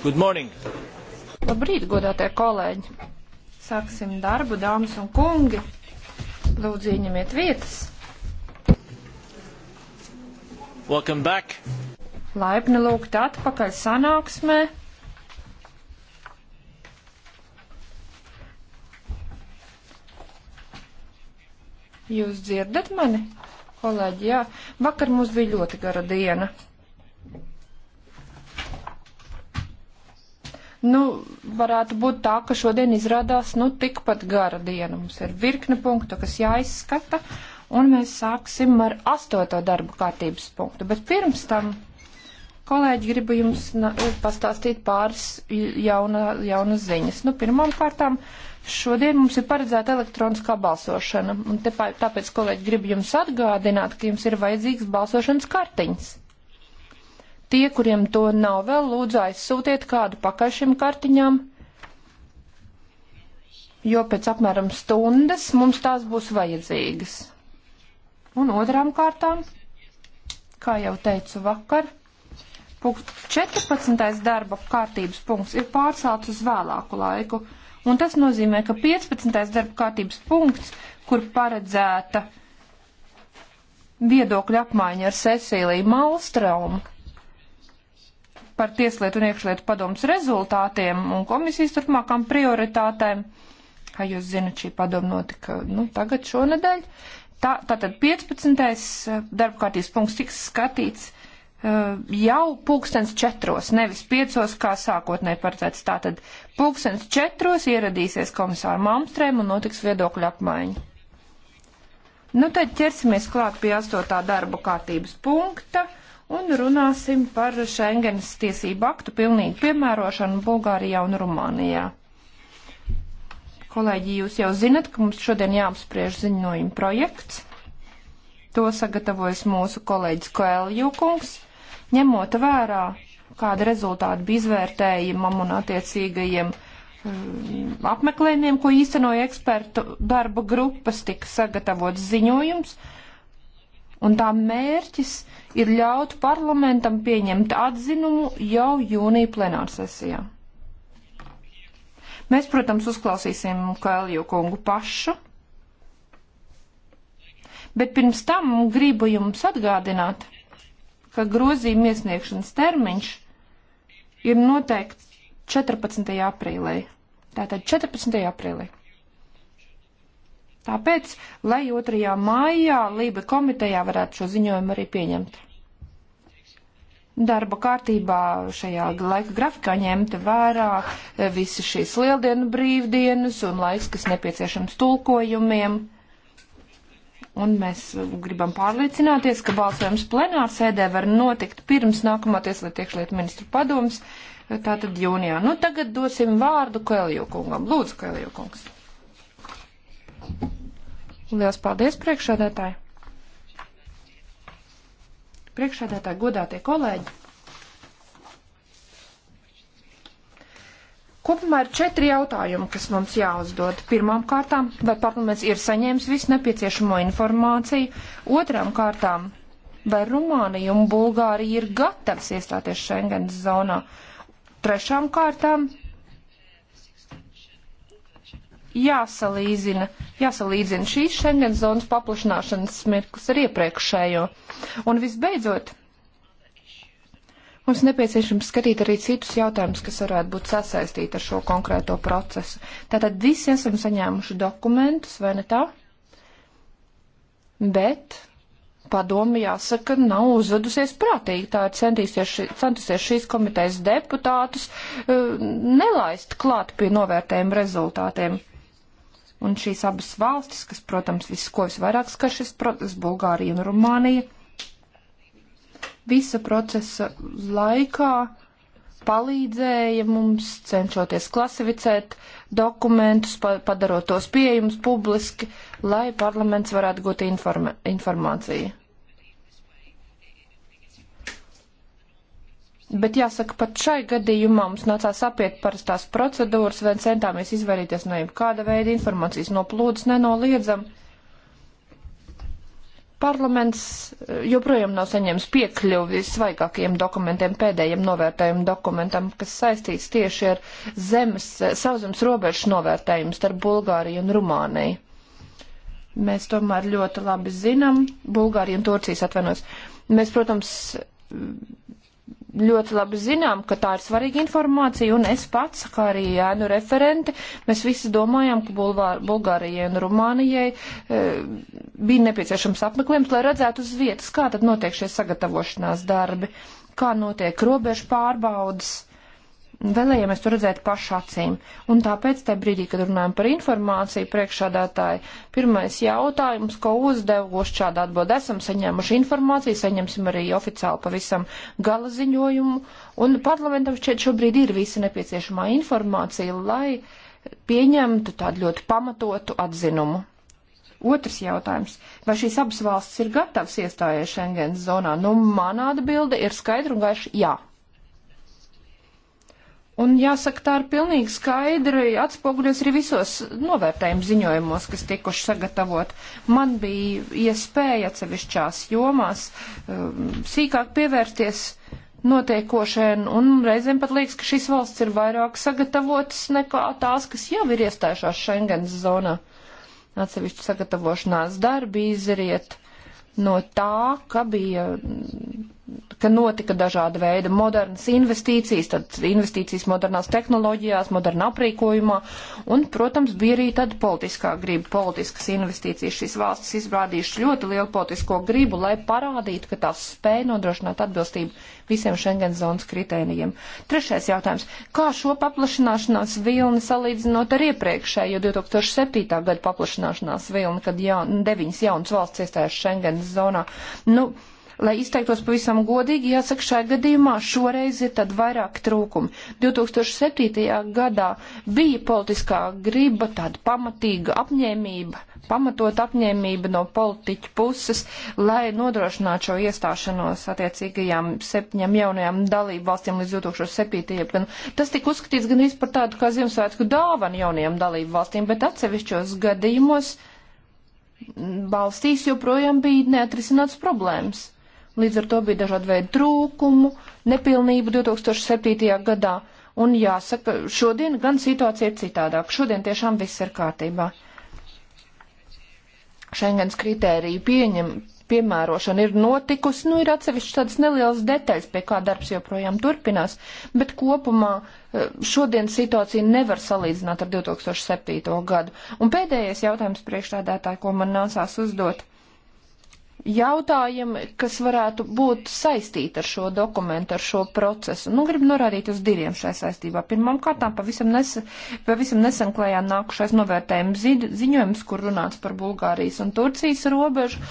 Good morning. Labrīt, godātie kolēģi. Sāksim darbu, dāmas un kungi. Lūdzu, ieņemiet vietas. Welcome back. Laipni lūgt atpakaļ sanāksmē. Jūs dzirdat mani, kolēģi? Jā, vakar mums bija ļoti gara diena. nu, varētu būt tā, ka šodien izrādās, nu, tikpat gara diena. Mums ir virkne punktu, kas jāizskata, un mēs sāksim ar astoto darbu kārtības punktu. Bet pirms tam, kolēģi, gribu jums pastāstīt pāris jauna, jaunas ziņas. Nu, pirmām kārtām, šodien mums ir paredzēta elektroniskā balsošana, un te, tāpēc, kolēģi, gribu jums atgādināt, ka jums ir vajadzīgs balsošanas kartiņas. Tie, kuriem to nav vēl, lūdzu aizsūtiet kādu pakaļ šim kartiņām, jo pēc apmēram stundas mums tās būs vajadzīgas. Un otrām kārtām, kā jau teicu vakar, 14. darba kārtības punkts ir pārcelts uz vēlāku laiku, un tas nozīmē, ka 15. darba kārtības punkts, kur paredzēta viedokļa apmaiņa ar Cecīliju Malstraumu, par tieslietu un iekšlietu padomus rezultātiem un komisijas turpmākām prioritātēm. Kā jūs zinat, šī padoma notika nu, tagad šonadēļ. Tā, tātad 15. Eh, darba kārtības punkts tiks skatīts eh, jau pulkstens četros, nevis piecos, kā sākotnē paredzēts. Tātad pulkstens četros ieradīsies komisāra Malmstrēm un notiks viedokļu apmaiņa. Nu, tad ķersimies klāt pie astotā darba kārtības punkta un runāsim par Schengenas tiesību aktu pilnīgu piemērošanu Bulgārijā un Rumānijā. Kolēģi, jūs jau zinat, ka mums šodien jāapspriež ziņojuma projekts. To sagatavojas mūsu kolēģis Koelju kungs, ņemot vērā, kāda rezultāta bija izvērtējumam un attiecīgajiem mm, apmeklējumiem, ko īstenoja ekspertu darba grupas, tika sagatavots ziņojums, un tā mērķis ir ir ļaut parlamentam pieņemt atzinumu jau jūnija plenārsesijā. Mēs, protams, uzklausīsim Kailju kungu pašu, bet pirms tam gribu jums atgādināt, ka grozījuma iesniegšanas termiņš ir noteikts 14. aprīlī. Tātad 14. aprīlī. Tāpēc, lai 2. maijā Lība komitejā varētu šo ziņojumu arī pieņemt. Darba kārtībā šajā laika grafikā ņemta vērā eh, visi šīs lieldienu brīvdienas un laiks, kas nepieciešams tulkojumiem. Un mēs gribam pārliecināties, ka balsojums plenārsēdē var notikt pirms nākamā tieslietu iekšlietu ministru padoms, eh, tātad jūnijā. Nu, tagad dosim vārdu Koeliju kungam. Lūdzu, Koeliju kungs. Liels paldies priekšādētāji! Priekšādētāji, godātie kolēģi! Kopumā ir četri jautājumi, kas mums jāuzdod. Pirmām kārtām, vai parlaments ir saņēmis visu nepieciešamo informāciju? Otrām kārtām, vai Rumānija un Bulgārija ir gatavs iestāties Schengens zonā? Trešām kārtām, jāsalīdzina, jāsalīdzina šīs Schengen zonas paplašināšanas smirkus ar iepriekšējo. Un visbeidzot, mums nepieciešams skatīt arī citus jautājumus, kas varētu būt sasaistīti ar šo konkrēto procesu. Tātad visi esam saņēmuši dokumentus, vai ne tā? Bet padomi jāsaka, nav uzvedusies prātīgi. Tā ir centīsies, centusies šīs komitejas deputātus eh, nelaist klāt pie novērtējuma rezultātiem. Un šīs abas valstis, kas, protams, viss, ko visvairāk skar šis process, Bulgārija un Rumānija, visa procesa laikā palīdzēja mums cenšoties klasificēt dokumentus, pa padarot tos pieejums publiski, lai parlaments varētu gūt informa informāciju. Bet jāsaka, pat šai gadījumā mums nācās apiet parastās procedūras, vien centāmies izvairīties no jebkāda veida informācijas noplūdes nenoliedzam. Parlaments eh, joprojām nav saņēmis piekļuvi svaigākajiem dokumentiem, pēdējiem novērtējumu dokumentam, kas saistīts tieši ar zemes, eh, sauszemes robežu novērtējumu starp Bulgāriju un Rumāniju. Mēs tomēr ļoti labi zinām, Bulgārija un Turcijas atvenos. Mēs, protams, ļoti labi zinām, ka tā ir svarīga informācija, un es pats, kā arī ēnu referente, mēs visi domājam, ka Bulvār, Bulgārijai un Rumānijai e, bija nepieciešams apmeklējums, lai redzētu uz vietas, kā tad notiek šie sagatavošanās darbi, kā notiek robežu pārbaudas vēlējamies to redzēt pašu acīm. Un tāpēc, tajā brīdī, kad runājam par informāciju, priekšādātāji, pirmais jautājums, ko uzdevu uz šādu atbildi, esam saņēmuši informāciju, saņemsim arī oficiāli pavisam gala ziņojumu, un parlamentam šķiet šobrīd ir visa nepieciešamā informācija, lai pieņemtu tādu ļoti pamatotu atzinumu. Otrs jautājums. Vai šīs abas valstis ir gatavas iestājies Schengens zonā? Nu, manā atbilde ir skaidra un gaiša jā. Un jāsaka, tā ir pilnīgi skaidri atspoguļos arī visos novērtējumu ziņojumos, kas tikuši sagatavot. Man bija iespēja atsevišķās jomās um, sīkāk pievērsties notiekošajai, un reizēm pat liekas, ka šīs valsts ir vairāk sagatavotas nekā tās, kas jau ir iestājušās Schengens zonā. Atsevišķi sagatavošanās darbi izriet no tā, ka bija ka notika dažāda veida modernas investīcijas, tad investīcijas modernās tehnoloģijās, modernā aprīkojumā, un, protams, bija arī tad politiskā griba, politiskas investīcijas. Šīs valstis izrādījušas ļoti lielu politisko gribu, lai parādītu, ka tās spēja nodrošināt atbilstību visiem Schengen zonas kritērijiem. Trešais jautājums. Kā šo paplašināšanās vilni salīdzinot ar iepriekšējo 2007. gada paplašināšanās vilni, kad jaun, deviņas jaunas valsts iestājās Schengen zonā? Nu, Lai izteiktos pavisam godīgi, jāsaka, šajā gadījumā šoreiz ir tad vairāk trūkumi. 2007. gadā bija politiskā griba, tāda pamatīga apņēmība, pamatot apņēmība no politiķu puses, lai nodrošinātu šo iestāšanos attiecīgajām septiņām jaunajām dalību valstīm līdz 2007. gadam. Tas tika uzskatīts gan īsti par tādu kā Ziemassvētku dāvanu jaunajām dalību valstīm, bet atsevišķos gadījumos valstīs joprojām bija neatrisināts problēmas. Līdz ar to bija dažādi veidi trūkumu, nepilnību 2007. gadā. Un jāsaka, šodien gan situācija ir citādāk. Šodien tiešām viss ir kārtībā. Šengens kritēriju pieņem, piemērošana ir notikusi, nu ir atsevišķi tādas nelielas detaļas, pie kā darbs joprojām turpinās, bet kopumā eh, šodien situācija nevar salīdzināt ar 2007. gadu. Un pēdējais jautājums priekšstādētāji, ko man nācās uzdot jautājumi, kas varētu būt saistīti ar šo dokumentu, ar šo procesu. Nu, gribu norādīt uz diviem šai saistībā. Pirmām kārtām pavisam, nes, pavisam nesen klējā nākušais novērtējums ziņojums, kur runāts par Bulgārijas un Turcijas robežu,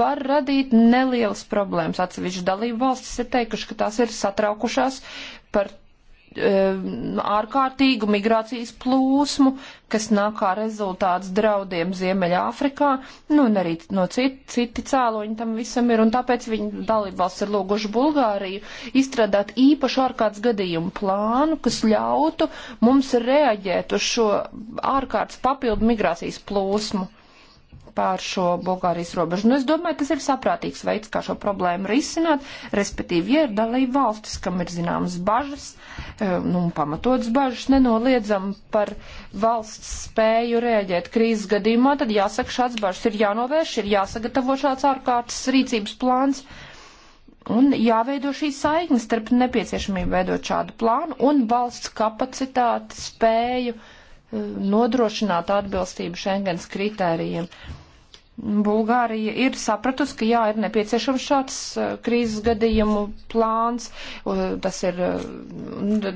var radīt nelielas problēmas. Atsevišķi dalību valstis ir teikuši, ka tās ir satraukušās par Um, ārkārtīgu migrācijas plūsmu, kas nāk kā rezultāts draudiem Ziemeļāfrikā, nu un arī no citi, citi cēloņi tam visam ir, un tāpēc viņi dalībvalsts ir lūguši Bulgāriju izstrādāt īpašu ārkārtas gadījumu plānu, kas ļautu mums reaģēt uz šo ārkārtas papildu migrācijas plūsmu pār šo Bulgārijas robežu. Nu, es domāju, tas ir saprātīgs veids, kā šo problēmu risināt, respektīvi, ja ir dalība valstis, kam ir zināmas bažas, eh, nu, pamatotas bažas nenoliedzam par valsts spēju rēģēt krīzes gadījumā, tad jāsaka, šāds bažas ir jānovērš, ir jāsagatavo šāds ārkārtas rīcības plāns. Un jāveido šī saikne starp nepieciešamību veidot šādu plānu un valsts kapacitāti, spēju eh, nodrošināt atbilstību Schengens kritērijiem. Bulgārija ir sapratusi, ka jā, ir nepieciešams šāds eh, krīzes gadījumu plāns, tas ir eh,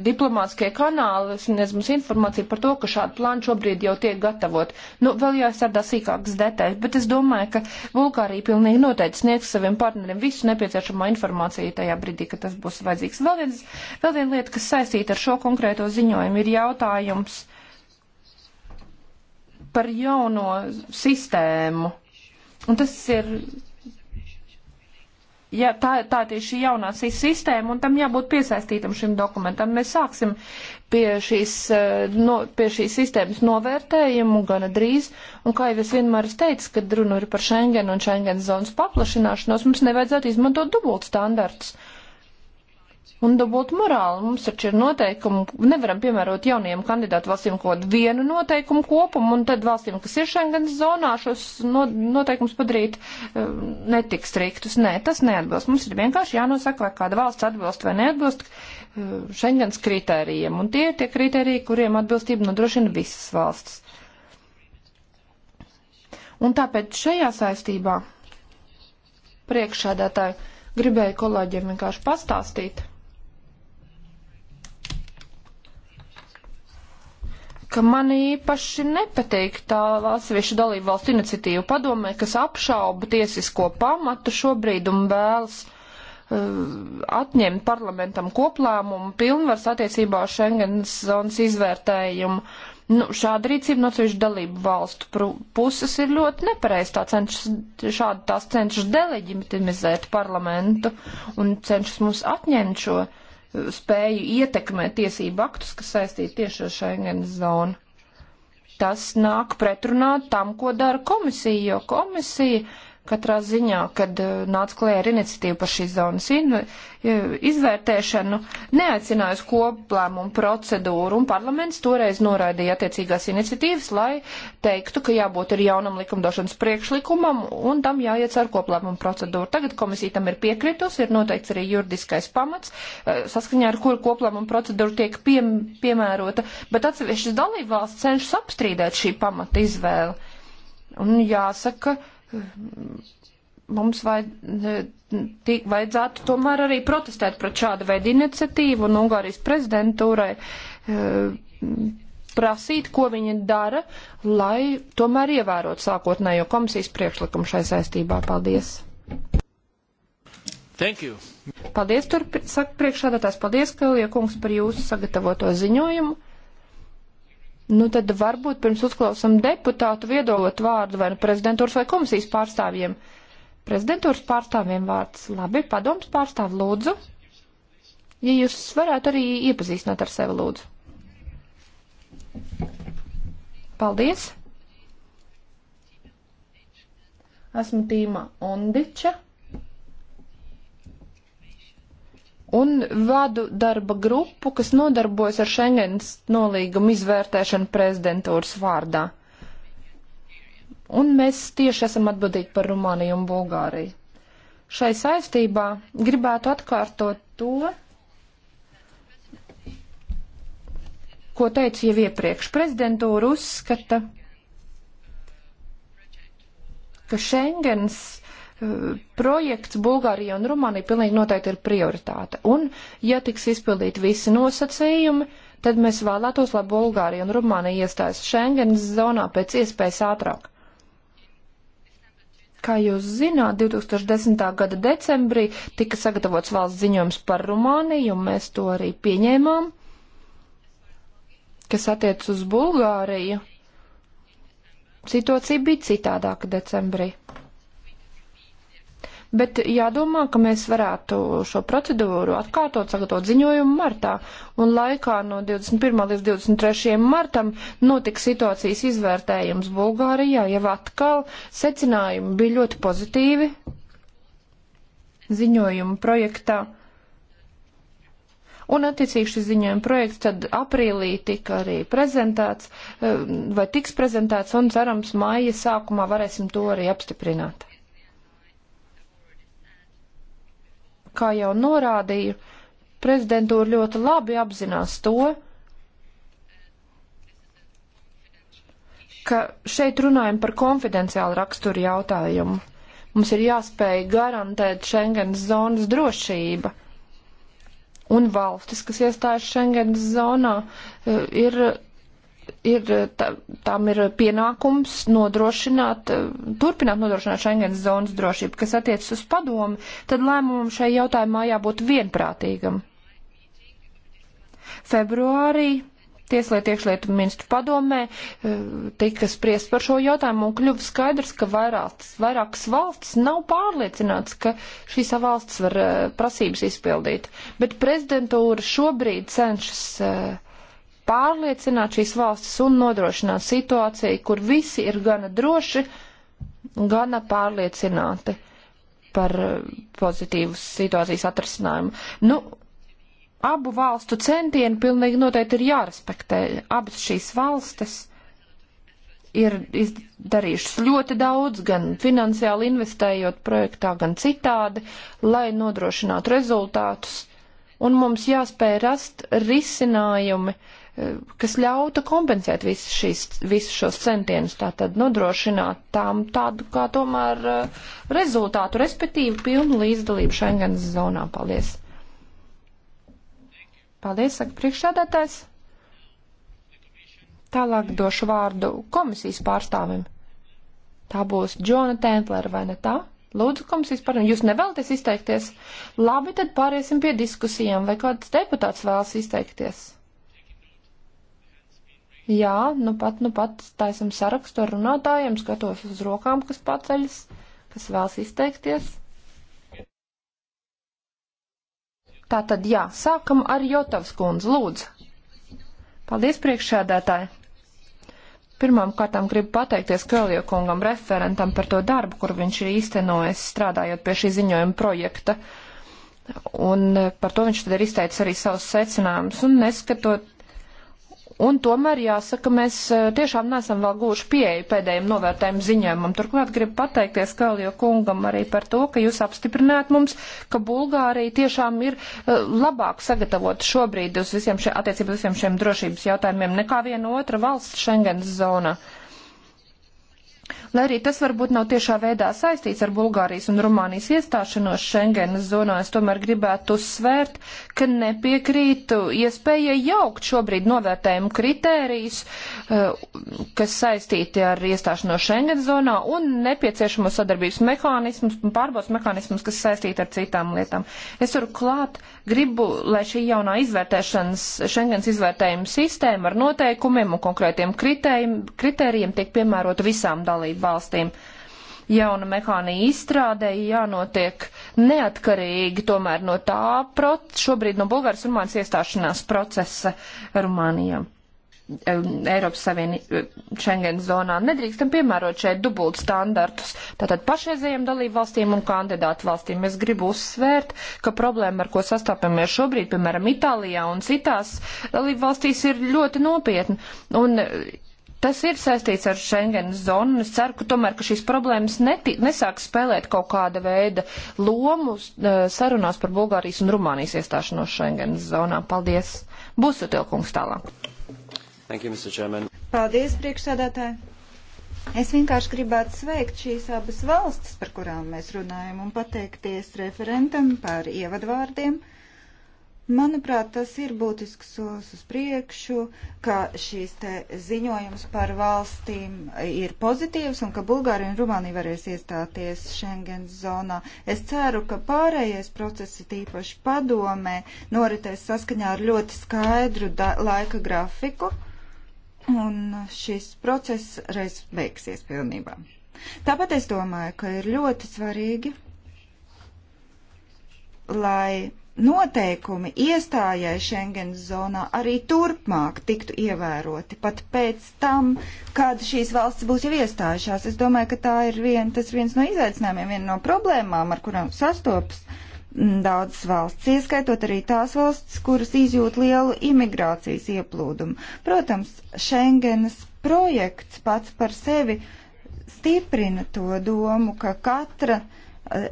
diplomātskie kanāli, sniedz mums informāciju par to, ka šādi plāni šobrīd jau tiek gatavot. Nu, vēl jāsardā sīkākas detaļas, bet es domāju, ka Bulgārija pilnīgi noteikti sniegs saviem partneriem visu nepieciešamo informāciju tajā brīdī, kad tas būs vajadzīgs. Vēl, viens, vēl viena lieta, kas saistīta ar šo konkrēto ziņojumu, ir jautājums par jauno sistēmu Un tas ir ja tā, tā tieši jaunā sistēma, un tam jābūt piesaistītam šim dokumentam. Mēs sāksim pie šīs, eh, no, pie šīs sistēmas novērtējumu gana drīz, un kā jau es vienmēr esmu teicis, kad runa ir par Schengen un Schengen zonas paplašināšanos, mums nevajadzētu izmantot dubult standartus. Uh, un dabūt morāli. Mums taču ir noteikumi, nevaram piemērot jaunajiem kandidātu valstīm kaut vienu noteikumu kopumu, un tad valstīm, kas ir Schengen zonā, šos no, noteikumus padarīt um, netik striktus. Nē, tas neatbilst. Mums ir vienkārši jānosaka, vai kāda valsts atbilst vai neatbilst uh, Schengens kritērijiem, un tie ir tie kritēriji, kuriem atbilstību nodrošina visas valstis. Un tāpēc šajā saistībā priekšādātāju gribēju kolēģiem vienkārši pastāstīt ka man īpaši nepatīk tā Latviešu dalību valstu iniciatīva padomē, kas apšauba tiesisko pamatu šobrīd un vēlas uh, atņemt parlamentam koplēmumu pilnvars attiecībā uz Schengens zonas izvērtējumu. Nu, šāda rīcība no cevišķu dalību valstu puses ir ļoti nepareiz. Tā cenšas, šādi tās cenšas deleģitimizēt parlamentu un cenšas mums atņemt šo uh, spēju ietekmēt tiesību aktus, kas saistīti tieši ar Schengenas zonu. Tas nāk pretrunā tam, ko dara komisija, jo komisija katrā ziņā, kad eh, nāca klēja ar iniciatīvu par šīs zonas eh, izvērtēšanu, neaicinājusi koplēmumu procedūru, un parlaments toreiz noraidīja attiecīgās iniciatīvas, lai teiktu, ka jābūt ir jaunam likumdošanas priekšlikumam, un tam jāiet ar koplēmumu procedūru. Tagad komisija tam ir piekritus, ir noteikts arī juridiskais pamats, eh, saskaņā ar kuru koplēmumu procedūru tiek pie, piemērota, bet atsevišķas dalībvalsts cenšas apstrīdēt šī pamata izvēli. Un jāsaka, ka mums vajad, e, tīk, vajadzētu tomēr arī protestēt pret šādu veidu iniciatīvu un Ungārijas prezidentūrai e, prasīt, ko viņi dara, lai tomēr ievērot sākotnējo komisijas priekšlikumu šai saistībā. Paldies! Thank you! Paldies, tur saka priekšādātājs, paldies, Kalija kungs, par jūsu sagatavoto ziņojumu. Nu, tad varbūt pirms uzklausam deputātu viedolot vārdu vai nu prezidentūras vai komisijas pārstāvjiem. Prezidentūras pārstāvjiem vārds labi, padoms pārstāv lūdzu. Ja jūs varētu arī iepazīstināt ar sevi lūdzu. Paldies! Esmu Tīma Ondiča un vadu darba grupu, kas nodarbojas ar Schengens nolīgumu izvērtēšanu prezidentūras vārdā. Un mēs tieši esam atbildīgi par Rumāniju un Bulgāriju. Šai saistībā gribētu atkārtot to, ko teicu jau iepriekš. Prezidentūra uzskata, ka Schengens projekts Bulgārija un Rumānija pilnīgi noteikti ir prioritāte. Un, ja tiks izpildīti visi nosacījumi, tad mēs vēlētos, lai Bulgārija un Rumānija iestājas Schengens zonā pēc iespējas ātrāk. Kā jūs zināt, 2010. gada decembrī tika sagatavots valsts ziņojums par Rumāniju, un mēs to arī pieņēmām, kas attiec uz Bulgāriju. Situācija bija citādāka decembrī bet jādomā, ka mēs varētu šo procedūru atkārtot, sagatavot ziņojumu martā, un laikā no 21. līdz 23. martam notika situācijas izvērtējums Bulgārijā, jau atkal secinājumi bija ļoti pozitīvi ziņojumu projektā. Un attiecīgi šis ziņojuma projekts tad aprīlī tika arī prezentēts, eh, vai tiks prezentēts, un cerams, māja sākumā varēsim to arī apstiprināt. Kā jau norādīju, prezidentūra ļoti labi apzinās to, ka šeit runājam par konfidenciālu raksturu jautājumu. Mums ir jāspēj garantēt Schengens zonas drošība. Un valstis, kas iestājas Schengens zonā, eh, ir ir, tā, tām ir pienākums nodrošināt, turpināt nodrošināt Schengens zonas drošību, kas attiecas uz padomu, tad lēmumam šai jautājumā jābūt vienprātīgam. Februārī Tieslietu iekšlietu ministru padomē eh, tika spriest par šo jautājumu un kļuva skaidrs, ka vairākas, vairākas valsts nav pārliecināts, ka šīs valsts var eh, prasības izpildīt. Bet prezidentūra šobrīd cenšas uh, pārliecināt šīs valstis un nodrošināt situāciju, kur visi ir gana droši, gana pārliecināti par eh, pozitīvu situācijas atrasinājumu. Nu, abu valstu centieni pilnīgi noteikti ir jārespektē. Abas šīs valstis ir darījušas ļoti daudz, gan finansiāli investējot projektā, gan citādi, lai nodrošinātu rezultātus. Un mums jāspēj rast risinājumi uh, kas ļautu kompensēt visus, šīs, visus šos centienus, tātad nodrošināt tām tādu kā tomēr eh, rezultātu, respektīvi pilnu līdzdalību Schengenas zonā. Paldies! Paldies, saka priekšsēdētājs. Tālāk došu vārdu komisijas pārstāvim. Tā būs Džona Tentlera, vai ne tā? Lūdzu, komisijas pārstāvim. Jūs nevēlaties izteikties? Labi, tad pāriesim pie diskusijām, vai kāds deputāts vēlas izteikties? Jā, nu pat, nu pat taisam sarakstu ar runātājiem, skatos uz rokām, kas paceļas, kas vēlas izteikties. Tātad, jā, sākam ar Jotovs kundzi, lūdzu. Paldies priekšsēdētāji. Pirmām kārtām gribu pateikties Köljo kungam referentam par to darbu, kur viņš ir īstenojis strādājot pie šī ziņojuma projekta. Un eh, par to viņš tad ir izteicis arī savus secinājumus. Un neskatot, Un tomēr jāsaka, mēs eh, tiešām nesam vēl gūši pieeju pēdējiem novērtējumu ziņojumam. Turklāt gribu pateikties Kaljo kungam arī par to, ka jūs apstiprināt mums, ka Bulgārija tiešām ir eh, labāk sagatavota šobrīd uz visiem šiem, attiecībā visiem šiem drošības jautājumiem nekā viena otra valsts Schengens zonā. Uh, Lai arī tas varbūt nav tiešā veidā saistīts ar Bulgārijas un Rumānijas iestāšanos Schengenas zonā, es tomēr gribētu uzsvērt, ka nepiekrītu iespējai jaukt šobrīd novērtējumu kritērijus, eh, kas saistīti ar iestāšanos Schengenas zonā un nepieciešamo sadarbības mehānismus un pārbaudas mehānismus, kas saistīti ar citām lietām. Es turklāt gribu, lai šī jaunā izvērtēšanas, Schengens izvērtējuma sistēma ar noteikumiem un konkrētiem kritērijiem tiek piemērota visām dalībām dalību valstīm. Jauna mehānija izstrādē jānotiek neatkarīgi tomēr no tā proc, šobrīd no Bulgāras Rumānas iestāšanās procesa Rumānijā. Eiropas Savienības Schengen zonā. Nedrīkstam piemērot šeit dubult standartus. Tātad pašreizējiem dalību valstīm un kandidātu valstīm es gribu uzsvērt, ka problēma, ar ko sastāpamies šobrīd, piemēram, Itālijā un citās dalību valstīs, ir ļoti nopietna. Un Tas ir saistīts ar Schengenas zonu, un es ceru, ka tomēr, ka šīs problēmas neti, nesāk spēlēt kaut kāda veida lomu uh, sarunās par Bulgārijas un Rumānijas iestāšanos Schengenas zonā. Paldies! Būs sutilkums tālāk. Thank you, Mr. Chairman. Paldies, priekšsēdētāji! Es vienkārši gribētu sveikt šīs abas valstis, par kurām mēs runājam, un pateikties referentam par ievadvārdiem. vārdiem Manuprāt, tas ir būtisks solis uz priekšu, ka šīs ziņojums par valstīm ir pozitīvs un ka Bulgārija un Rumānija varēs iestāties Schengens zonā. Es ceru, ka pārējais process, tīpaši padomē, noritēs saskaņā ar ļoti skaidru laika grafiku un šis process reiz beigsies pilnībā. Tāpat es domāju, ka ir ļoti svarīgi, lai noteikumi iestājai Schengens zonā arī turpmāk tiktu ievēroti, pat pēc tam, kad šīs valsts būs jau iestājušās. Es domāju, ka tā ir vien, tas viens no izaicinājumiem, viena no problēmām, ar kurām sastopas mm, daudzas valsts, ieskaitot arī tās valsts, kuras izjūt lielu imigrācijas ieplūdumu. Protams, Schengenas projekts pats par sevi stiprina to domu, ka katra uh,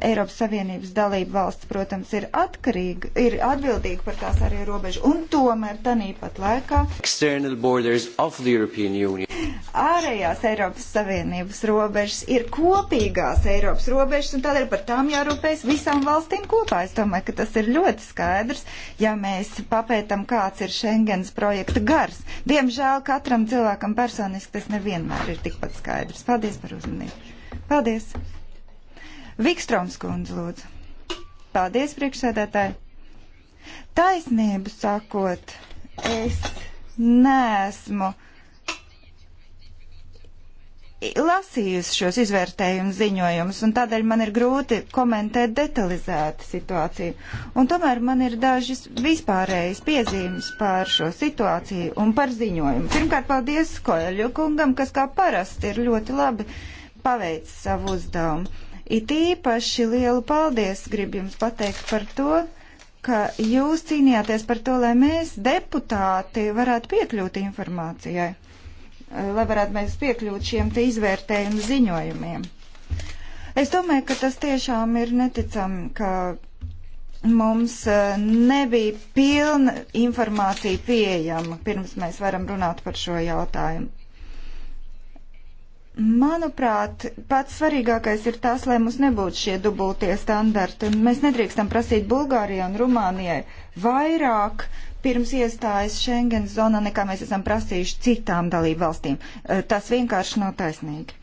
Eiropas Savienības dalība valsts, protams, ir atkarīga, ir atbildīga par tās arī robežu, un tomēr tanīpat laikā ārējās Eiropas Savienības robežas ir kopīgās Eiropas robežas, un tādēļ par tām jārūpējas visām valstīm kopā. Es domāju, ka tas ir ļoti skaidrs, ja mēs papētam, kāds ir Schengens projekta gars. Diemžēl katram cilvēkam personiski tas nevienmēr ir tikpat skaidrs. Paldies par uzmanību. Paldies! Vikstroms kundze, lūdzu. Paldies, priekšsēdētāji. Taisnību sakot, es neesmu lasījusi šos izvērtējumu ziņojumus, un tādēļ man ir grūti komentēt detalizēti situāciju. Un tomēr man ir dažas vispārējas piezīmes par šo situāciju un par ziņojumu. Pirmkārt, paldies Koeļu kungam, kas kā parasti ir ļoti labi paveicis savu uzdevumu. It īpaši lielu paldies gribu jums pateikt par to, ka jūs cīnījāties par to, lai mēs, deputāti, varētu piekļūt informācijai, lai varētu mēs piekļūt šiem te izvērtējumu ziņojumiem. Es domāju, ka tas tiešām ir neticami, ka mums eh, nebija pilna informācija pieejama, pirms mēs varam runāt par šo jautājumu. Manuprāt, pats svarīgākais ir tas, lai mums nebūtu šie dubultie standarti. Mēs nedrīkstam prasīt Bulgārijai un Rumānijai vairāk pirms iestājas Schengen zonā, nekā mēs esam prasījuši citām dalību valstīm. Eh, tas vienkārši nav taisnīgi.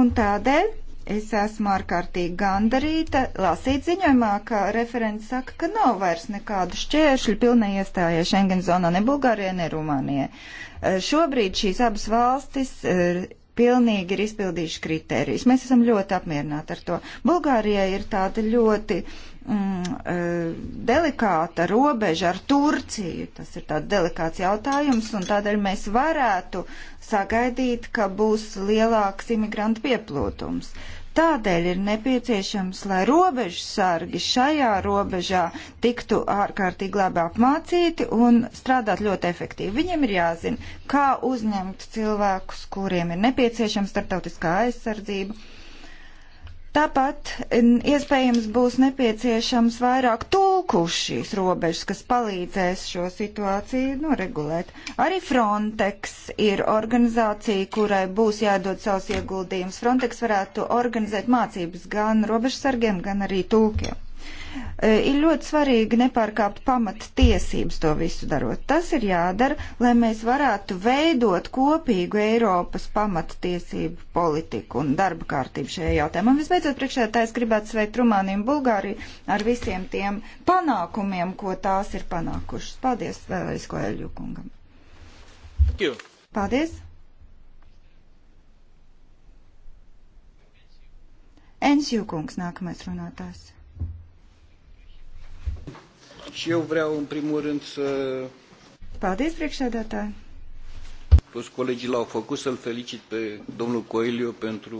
Un tādēļ es esmu ārkārtīgi gandarīta lasīt ziņojumā, ka referents saka, ka nav vairs nekādu šķēršļu pilnai iestājai Schengen zonā ne Bulgārijai, ne Rumānijai. Eh, šobrīd šīs abas valstis eh, pilnīgi ir izpildījuši kriterijus. Mēs esam ļoti apmierināti ar to. Bulgārijai ir tāda ļoti mm, eh, delikāta robeža ar Turciju. Tas ir tāds delikāts jautājums, un tādēļ mēs varētu sagaidīt, ka būs lielāks imigrantu pieplūtums. Tādēļ ir nepieciešams, lai robežsargi šajā robežā tiktu ārkārtīgi labi apmācīti un strādāt ļoti efektīvi. Viņiem ir jāzina, kā uzņemt cilvēkus, kuriem ir nepieciešama starptautiskā aizsardzība Tāpat iespējams būs nepieciešams vairāk tulku uz šīs robežas, kas palīdzēs šo situāciju noregulēt. Arī Frontex ir organizācija, kurai būs jādod savus ieguldījumus. Frontex varētu organizēt mācības gan robežsargiem, gan arī tulkiem. E, ir ļoti svarīgi nepārkāpt pamat tiesības to visu darot. Tas ir jādara, lai mēs varētu veidot kopīgu Eiropas pamat tiesību politiku un darba kārtību šajā jautājumā. Un visbeidzot, priekšētājs gribētu sveikt Rumāniju un Bulgāriju ar visiem tiem panākumiem, ko tās ir panākušas. Paldies vēlreiz, ko Eļu kungam. Paldies! Ensjūkungs nākamais runātājs. Și eu vreau, în primul rând, să... Paldies, priekšsēdētāji! Toți colegii l-au făcut să-l felicit pe domnul Coelho pentru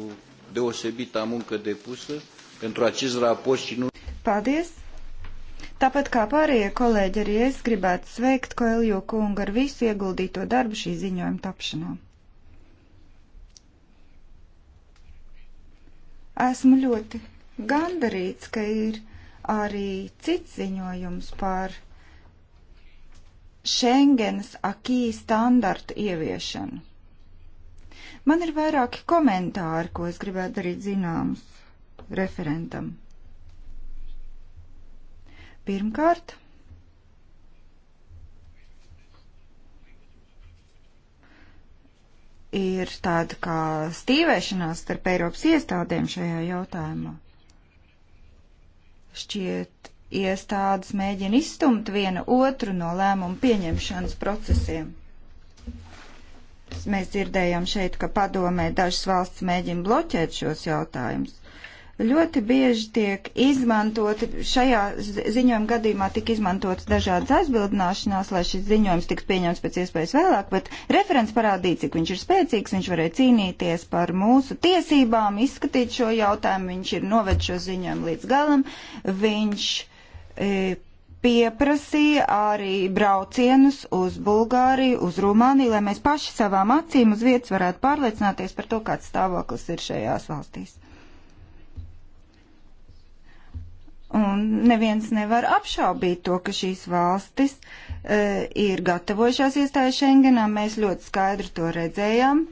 deosebita muncă depusă, pentru acest raport și nu... Paldies! Tāpat kā pārējie kolēģi, arī es gribētu sveikt Koeljo kungu ar visu ieguldīto darbu šī ziņojuma tapšanā. Esmu ļoti gandarīts, ka ir arī cits ziņojums par Schengenas akī standartu ieviešanu. Man ir vairāki komentāri, ko es gribētu darīt zināms referentam. Pirmkārt, ir tāda kā stīvēšanās starp Eiropas iestādēm šajā jautājumā. Šķiet, iestādes mēģina izstumt viena otru no lēmumu pieņemšanas procesiem. Mēs dzirdējām šeit, ka padomē dažas valsts mēģina bloķēt šos jautājumus ļoti bieži tiek izmantoti, šajā ziņojuma gadījumā tika izmantotas dažādas aizbildināšanās, lai šis ziņojums tiks pieņemts pēc iespējas vēlāk, bet referents parādīja, cik viņš ir spēcīgs, viņš varēja cīnīties par mūsu tiesībām, izskatīt šo jautājumu, viņš ir noved šo ziņojumu līdz galam, viņš e, pieprasīja arī braucienus uz Bulgāriju, uz Rumāniju, lai mēs paši savām acīm uz vietas varētu pārliecināties par to, kāds stāvoklis ir šajās valstīs. Un neviens nevar apšaubīt to, ka šīs valstis e, ir gatavojušās iestāju Schengenā. Mēs ļoti skaidri to redzējām.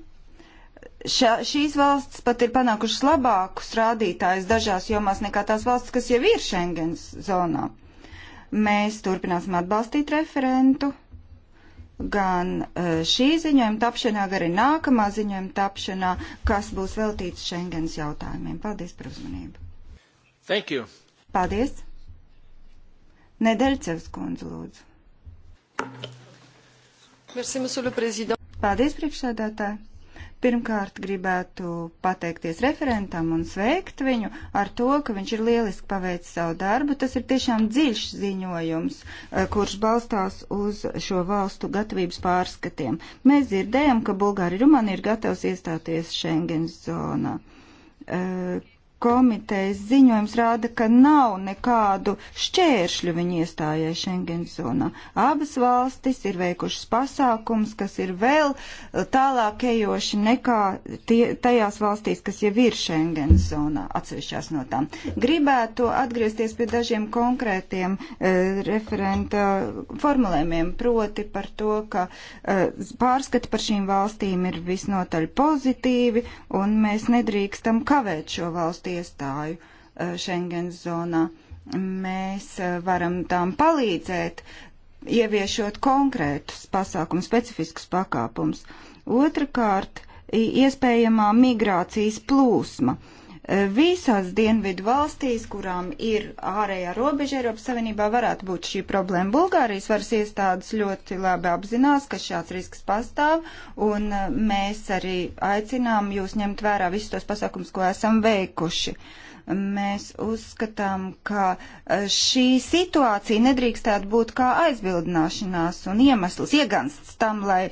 Ša, šīs valstis pat ir panākušas labākus rādītājus dažās jomās nekā tās valstis, kas jau ir Schengens zonā. Mēs turpināsim atbalstīt referentu gan e, šī ziņojuma tapšanā, gan arī nākamā ziņojuma tapšanā, kas būs veltīts Schengens jautājumiem. Paldies par uzmanību. Thank you. Paldies! Nedeļcevs kundze, lūdzu. Merci, monsieur le président. Paldies, priekšsēdētāji. Pirmkārt, gribētu pateikties referentam un sveikt viņu ar to, ka viņš ir lieliski paveicis savu darbu. Tas ir tiešām dziļš ziņojums, eh, kurš balstās uz šo valstu gatavības pārskatiem. Mēs dzirdējam, ka Bulgārija Rumānija ir gatavs iestāties Schengens zonā eh, komitejas ziņojums rāda, ka nav nekādu šķēršļu viņa iestājai Schengen zonā. Abas valstis ir veikušas pasākums, kas ir vēl eh, tālāk ejoši nekā tie, tajās valstīs, kas jau ir Schengen zonā, atsevišķās no tām. Gribētu atgriezties pie dažiem konkrētiem e, referenta formulējumiem, proti par to, ka e, pārskati par šīm valstīm ir visnotaļ pozitīvi un mēs nedrīkstam kavēt šo valstīm iestāju eh, Schengens zonā. Mēs eh, varam tām palīdzēt, ieviešot konkrētus pasākumus, specifiskus pakāpumus. Otrakārt, iespējamā migrācijas plūsma. Uh, Visās dienvidu valstīs, kurām ir ārējā robeža Eiropas Savienībā, varētu būt šī problēma. Bulgārijas varas iestādes ļoti labi apzinās, ka šāds risks pastāv, un eh, mēs arī aicinām jūs ņemt vērā visus tos pasākums, ko esam veikuši mēs uzskatām, ka eh, šī situācija nedrīkstētu būt kā aizbildināšanās un iemesls, iegansts tam, lai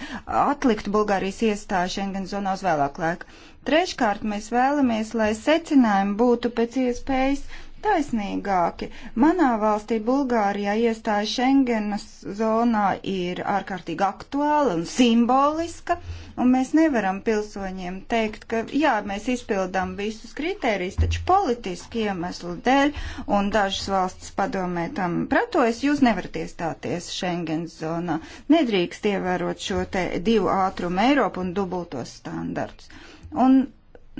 atliktu Bulgārijas iestāju Schengen zonā uz vēlāku laiku. Treškārt, mēs vēlamies, lai secinājumi būtu pēc iespējas taisnīgāki. Manā valstī Bulgārijā iestāja Schengenas zonā ir ārkārtīgi aktuāla un simboliska, un mēs nevaram pilsoņiem teikt, ka jā, mēs izpildām visus kriterijus, taču politiski iemeslu dēļ, un dažas valstis padomē tam pratojas, jūs nevarat iestāties Schengenas zonā. Nedrīkst ievērot šo te divu ātrumu Eiropu un dubultos standartus. Un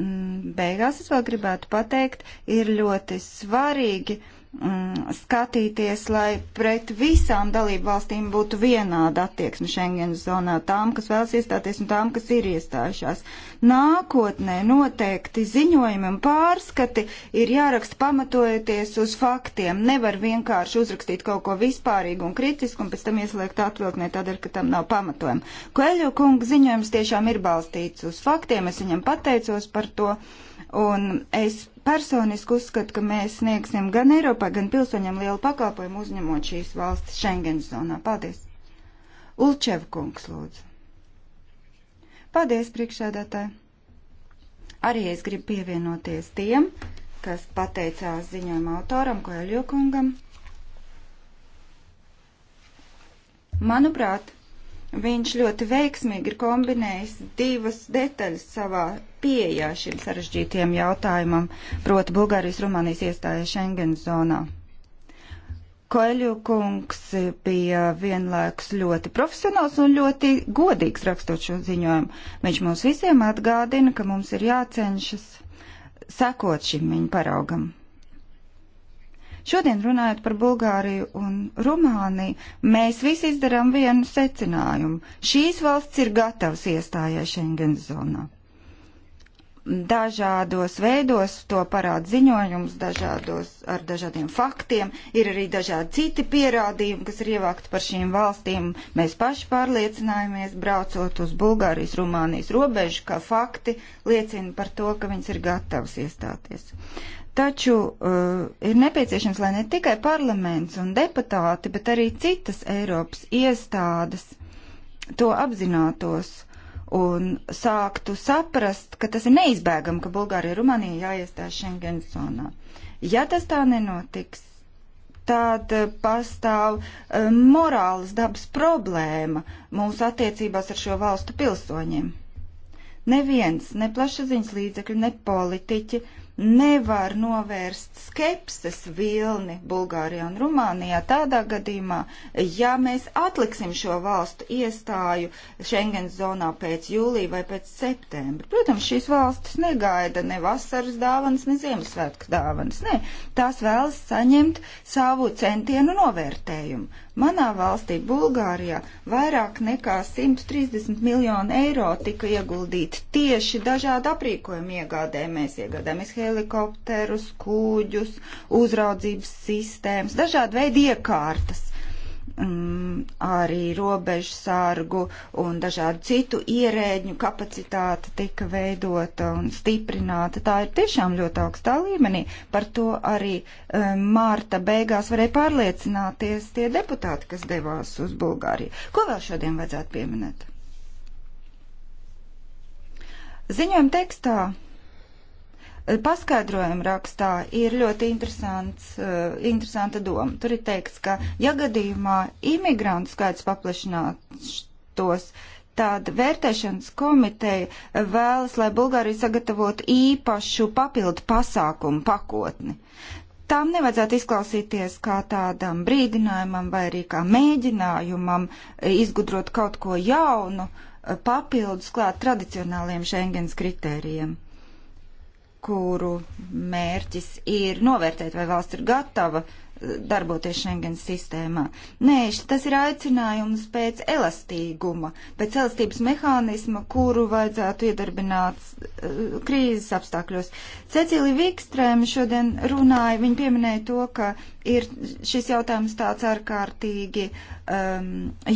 mm, beigās es vēl gribētu pateikt, ir ļoti svarīgi mm, skatīties, lai pret visām dalību valstīm būtu vienāda attieksme Schengen zonā, tām, kas vēlas iestāties un tām, kas ir iestājušās. Nākotnē noteikti ziņojumi un pārskati ir jāraksta pamatojoties uz faktiem. Nevar vienkārši uzrakstīt kaut ko vispārīgu un kritisku un pēc tam ieslēgt atvilknē tādēļ, ka tam nav pamatojuma. Koeļu kunga ziņojums tiešām ir balstīts uz faktiem, es viņam pateicos par to. Un es Personiski uzskatu, ka mēs sniegsim gan Eiropā, gan pilsoņiem lielu pakalpojumu uzņemot šīs valstis Schengen zonā. Paldies! Ulčev kungs, lūdzu. Paldies, priekšsēdētāji! Arī es gribu pievienoties tiem, kas pateicās ziņojuma autoram Koeļokungam. Manuprāt, Viņš ļoti veiksmīgi ir kombinējis divas detaļas savā pieejā šim sarežģītiem jautājumam, proti Bulgārijas Rumānijas iestāja Schengen zonā. Koeļu kungs bija vienlaikus ļoti profesionāls un ļoti godīgs rakstot šo ziņojumu. Viņš mums visiem atgādina, ka mums ir jācenšas sekot šim viņa paraugam. Šodien runājot par Bulgāriju un Rumāniju, mēs visi izdarām vienu secinājumu. Šīs valsts ir gatavas iestājai Schengen zonā. Dažādos veidos to parāda ziņojums, dažādos ar dažādiem faktiem, ir arī dažādi citi pierādījumi, kas ir ievākti par šīm valstīm. Mēs paši pārliecinājāmies, braucot uz Bulgārijas, Rumānijas robežu, ka fakti liecina par to, ka viņas ir gatavas iestāties. Taču uh, ir nepieciešams, lai ne tikai parlaments un deputāti, bet arī citas Eiropas iestādes to apzinātos un sāktu saprast, ka tas ir neizbēgami, ka Bulgārija un Rumānija jāiestājas Schengen zonā. Ja tas tā nenotiks, tad eh, pastāv uh, eh, morālas dabas problēma mūsu attiecībās ar šo valstu pilsoņiem. Neviens, ne plašsaziņas līdzekļi, ne politiķi nevar novērst skepses vilni Bulgārijā un Rumānijā tādā gadījumā, ja mēs atliksim šo valstu iestāju Schengens zonā pēc jūlija vai pēc septembra. Protams, šīs valstis negaida ne vasaras dāvanas, ne Ziemassvētku dāvanas. Nē, tās vēlas saņemt savu centienu novērtējumu. Manā valstī, Bulgārijā, vairāk nekā 130 miljonu eiro tika ieguldīti tieši dažādu aprīkojumu iegādē. Mēs iegādājamies helikopterus, kūģus, uzraudzības sistēmas, dažādu veidu iekārtas um, arī robežu sārgu un dažādu citu ierēģu kapacitāte tika veidota un stiprināta. Tā ir tiešām ļoti augstā līmenī. Par to arī um, mm, mārta beigās varēja pārliecināties tie deputāti, kas devās uz Bulgāriju. Ko vēl šodien vajadzētu pieminēt? Ziņojuma tekstā paskaidrojuma rakstā ir ļoti interesants, uh, interesanta doma. Tur ir teikts, ka ja gadījumā imigrantu skaits paplašinātos, tāda vērtēšanas komiteja vēlas, lai Bulgārija sagatavotu īpašu papildu pasākumu pakotni. Tām nevajadzētu izklausīties kā tādam brīdinājumam vai arī kā mēģinājumam izgudrot kaut ko jaunu, eh, papildus klāt tradicionāliem Schengens kritērijiem kuru mērķis ir novērtēt, vai valsts ir gatava eh, darboties Schengen sistēmā. Nē, tas ir aicinājums pēc elastīguma, pēc elastības mehānisma, kuru vajadzētu iedarbināt eh, krīzes apstākļos. Cecilija Vikstrēma šodien runāja, viņa pieminēja to, ka ir šis jautājums tāds ārkārtīgi um,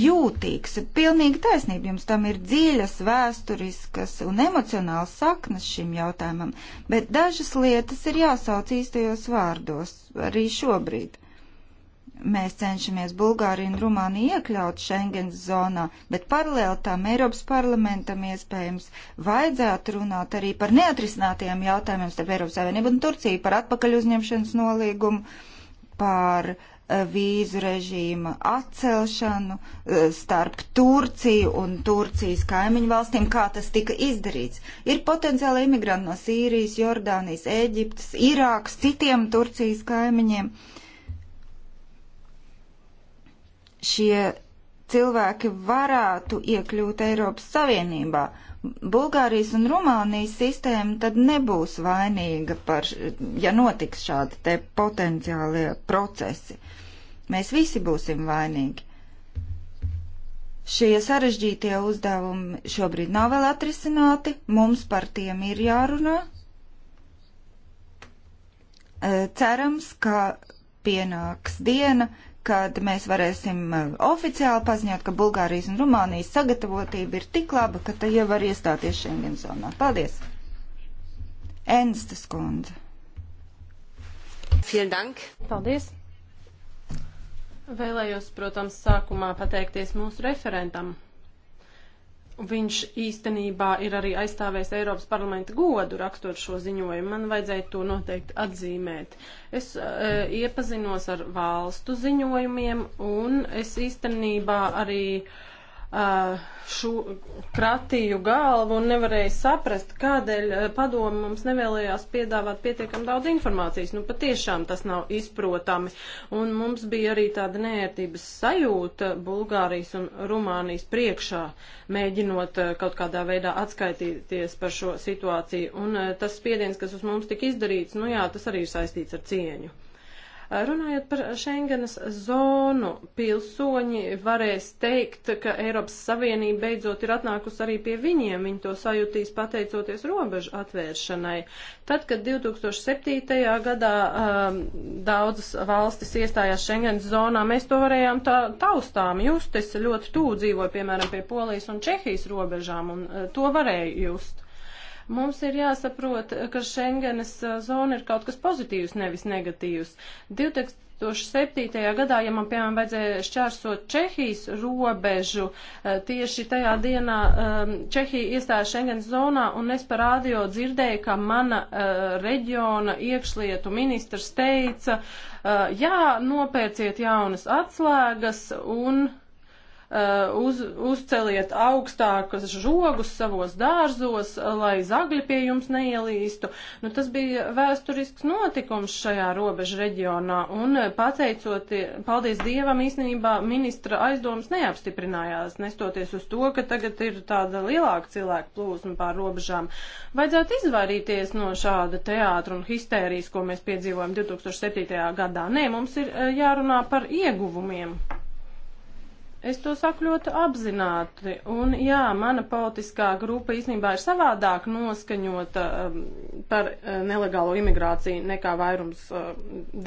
jūtīgs. Pilnīgi taisnība jums tam ir dziļas vēsturiskas un emocionāls saknes šim jautājumam, bet dažas lietas ir jāsauc īstajos vārdos arī šobrīd mēs cenšamies Bulgāriju un Rumāniju iekļaut Schengens zonā, bet paralēli tam Eiropas parlamentam iespējams vajadzētu runāt arī par neatrisinātajiem jautājumiem starp Eiropas Savienību un Turciju, par atpakaļ uzņemšanas nolīgumu, par eh, vīzu režīma atcelšanu eh, starp Turciju un Turcijas kaimiņu valstīm, kā tas tika izdarīts. Ir potenciāli imigranti no Sīrijas, Jordānijas, Ēģiptes, Irākas, citiem Turcijas kaimiņiem. Uh, šie cilvēki varētu iekļūt Eiropas Savienībā. Bulgārijas un Rumānijas sistēma tad nebūs vainīga par, ja notiks šādi te potenciālie procesi. Mēs visi būsim vainīgi. Šie sarežģītie uzdevumi šobrīd nav vēl atrisināti, mums par tiem ir jārunā. Cerams, ka pienāks diena, kad mēs varēsim uh, oficiāli paziņot, ka Bulgārijas un Rumānijas sagatavotība ir tik laba, ka tā jau var iestāties Schengen zonā. Paldies! Enstas kundze. Vielen Dank. Paldies. Vēlējos, protams, sākumā pateikties mūsu referentam Viņš īstenībā ir arī aizstāvējis Eiropas parlamenta godu rakstot šo ziņojumu. Man vajadzēja to noteikti atzīmēt. Es e, iepazinos ar valstu ziņojumiem un es īstenībā arī. E, Uh, šo kratīju galvu un nevarēja saprast, kādēļ uh, padomu mums nevēlējās piedāvāt pietiekam daudz informācijas. Nu, patiešām tas nav izprotami. Un mums bija arī tāda nērtības sajūta Bulgārijas un Rumānijas priekšā, mēģinot uh, kaut kādā veidā atskaitīties par šo situāciju. Un tas spiediens, kas uz mums tika izdarīts, nu jā, tas arī ir saistīts ar cieņu. Runājot par Schengenas zonu, pilsoņi varēs teikt, ka Eiropas Savienība beidzot ir atnākusi arī pie viņiem. Viņi to sajūtīs pateicoties robežu atvēršanai. Tad, kad 2007. gadā um, daudzas valstis iestājās Schengenas zonā, mēs to varējām tā, taustām. Justis ļoti tūdzīvoja, piemēram, pie Polijas un Čehijas robežām, un uh, to varēja just. Mums ir jāsaprot, ka Schengenes uh, zona ir kaut kas pozitīvs, nevis negatīvs. 2007. gadā, ja man piemēram vajadzēja šķērsot Čehijas robežu, uh, tieši tajā dienā um, Čehija iestāja Schengens zonā un es parādīju dzirdēju, ka mana uh, reģiona iekšlietu ministrs teica, jā, nopērciet jaunas atslēgas un Uh, uz, uzceliet augstākus žogus savos dārzos, lai zagļi pie jums neielīstu. Nu, tas bija vēsturisks notikums šajā robežu reģionā, un pateicot, paldies Dievam, īstenībā ministra aizdomas neapstiprinājās, nestoties uz to, ka tagad ir tāda lielāka cilvēku plūsma pār robežām. Vajadzētu izvairīties no šāda teātra un histērijas, ko mēs piedzīvojam 2007. gadā. Nē, mums ir uh, jārunā par ieguvumiem. Es to saku ļoti apzināti. Un jā, mana politiskā grupa īstenībā ir savādāk noskaņota um, par uh, nelegālo imigrāciju nekā vairums uh,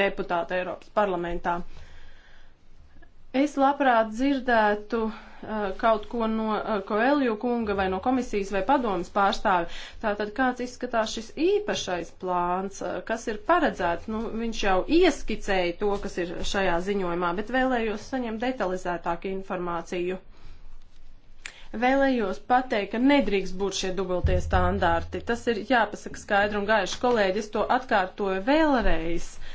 deputāta Eiropas parlamentā. Es labprāt dzirdētu uh, Uh, kaut ko no uh, Koelju kunga vai no komisijas vai padomas pārstāvi. Tātad kāds izskatās šis īpašais plāns, uh, kas ir paredzēts? Nu, viņš jau ieskicēja to, kas ir šajā ziņojumā, bet vēlējos saņemt detalizētāku informāciju. Vēlējos pateikt, ka nedrīkst būt šie dubultie standarti. Tas ir jāpasaka skaidri un gaiši. Kolēģis to atkārtoja vēlreiz. Uh,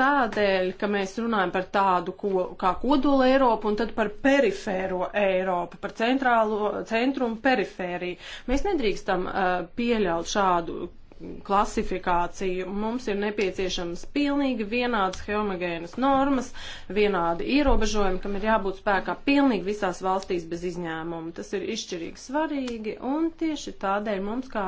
tādēļ, ka mēs runājam par tādu ko, kā kodola Eiropu un tad par perifēro Eiropu, par centrālo centrumu perifēriju. Mēs nedrīkstam uh, pieļaut šādu klasifikāciju. Mums ir nepieciešams pilnīgi vienādas homogēnas normas, vienādi ierobežojumi, kam ir jābūt spēkā pilnīgi visās valstīs bez izņēmuma. Tas ir izšķirīgi svarīgi un tieši tādēļ mums kā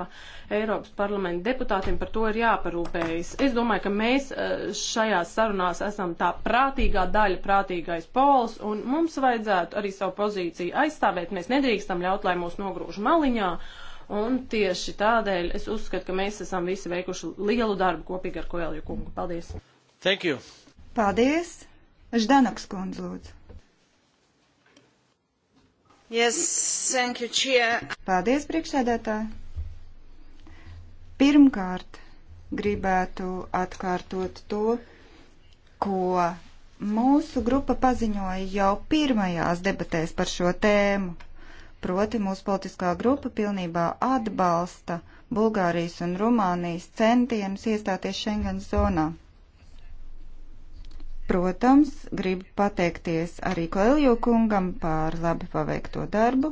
Eiropas parlamenta deputātiem par to ir jāparūpējas. Es domāju, ka mēs eh, šajās sarunās esam tā prātīgā daļa, prātīgais pols un mums vajadzētu arī savu pozīciju aizstāvēt. Mēs nedrīkstam ļaut, lai mūs nogrūž maliņā. Un tieši tādēļ es uzskatu, ka mēs esam visi veikuši lielu darbu kopīgi ar Koelju kungu. Paldies! Thank you! Paldies! Ždanaks kundze, lūdzu! Yes, thank you, Chair. Paldies, priekšsēdētāji! Pirmkārt, gribētu atkārtot to, ko mūsu grupa paziņoja jau pirmajās debatēs par šo tēmu. Proti mūsu politiskā grupa pilnībā atbalsta Bulgārijas un Rumānijas centienus iestāties Schengen zonā. Protams, gribu pateikties arī Koelju kungam par labi paveikto darbu,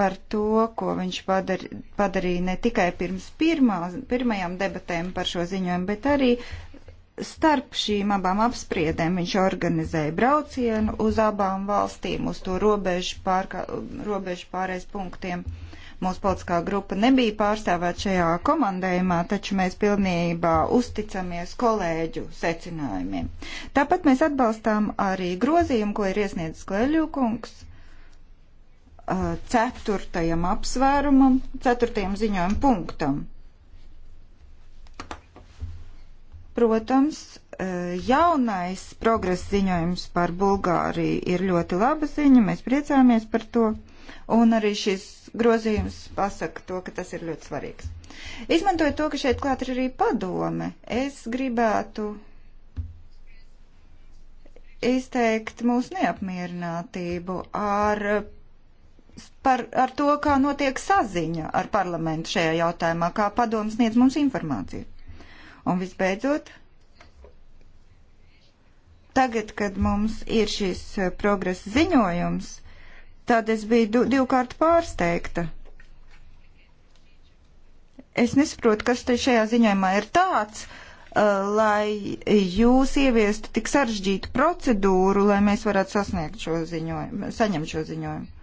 par to, ko viņš padar, padarīja ne tikai pirms pirmās, pirmajām debatēm par šo ziņojumu, bet arī starp šīm abām apspriedēm viņš organizēja braucienu uz abām valstīm, uz to robežu, pārkā, robežu pārējais punktiem. Mūsu politiskā grupa nebija pārstāvēta šajā komandējumā, taču mēs pilnībā uzticamies kolēģu secinājumiem. Tāpat mēs atbalstām arī grozījumu, ko ir iesniedzis Kleļūkungs ceturtajam apsvērumam, ceturtajam ziņojuma punktam Protams, eh, jaunais progresa ziņojums par Bulgāriju ir ļoti laba ziņa, mēs priecāmies par to, un arī šis grozījums pasaka to, ka tas ir ļoti svarīgs. Izmantojot to, ka šeit klāt ir arī padome, es gribētu izteikt mūsu neapmierinātību ar par, ar to, kā notiek saziņa ar parlamentu šajā jautājumā, kā padoms sniedz mums informāciju. Un visbeidzot, tagad, kad mums ir šis eh, progresa ziņojums, tad es biju divkārt pārsteigta. Es nesaprotu, kas te šajā ziņojumā ir tāds, eh, lai jūs ieviestu tik sarežģītu procedūru, lai mēs varētu sasniegt šo ziņojumu, saņemt šo ziņojumu.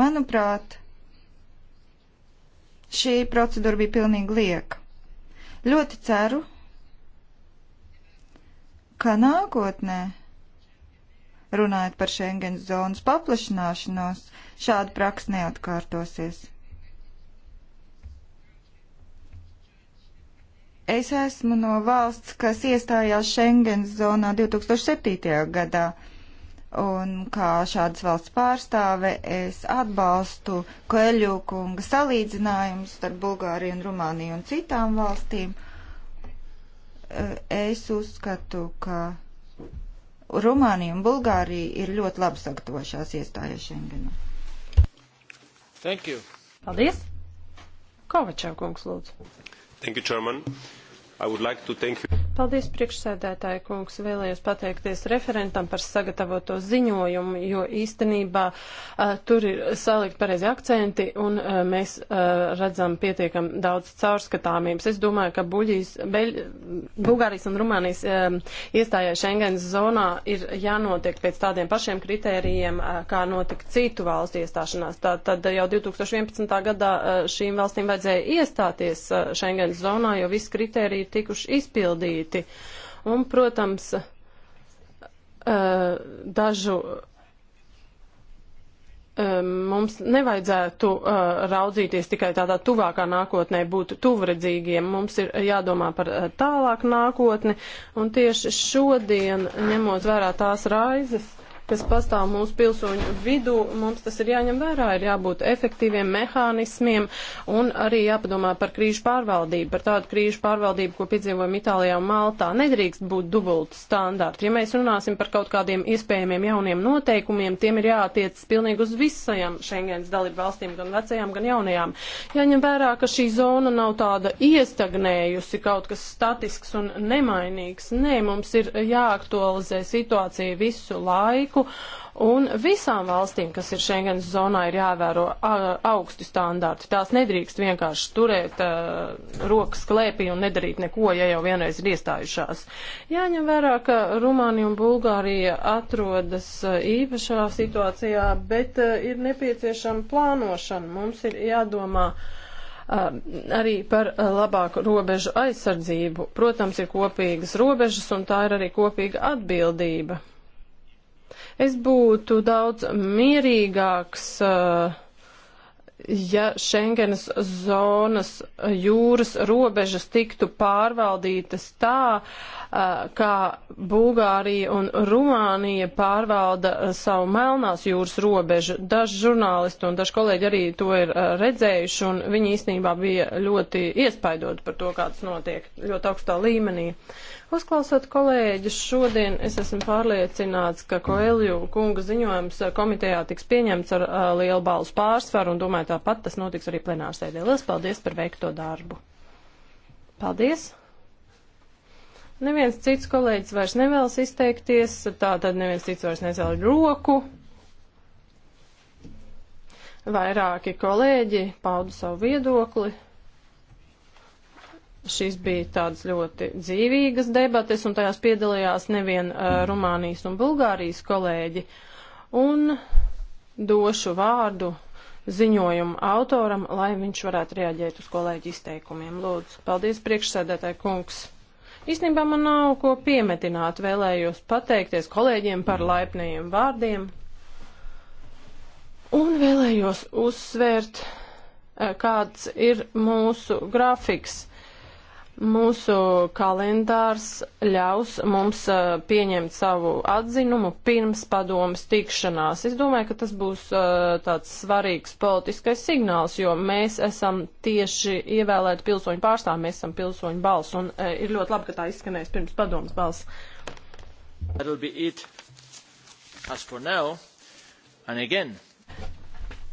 Manuprāt, šī procedūra bija pilnīgi lieka. Ļoti ceru, ka nākotnē, runājot par Schengens zonas paplašināšanos, šāda praksa neatkārtosies. Es esmu no valsts, kas iestājās Schengens zonā 2007. gadā. Un kā šādas valsts pārstāve es atbalstu Koeļu kunga salīdzinājumus starp Bulgāriju un Rumāniju un citām valstīm. E, es uzskatu, ka Rumānija un Bulgārija ir ļoti labi sagatavojušās iestājas Schengenā. Thank you. Paldies. Kovačev kungs lūdzu. Thank you, Chairman. I would like to thank you. Paldies, priekšsēdētāji kungs. Vēlējos pateikties referentam par sagatavoto ziņojumu, jo īstenībā uh, tur ir salikt pareizi akcenti un uh, mēs uh, redzam pietiekam daudz caurskatāmības. Es domāju, ka Buļīs, Beļ, Bulgārijas un Rumānijas um, iestājai Schengens zonā ir jānotiek pēc tādiem pašiem kritērijiem, uh, kā notika citu valstu iestāšanās. Tā, tad jau 2011. gadā uh, šīm valstīm vajadzēja iestāties uh, Schengens zonā, jo visi kritēriji tikuši izpildīti sarežģīti. Un, protams, eh, dažu eh, mums nevajadzētu uh, raudzīties tikai tādā tuvākā nākotnē, būt tuvredzīgiem. Mums ir jādomā par uh, tālāku nākotni, un tieši šodien, ņemot vērā tās raizes, uh, kas pastāv mūsu pilsoņu vidū, mums tas ir jāņem vērā, ir jābūt efektīviem mehānismiem un arī jāpadomā par krīžu pārvaldību, par tādu krīžu pārvaldību, ko piedzīvojam Itālijā un Maltā. Nedrīkst būt dubultu standārti. Ja mēs runāsim par kaut kādiem iespējamiem jauniem noteikumiem, tiem ir jātiec pilnīgi uz visajām Schengens dalību valstīm, gan vecajām, gan jaunajām. Jāņem vērā, ka šī zona nav tāda iestagnējusi, kaut kas statisks un nemainīgs. Nē, mums ir jāaktualizē situācija visu laiku risku. Un visām valstīm, kas ir Schengens zonā, ir jāvēro augsti standarti. Tās nedrīkst vienkārši turēt uh, rokas klēpī un nedarīt neko, ja jau vienreiz ir iestājušās. Jāņem vērā, ka Rumānija un Bulgārija atrodas īpašā situācijā, bet uh, ir nepieciešama plānošana. Mums ir jādomā. Uh, arī par uh, labāku robežu aizsardzību. Protams, ir kopīgas robežas un tā ir arī kopīga atbildība. Es būtu daudz mierīgāks. Uh, ja Schengenas zonas jūras robežas tiktu pārvaldītas tā, eh, kā Bulgārija un Rumānija pārvalda eh, savu Melnās jūras robežu. Daži žurnālisti un daži kolēģi arī to ir redzējuši, un viņi īstenībā bija ļoti iespaidoti par to, kāds notiek ļoti augstā līmenī. Uh, Uzklausot kolēģis šodien, es esmu pārliecināts, ka Koelju kunga ziņojums uh, komitejā tiks pieņemts ar uh, lielu balsu pārsvaru un domāju tāpat tas notiks arī plenārsēdē. Lielas paldies par veikto darbu. Paldies! Neviens cits kolēģis vairs nevēlas izteikties, tā tad neviens cits vairs necēl roku. Vairāki kolēģi paudu savu viedokli. Šis bija tāds ļoti dzīvīgas debates, un tajās piedalījās nevien uh, Rumānijas un Bulgārijas kolēģi. Un došu vārdu ziņojumu autoram, lai viņš varētu reaģēt uz kolēģi izteikumiem. Lūdzu, paldies priekšsēdētāji kungs. Īstenībā man nav ko piemetināt, vēlējos pateikties kolēģiem par laipniem vārdiem un vēlējos uzsvērt, uh, kāds ir mūsu grafiks. Mūsu kalendārs ļaus mums uh, pieņemt savu atzinumu pirms padomas tikšanās. Es domāju, ka tas būs uh, tāds svarīgs politiskais signāls, jo mēs esam tieši ievēlēti pilsoņu pārstāvji, mēs esam pilsoņu balss, un uh, ir ļoti labi, ka tā izskanēs pirms padomas balss.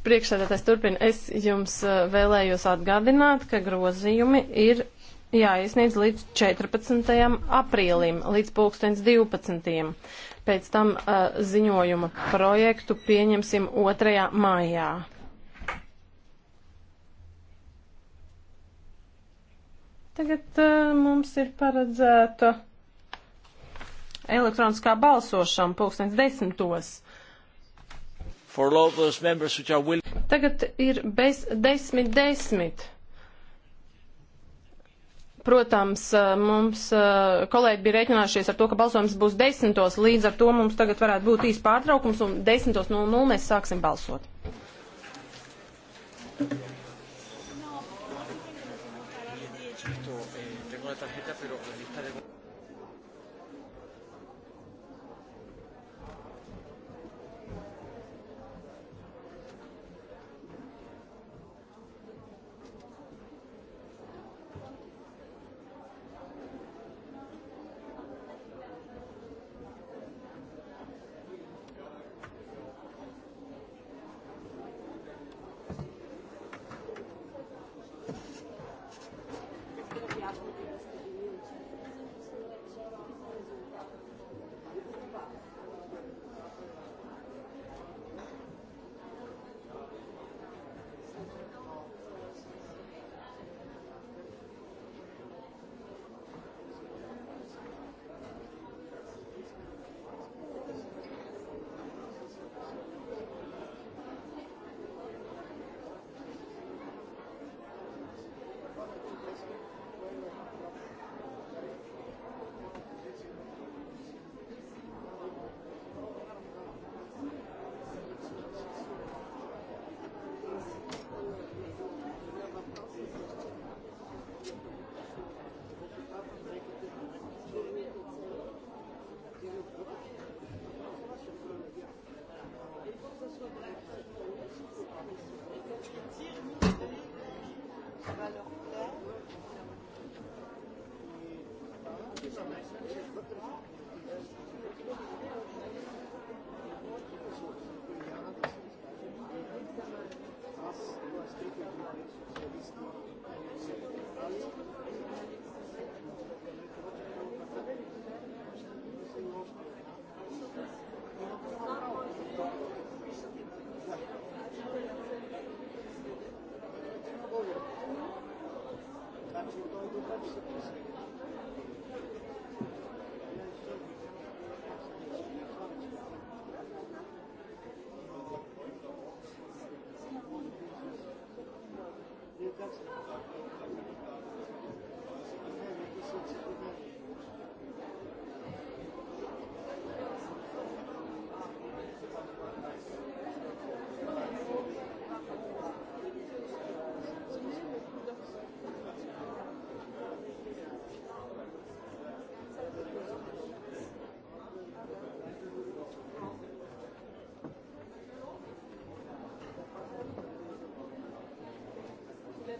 Priekšsēdētājs turpina. Es jums vēlējos atgādināt, ka grozījumi ir jāiesniedz līdz 14. aprīlim, līdz pulkstens 12. Pēc tam uh, ziņojuma projektu pieņemsim 2. maijā. Tagad uh, mums ir paredzēta elektroniskā balsošana pulkstens desmitos. Will... Tagad ir bez desmit desmit. Protams, eh, mums eh, kolēģi bija rēķinājušies ar to, ka balsojums būs desmitos, līdz ar to mums tagad varētu būt īsts pārtraukums un desmitos 00 mēs sāksim balsot. Thank you.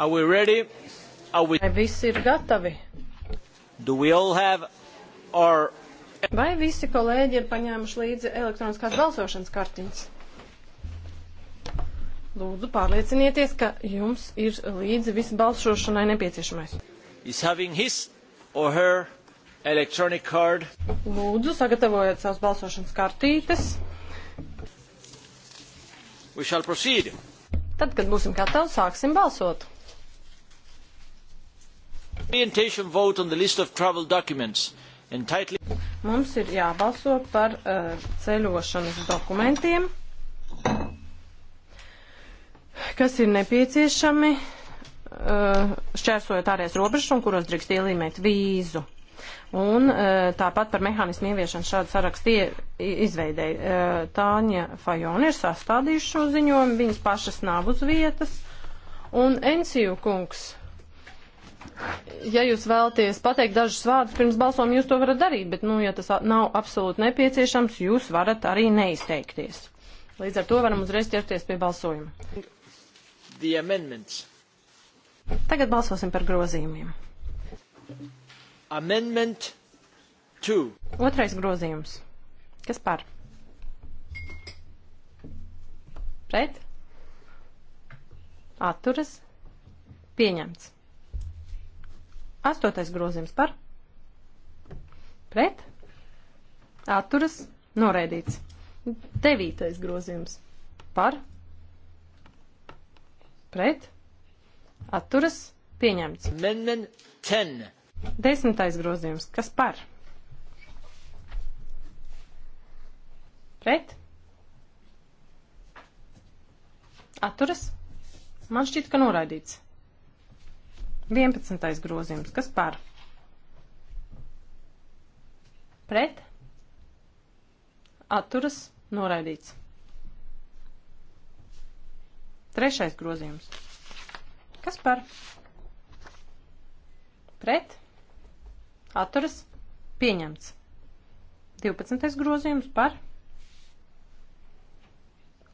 Are we ready? Are we... Vai visi ir gatavi? Do we all have our... Vai visi kolēģi ir paņēmuši līdzi elektroniskās balsošanas kartiņas? Lūdzu, pārliecinieties, ka jums ir līdzi viss balsošanai nepieciešamais. Is having his or her electronic card. Lūdzu, sagatavojiet savas balsošanas kartītes. We shall proceed. Tad, kad būsim gatavi, sāksim balsot. Mums ir jābalso par uh, ceļošanas dokumentiem, kas ir nepieciešami uh, šķērsojot ārējās robežas un kuros drīkst ielīmēt vīzu. Un uh, tāpat par mehānismu ieviešanu šādu sarakstu izveidēja. Uh, Tāņa Fajona ir sastādījuši šo ziņojumu, viņas pašas nav uz vietas. Un Ensiju kungs ja jūs vēlaties pateikt dažus vārdus pirms balsojuma, jūs to varat darīt, bet, nu, ja tas nav absolūti nepieciešams, jūs varat arī neizteikties. Līdz ar to varam uzreiz ķerties pie balsojuma. The amendments. Tagad balsosim par grozījumiem. Amendment 2. Otrais grozījums. Kas par? Pret? Atturas? Pieņemts. Astotais grozījums par pret atturas noraidīts. Devītais grozījums par pret atturas pieņemts. Men, men, ten. Desmitais grozījums. Kas par? Pret? Atturas? Man šķiet, ka noraidīts. 11. grozījums. Kas par? Pret? Atturas noraidīts. Trešais grozījums. Kas par? Pret? Atturas pieņemts. 12. grozījums par?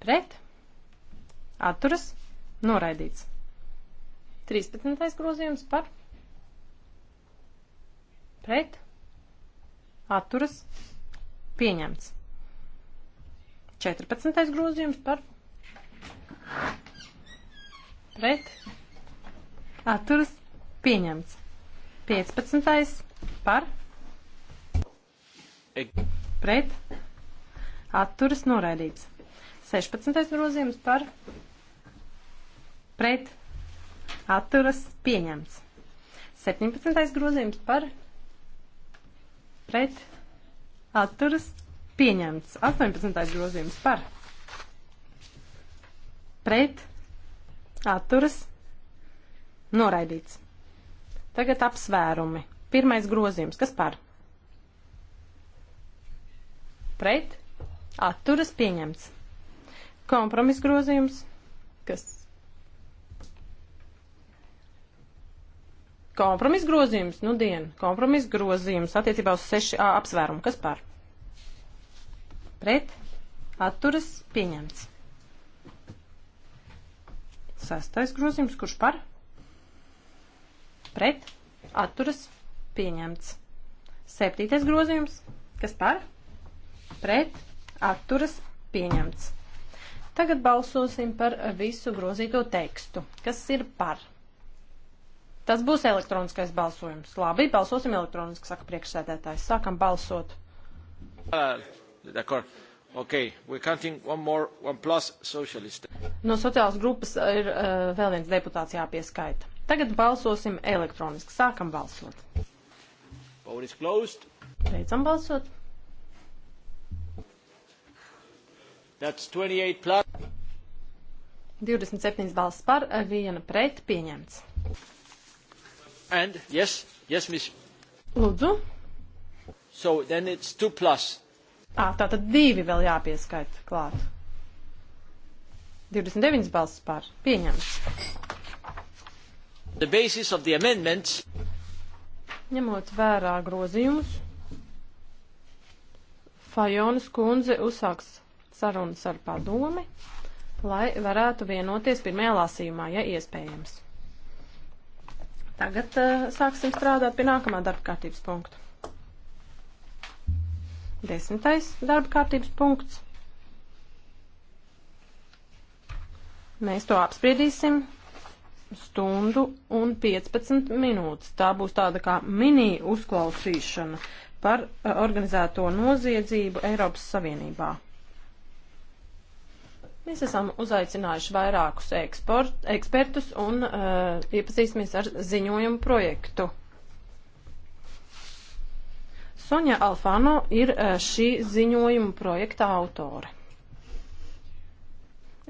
Pret? Atturas noraidīts. 13. grozījums par pret atturas pieņemts. 14. grozījums par pret atturas pieņemts. 15. par pret atturas noraidīts. 16. grozījums par pret atturas pieņemts atturas pieņemts. 17. grozījums par pret atturas pieņemts. 18. grozījums par pret atturas noraidīts. Tagad apsvērumi. Pirmais grozījums. Kas par? Pret atturas pieņemts. Kompromis grozījums. Kas Kompromis grozījums, nu dien, kompromis grozījums attiecībā uz 6a apsvērumu. Kas par? Pret, atturas, pieņemts. Sastais grozījums, kurš par? Pret, atturas, pieņemts. Septītais grozījums, kas par? Pret, atturas, pieņemts. Tagad balsosim par visu grozīto tekstu. Kas ir par? Tas būs elektroniskais balsojums. Labi, balsosim elektroniski, saka priekšsēdētājs. Sākam balsot. Uh, okay. one more, one no sociālas grupas ir uh, vēl viens deputāts jāpieskaita. Tagad balsosim elektroniski. Sākam balsot. Beidzam balsot. That's 28 plus. 27 balss par, viena pret pieņemts. And yes, yes, miss. Lūdzu. So then it's two plus. À, tā tad divi vēl jāpieskaita klāt. 29 balsis pār. Pieņemts. The basis of the amendments. Ņemot vērā grozījumus, Fajonas kundze uzsāks sarunas ar padomi, lai varētu vienoties pirmajā lasījumā, ja iespējams. Tagad uh, sāksim strādāt pie nākamā darba kārtības punkta. Desmitais darba kārtības punkts. Mēs to apspriedīsim stundu un 15 minūtes. Tā būs tāda kā mini uzklausīšana par eh, organizēto noziedzību Eiropas Savienībā. Mēs esam uzaicinājuši vairākus eksport, ekspertus un uh, iepazīsimies ar ziņojumu projektu. Soņa Alfano ir uh, šī ziņojuma projekta autore.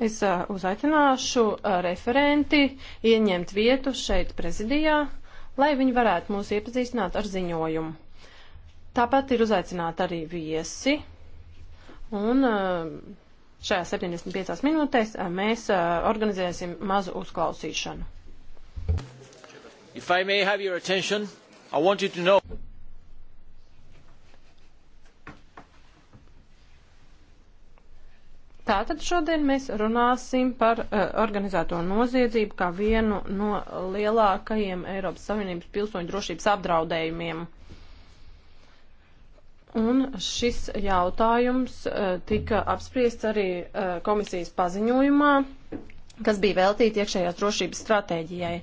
Es uh, uzaicināšu uh, referenti ieņemt vietu šeit prezidijā, lai viņi varētu mūs iepazīstināt ar ziņojumu. Tāpat ir uzaicināti arī viesi un uh, Šajā 75 minūtēs eh, mēs eh, organizēsim mazu uzklausīšanu. If I may have your attention, I want you to know. Tātad šodien mēs runāsim par uh, organizēto noziedzību kā vienu no lielākajiem Eiropas Savienības pilsoņu drošības apdraudējumiem. Uh, Un šis jautājums e, tika apspriests arī e, komisijas paziņojumā, kas bija veltīti iekšējās drošības stratēģijai.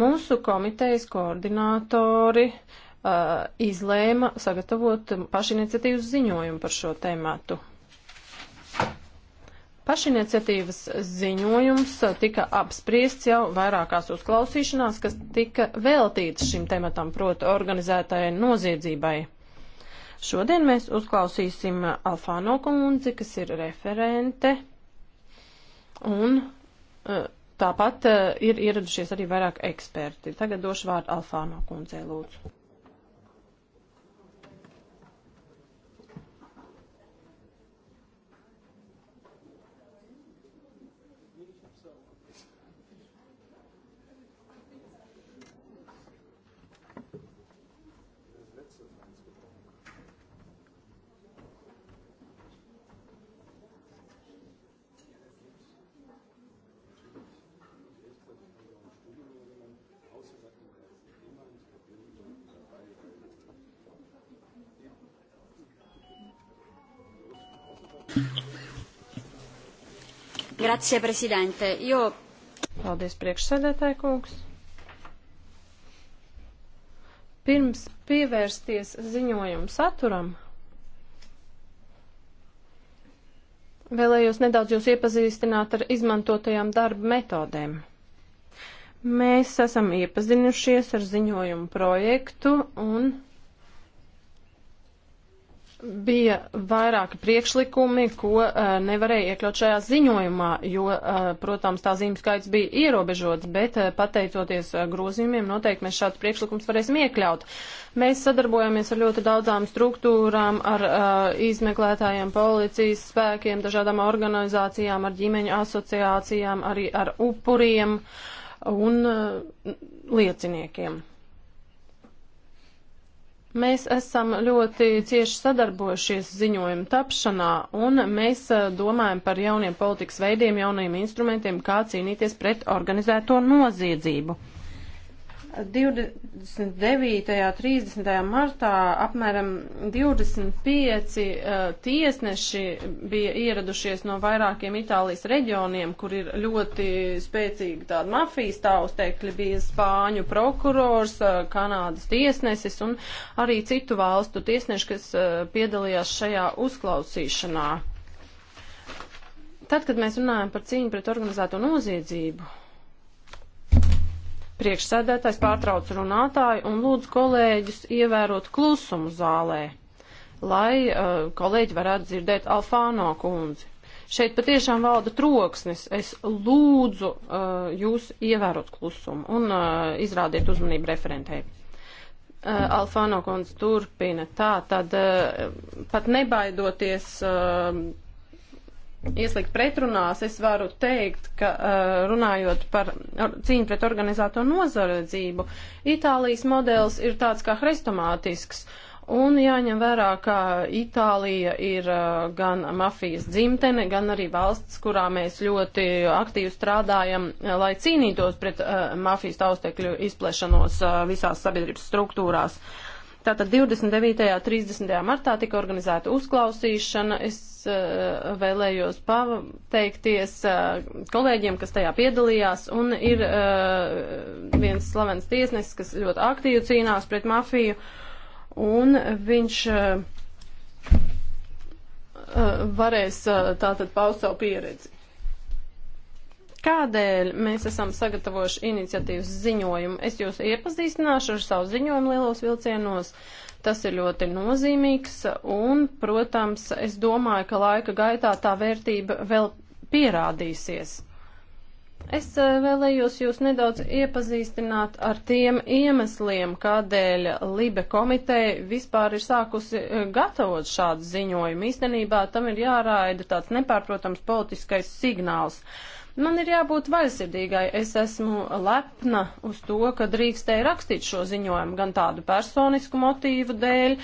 Mūsu komitejas koordinātori uh, izlēma sagatavot pašiniciatīvas ziņojumu par šo tēmātu. Pašiniciatīvas ziņojums tika apspriests jau vairākās uzklausīšanās, kas tika veltīts šim tematam, proti organizētajai noziedzībai. Šodien mēs uzklausīsim uh, Alfāno kundzi, kas ir referente, un uh, tāpat uh, ir ieradušies arī vairāk eksperti. Tagad došu vārdu Alfāno kundzei, lūdzu. Grazie, prezidente. Jo... Paldies, priekšsēdētāji kungs. Pirms pievērsties ziņojumu saturam, vēlējos nedaudz jūs iepazīstināt ar izmantotajām darba metodēm. Mēs esam iepazinušies ar ziņojumu projektu un bija vairāki priekšlikumi, ko uh, nevarēja iekļaut šajā ziņojumā, jo, uh, protams, tā zīmju skaits bija ierobežots, bet uh, pateicoties uh, grozījumiem, noteikti mēs šādus priekšlikumus varēsim iekļaut. Mēs sadarbojamies ar ļoti daudzām struktūrām, ar uh, izmeklētājiem, policijas spēkiem, dažādām organizācijām, ar ģimeņu asociācijām, arī ar upuriem un uh, lieciniekiem. Mēs esam ļoti cieši sadarbojušies ziņojuma tapšanā, un mēs eh, domājam par jauniem politikas veidiem, jauniem instrumentiem, kā cīnīties pret organizēto noziedzību. 29. 30. martā apmēram 25 uh, eh, tiesneši bija ieradušies no vairākiem Itālijas reģioniem, kur ir ļoti spēcīgi tāda mafijas taustekļi, bija Spāņu prokurors, uh, Kanādas tiesnesis un arī citu valstu tiesneši, kas uh, piedalījās šajā uzklausīšanā. Tad, kad mēs runājam par cīņu pret organizēto noziedzību, Priekšsēdētājs pārtrauc runātāju un lūdzu kolēģus ievērot klusumu zālē, lai uh, kolēģi varētu dzirdēt Alfāno kundzi. Šeit patiešām valda troksnis. Es lūdzu uh, jūs ievērot klusumu un uh, izrādiet uzmanību referentei. Uh, Alfāno kundze turpina tā, tad uh, pat nebaidoties. Uh, ieslīgt pretrunās, es varu teikt, ka eh, runājot par cīņu pret organizēto nozaredzību, Itālijas modelis ir tāds kā hrestomātisks. Un jāņem vērā, ka Itālija ir eh, gan mafijas dzimtene, gan arī valsts, kurā mēs ļoti aktīvi strādājam, eh, lai cīnītos pret uh, mafijas taustekļu izplešanos uh, visās sabiedrības struktūrās. Uh, Tātad 29. un 30. martā tika organizēta uzklausīšana. Es uh, vēlējos pateikties uh, kolēģiem, kas tajā piedalījās, un ir uh, viens slavens tiesnesis, kas ļoti aktīvi cīnās pret mafiju, un viņš varēs tātad paust savu pieredzi kādēļ mēs esam sagatavojuši iniciatīvas ziņojumu. Es jūs iepazīstināšu ar savu ziņojumu lielos vilcienos. Tas ir ļoti nozīmīgs un, protams, es domāju, ka laika gaitā tā vērtība vēl pierādīsies. Es eh, vēlējos jūs nedaudz iepazīstināt ar tiem iemesliem, kādēļ Libe komiteja vispār ir sākusi eh, gatavot šādu ziņojumu. Īstenībā tam ir jāraida tāds nepārprotams politiskais signāls. Uh, Man ir jābūt vaļsirdīgai. Es esmu lepna uz to, ka drīkstēju rakstīt šo ziņojumu gan tādu personisku motīvu dēļ,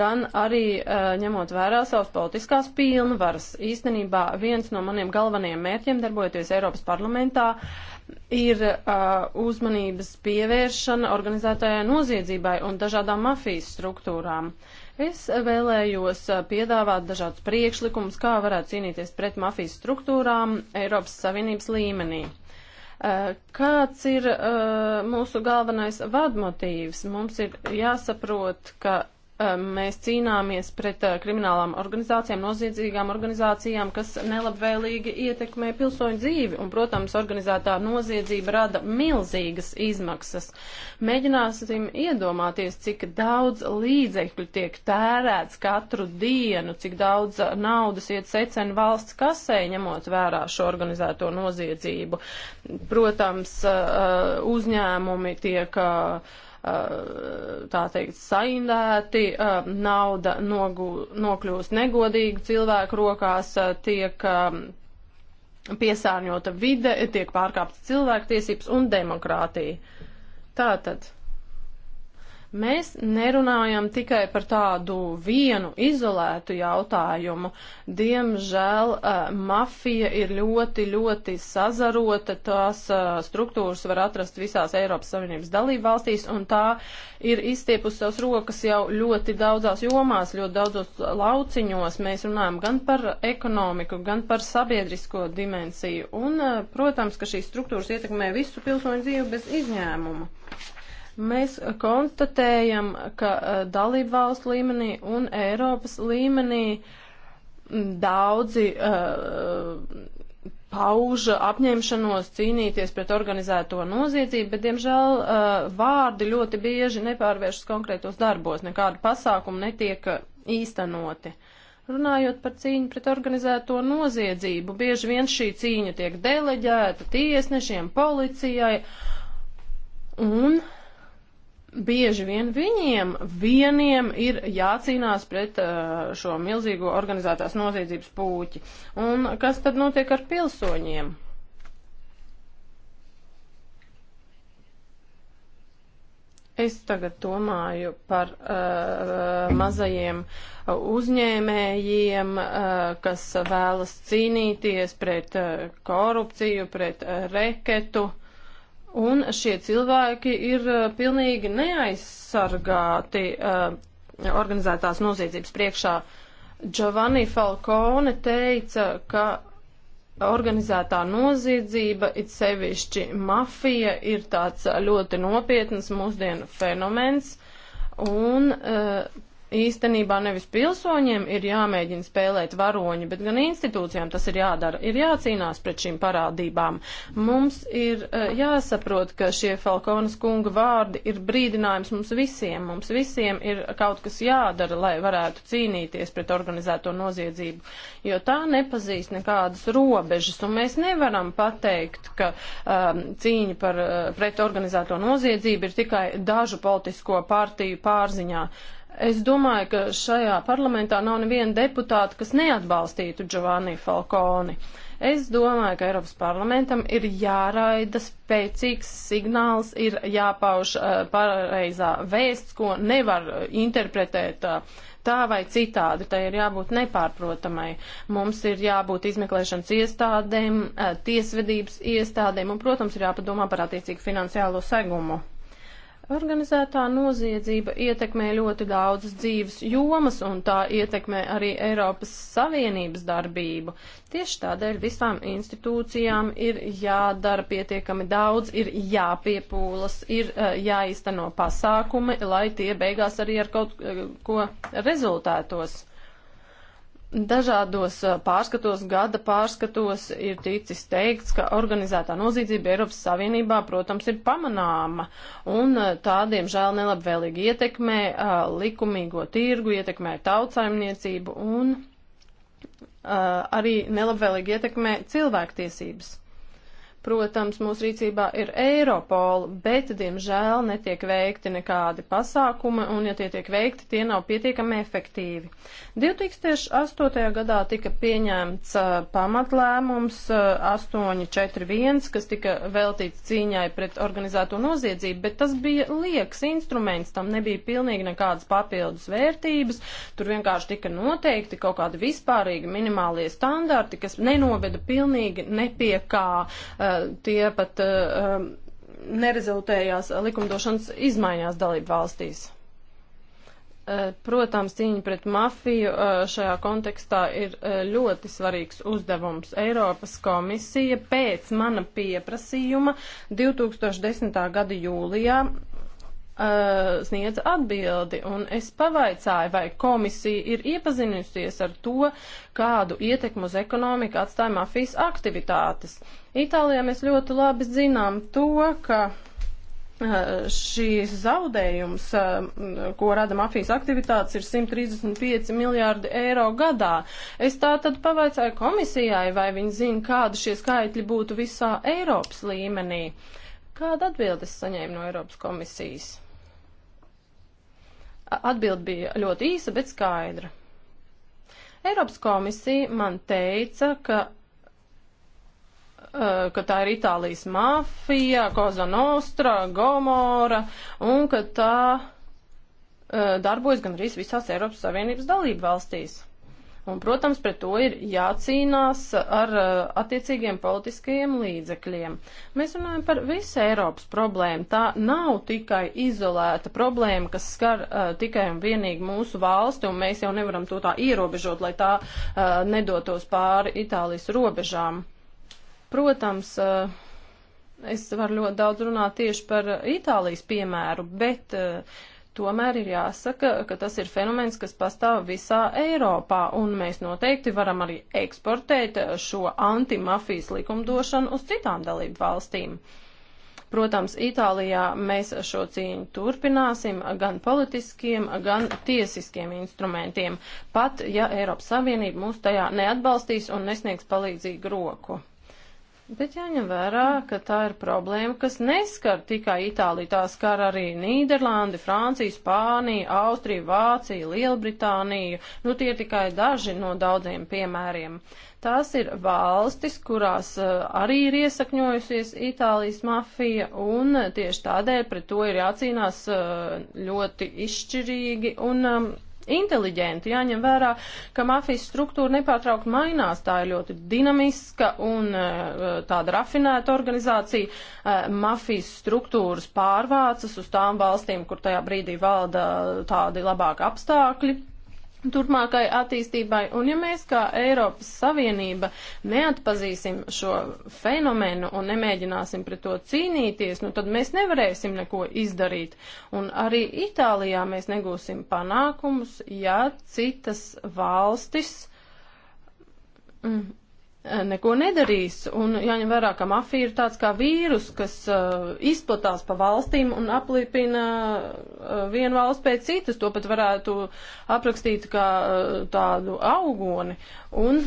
gan arī uh, ņemot vērā savas politiskās pilnvaras. Īstenībā viens no maniem galvenajiem mērķiem darbojoties Eiropas parlamentā ir uh, uzmanības pievēršana organizētajai noziedzībai un dažādām mafijas struktūrām. Uh, Es vēlējos uh, piedāvāt dažādus priekšlikumus, kā varētu cīnīties pret mafijas struktūrām Eiropas Savienības līmenī. Uh, kāds ir uh, mūsu galvenais vadmotīvs? Mums ir jāsaprot, ka Um, mēs cīnāmies pret uh, kriminālām organizācijām, noziedzīgām organizācijām, kas nelabvēlīgi ietekmē pilsoņu dzīvi. Un, protams, organizētā noziedzība rada milzīgas izmaksas. Mēģināsim iedomāties, cik daudz līdzekļu tiek tērēts katru dienu, cik daudz uh, naudas iet secen valsts kasē, ņemot vērā šo organizēto noziedzību. Protams, uh, uzņēmumi tiek tā teikt, saindēti, nauda nogu, nokļūst negodīgi cilvēku rokās, tiek piesārņota vide, tiek pārkāptas cilvēktiesības un demokrātija. Tātad. Mēs nerunājam tikai par tādu vienu izolētu jautājumu. Diemžēl eh, mafija ir ļoti, ļoti sazarota. Tās eh, struktūras var atrast visās Eiropas Savienības dalību valstīs, un tā ir izstiepus savas rokas jau ļoti daudzās jomās, ļoti daudzos lauciņos. Mēs runājam gan par ekonomiku, gan par sabiedrisko dimensiju. Un, eh, protams, ka šīs struktūras ietekmē visu pilsoņu dzīvi bez izņēmuma. Mēs konstatējam, ka e, dalību valstu līmenī un Eiropas līmenī daudzi uh, e, pauža apņemšanos cīnīties pret organizēto noziedzību, bet, diemžēl, e, vārdi ļoti bieži nepārvēršas konkrētos darbos, nekādu pasākumu netiek īstenoti. Runājot par cīņu pret organizēto noziedzību, bieži vien šī cīņa tiek deleģēta tiesnešiem, policijai, un bieži vien viņiem vieniem ir jācīnās pret uh, šo milzīgo organizētās noziedzības pūķi. Un kas tad notiek ar pilsoņiem? Es tagad domāju par uh, mazajiem uzņēmējiem, uh, kas vēlas cīnīties pret uh, korupciju, pret uh, reketu. Uh, Un šie cilvēki ir uh, pilnīgi neaizsargāti uh, organizētās noziedzības priekšā. Giovanni Falcone teica, ka organizētā noziedzība, it sevišķi mafija, ir tāds uh, ļoti nopietns mūsdienu fenomens, un uh, īstenībā nevis pilsoņiem ir jāmēģina spēlēt varoņi, bet gan institūcijām tas ir jādara, ir jācīnās pret šīm parādībām. Mums ir eh, jāsaprot, ka šie Falkonas kunga vārdi ir brīdinājums mums visiem. Mums visiem ir kaut kas jādara, lai varētu cīnīties pret organizēto noziedzību, jo tā nepazīst nekādas robežas, un mēs nevaram pateikt, ka um, cīņa par, eh, pret organizēto noziedzību ir tikai dažu politisko partiju pārziņā. Uh, Es domāju, ka šajā parlamentā nav neviena deputāta, kas neatbalstītu Giovanni Falconi. Es domāju, ka Eiropas parlamentam ir jāraida spēcīgs signāls, ir jāpauž uh, pareizā vēsts, ko nevar eh, interpretēt uh, tā vai citādi. Tai ir jābūt nepārprotamai. Mums ir jābūt izmeklēšanas iestādēm, uh, tiesvedības iestādēm un, protams, ir jāpadomā par attiecīgu finansiālo segumu. Organizētā noziedzība ietekmē ļoti daudzas dzīves jomas un tā ietekmē arī Eiropas Savienības darbību. Tieši tādēļ visām institūcijām ir jādara pietiekami daudz, ir jāpiepūlas, ir eh, jāizteno pasākumi, lai tie beigās arī ar kaut eh, ko rezultātos. Dažādos pārskatos, gada pārskatos ir ticis teikts, ka organizētā noziedzība Eiropas Savienībā, protams, ir pamanāma un tādiem žēl nelabvēlīgi ietekmē likumīgo tirgu, ietekmē tautsaimniecību un arī nelabvēlīgi ietekmē cilvēktiesības. Protams, mūsu rīcībā ir Eiropola, bet, diemžēl, netiek veikti nekādi pasākumi, un, ja tie tiek veikti, tie nav pietiekami efektīvi. 2008. gadā tika pieņemts uh, pamatlēmums uh, 841, kas tika veltīts cīņai pret organizēto noziedzību, bet tas bija lieks instruments, tam nebija pilnīgi nekādas papildus vērtības, tur vienkārši tika noteikti kaut kādi vispārīgi minimālie standarti, kas nenoveda pilnīgi nepie kā. Uh, tie pat um, nerezultējās likumdošanas izmaiņās dalību valstīs. Uh, protams, cīņa pret mafiju uh, šajā kontekstā ir uh, ļoti svarīgs uzdevums. Eiropas komisija pēc mana pieprasījuma 2010. gada jūlijā sniedza atbildi, un es pavaicāju, vai komisija ir iepazinusies ar to, kādu ietekmu uz ekonomiku atstāja mafijas aktivitātes. Uh, Itālijā mēs ļoti labi zinām to, ka eh, šīs zaudējums, eh, ko rada mafijas aktivitātes, ir 135 miljārdi eiro gadā. Es tā tad pavaicāju komisijai, vai viņi zina, kāda šie skaitļi būtu visā Eiropas līmenī. Kāda atbildes saņēma no Eiropas komisijas? Atbild bija ļoti īsa, bet skaidra. Eiropas komisija man teica, ka Uh, ka tā ir Itālijas mafija, Koza Nostra, Gomora, un ka tā uh, darbojas gan arī visās Eiropas Savienības dalību valstīs. Un, protams, pret to ir jācīnās ar uh, attiecīgiem politiskajiem līdzekļiem. Mēs runājam par visu Eiropas problēmu. Tā nav tikai izolēta problēma, kas skar uh, tikai un vienīgi mūsu valsti, un mēs jau nevaram to tā ierobežot, lai tā uh, nedotos pāri Itālijas robežām. Uh, Protams, eh, es varu ļoti daudz runāt tieši par Itālijas piemēru, bet eh, tomēr ir jāsaka, ka tas ir fenomens, kas pastāv visā Eiropā, un mēs noteikti varam arī eksportēt šo antimafijas likumdošanu uz citām dalību valstīm. Protams, Itālijā mēs šo cīņu turpināsim gan politiskiem, gan tiesiskiem instrumentiem, pat ja Eiropas Savienība mūs tajā neatbalstīs un nesniegs palīdzīgu roku. Bet jāņem vērā, ka tā ir problēma, kas neskar tikai Itāliju, tā skar arī Nīderlandi, Franciju, Spāniju, Austriju, Vāciju, Lielbritāniju. Nu, tie ir tikai daži no daudziem piemēriem. Tās ir valstis, kurās eh, arī ir iesakņojusies Itālijas mafija, un eh, tieši tādēļ pret to ir jācīnās eh, ļoti izšķirīgi un um, inteliģenti, jāņem vērā, ka mafijas struktūra nepārtraukt mainās, tā ir ļoti dinamiska un eh, tāda rafinēta organizācija. Eh, mafijas struktūras pārvācas uz tām valstīm, kur tajā brīdī valda tādi labāki apstākļi turpmākai attīstībai. Un ja mēs kā Eiropas Savienība neatpazīsim šo fenomenu un nemēģināsim pret to cīnīties, nu tad mēs nevarēsim neko izdarīt. Un arī Itālijā mēs negūsim panākumus, ja citas valstis. Mm Eh, neko nedarīs. Un jāņem vērā, ka mafija ir tāds kā vīrus, kas uh, izplatās pa valstīm un aplīpina uh, eh, vienu valsts pēc citas. To pat varētu aprakstīt kā uh, tādu augoni. Un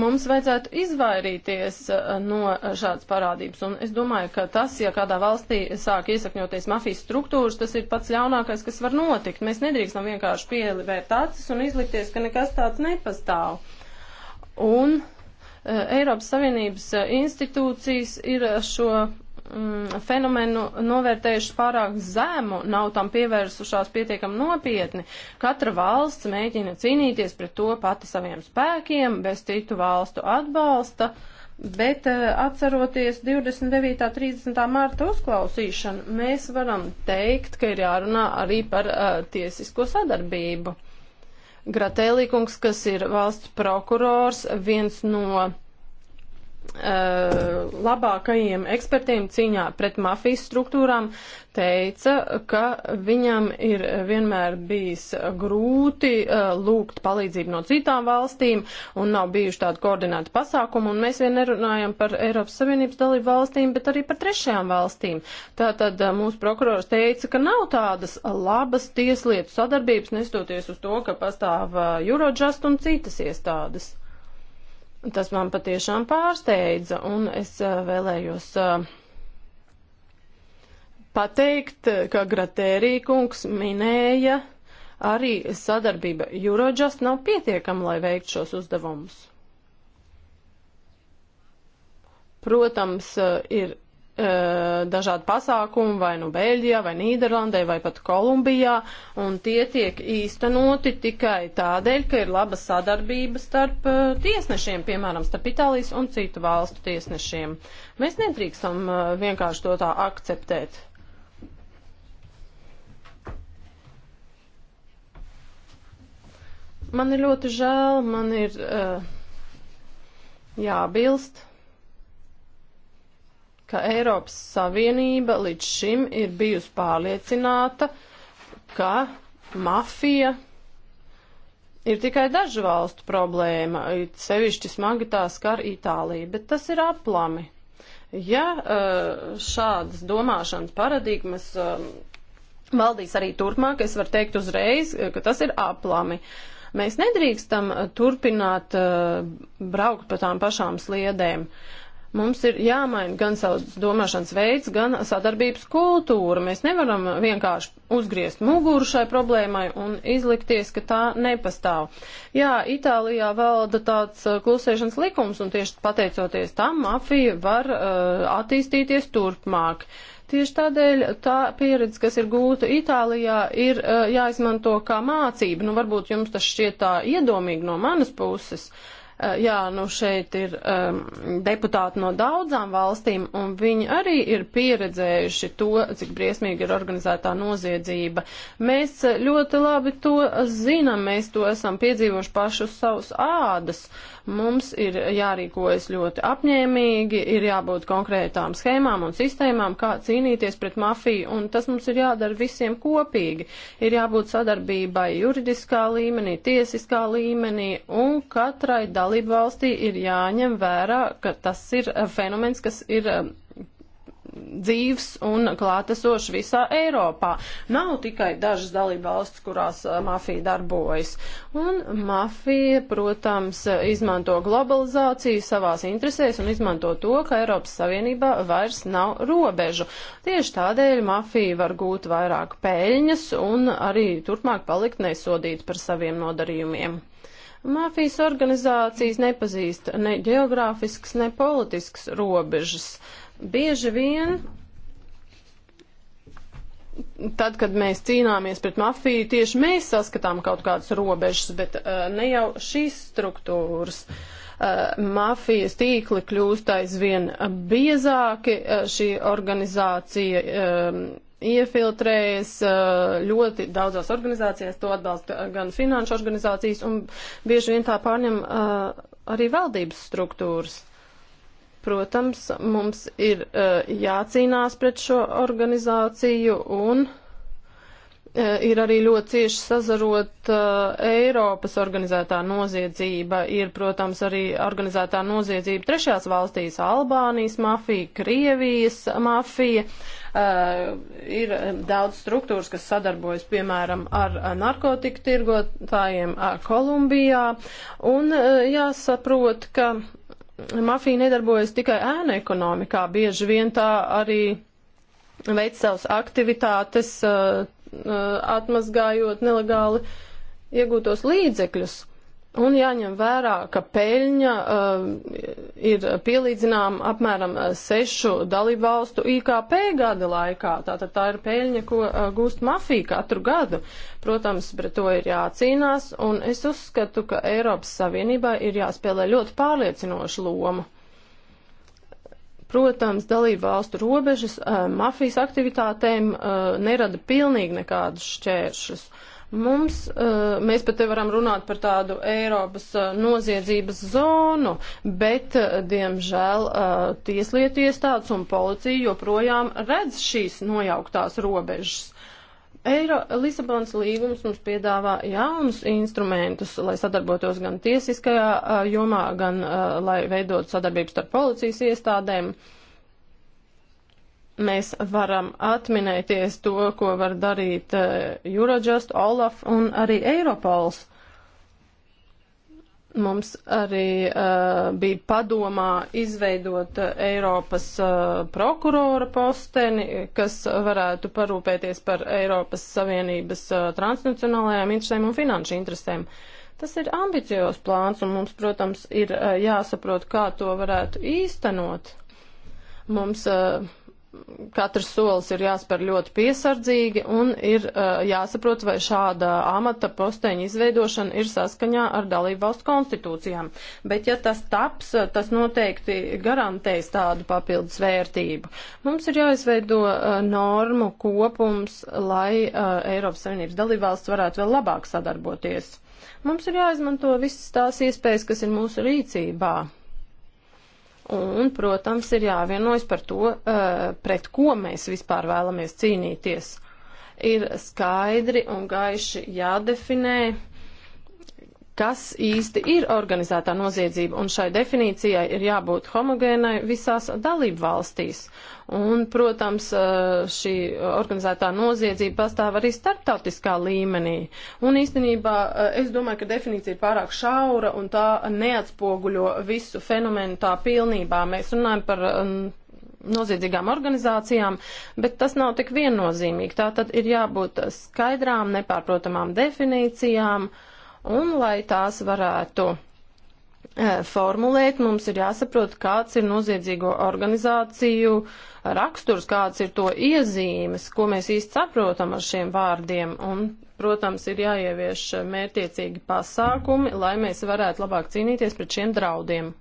mums vajadzētu izvairīties no šādas parādības. Un es domāju, ka tas, ja kādā valstī sāk iesakņoties mafijas struktūras, tas ir pats ļaunākais, kas var notikt. Mēs nedrīkstam vienkārši pielivērt acis un izlikties, ka nekas tāds nepastāv. Un eh, Eiropas Savienības eh, institūcijas ir eh, šo mm, fenomenu novērtējušas pārāk zemu, nav tam pievērsušās pietiekam nopietni. Katra valsts mēģina cīnīties pret to pati saviem spēkiem, bez citu valstu atbalsta. Bet atceroties 29. 30. mārta uzklausīšanu, mēs varam teikt, ka ir jārunā arī par uh, tiesisko sadarbību. Gratēlīkungs, kas ir valsts prokurors, viens no Uh, labākajiem ekspertiem cīņā pret mafijas struktūrām teica, ka viņam ir vienmēr bijis grūti uh, lūgt palīdzību no citām valstīm un nav bijuši tādi koordinēti pasākumi, un mēs vien nerunājam par Eiropas Savienības dalību valstīm, bet arī par trešajām valstīm. Tātad uh, mūsu prokurors teica, ka nav tādas labas tieslietu sadarbības, nestoties uz to, ka pastāv Eurojust un citas iestādes. Tas man patiešām pārsteidza, un es eh, vēlējos eh, pateikt, ka Gratērī kungs minēja, arī sadarbība Eurojust nav pietiekama, lai veiktu šos uzdevumus. Protams, eh, ir E, dažādi pasākumi vai nu Beļģijā, vai Nīderlandē, vai pat Kolumbijā, un tie tiek īstenoti tikai tādēļ, ka ir laba sadarbība starp e, tiesnešiem, piemēram, starp Itālijas un citu valstu tiesnešiem. Mēs nedrīkstam e, vienkārši to tā akceptēt. Man ir ļoti žēl, man ir uh, jābilst ka Eiropas Savienība līdz šim ir bijusi pārliecināta, ka mafija ir tikai dažu valstu problēma, sevišķi smagi tā skar Itāliju, bet tas ir aplami. Ja eh, šādas domāšanas paradigmas eh, valdīs arī turpmāk, es varu teikt uzreiz, eh, ka tas ir aplami. Mēs nedrīkstam turpināt braukt pa tām pašām sliedēm. Uh, Mums ir jāmaina gan savs domāšanas veids, gan sadarbības kultūra. Mēs nevaram vienkārši uzgriezt muguru šai problēmai un izlikties, ka tā nepastāv. Jā, Itālijā valda tāds uh, klusēšanas likums, un tieši pateicoties tam mafija var uh, attīstīties turpmāk. Tieši tādēļ tā pieredze, kas ir gūta Itālijā, ir uh, jāizmanto kā mācība. Nu, varbūt jums tas šķiet tā iedomīgi no manas puses. Uh, Eh, jā, nu šeit ir um, deputāti no daudzām valstīm, un viņi arī ir pieredzējuši to, cik briesmīgi ir organizētā noziedzība. Mēs eh, ļoti labi to zinām, mēs to esam piedzīvojuši pašus savus ādas. Mums ir jārīkojas ļoti apņēmīgi, ir jābūt konkrētām schēmām un sistēmām, kā cīnīties pret mafiju, un tas mums ir jādara visiem kopīgi. Ir jābūt sadarbībai juridiskā līmenī, tiesiskā līmenī, un katrai dalībniecībai dalību valstī ir jāņem vērā, ka tas ir fenomens, kas ir um, dzīves un klātesoši visā Eiropā. Nav tikai dažas dalībvalstis, kurās uh, mafija darbojas. Un mafija, protams, izmanto globalizāciju savās interesēs un izmanto to, ka Eiropas Savienībā vairs nav robežu. Tieši tādēļ mafija var gūt vairāk peļņas un arī turpmāk palikt nesodīt par saviem nodarījumiem. Mafijas organizācijas nepazīst ne geogrāfisks, ne politisks robežas. Bieži vien tad, kad mēs cīnāmies pret mafiju, tieši mēs saskatām kaut kādas robežas, bet uh, ne jau šīs struktūras. Uh, mafijas tīkli kļūst aizvien biezāki, uh, šī organizācija. Uh, iefiltrējies eh, ļoti daudzās organizācijās, to atbalsta gan finanšu organizācijas, un bieži vien tā pārņem eh, arī valdības struktūras. Protams, mums ir eh, jācīnās pret šo organizāciju un ir arī ļoti cieši sazarot uh, Eiropas organizētā noziedzība, ir, protams, arī organizētā noziedzība trešās valstīs - Albānijas mafija, Krievijas mafija. Uh, Uh, ir daudz struktūras, kas sadarbojas, piemēram, ar narkotiku tirgotājiem uh, Kolumbijā. Un uh, jāsaprot, ka mafija nedarbojas tikai ēna ekonomikā, bieži vien tā arī veic savas aktivitātes, atmazgājot nelegāli iegūtos līdzekļus. Un jāņem vērā, ka peļņa uh, ir pielīdzināma apmēram uh, sešu dalību valstu IKP gada laikā. Tātad tā ir peļņa, ko uh, gūst mafija katru gadu. Protams, pret to ir jācīnās, un es uzskatu, ka Eiropas Savienībā ir jāspēlē ļoti pārliecinoša loma. Protams, dalību valstu robežas uh, mafijas aktivitātēm uh, nerada pilnīgi nekādus šķēršus. Uh, Mums, eh, mēs pat te varam runāt par tādu Eiropas eh, noziedzības zonu, bet, eh, diemžēl, tieslietu iestādes un policija joprojām redz šīs nojauktās robežas. Eiro Lisabonas līgums mums piedāvā jaunus instrumentus, lai sadarbotos gan tiesiskajā jomā, gan lai veidot sadarbības starp policijas iestādēm. Uh, Mēs varam atminēties to, ko var darīt eh, Eurojust, Olaf un arī Eiropols. Mums arī uh, bija padomā izveidot eh, Eiropas uh, prokurora posteni, kas varētu parūpēties par Eiropas Savienības uh, transnacionālajām interesēm un finanšu interesēm. Tas ir ambiciozs plāns, un mums, protams, ir uh, jāsaprot, kā to varētu īstenot. Mums uh, katrs solis ir jāspēr ļoti piesardzīgi un ir uh, jāsaprot, vai šāda amata posteņa izveidošana ir saskaņā ar dalību valstu konstitūcijām. Bet ja tas taps, tas noteikti garantēs tādu papildus vērtību. Mums ir jāizveido uh, normu kopums, lai uh, Eiropas Savienības dalību valsts varētu vēl labāk sadarboties. Mums ir jāizmanto visas tās iespējas, kas ir mūsu rīcībā un, protams, ir jāvienojas par to, eh, pret ko mēs vispār vēlamies cīnīties. Ir skaidri un gaiši jādefinē kas īsti ir organizētā noziedzība, un šai definīcijai ir jābūt homogēnai visās dalību valstīs. Un, protams, šī organizētā noziedzība pastāv arī starptautiskā līmenī. Un īstenībā es domāju, ka definīcija ir pārāk šaura un tā neatspoguļo visu fenomenu tā pilnībā. Mēs runājam par noziedzīgām organizācijām, bet tas nav tik viennozīmīgi. Tā tad ir jābūt skaidrām, nepārprotamām definīcijām. Uh, un lai tās varētu eh, formulēt, mums ir jāsaprot, kāds ir noziedzīgo organizāciju raksturs, kāds ir to iezīmes, ko mēs īsti saprotam ar šiem vārdiem. Un, protams, ir jāievieš mērtiecīgi pasākumi, lai mēs varētu labāk cīnīties pret šiem draudiem.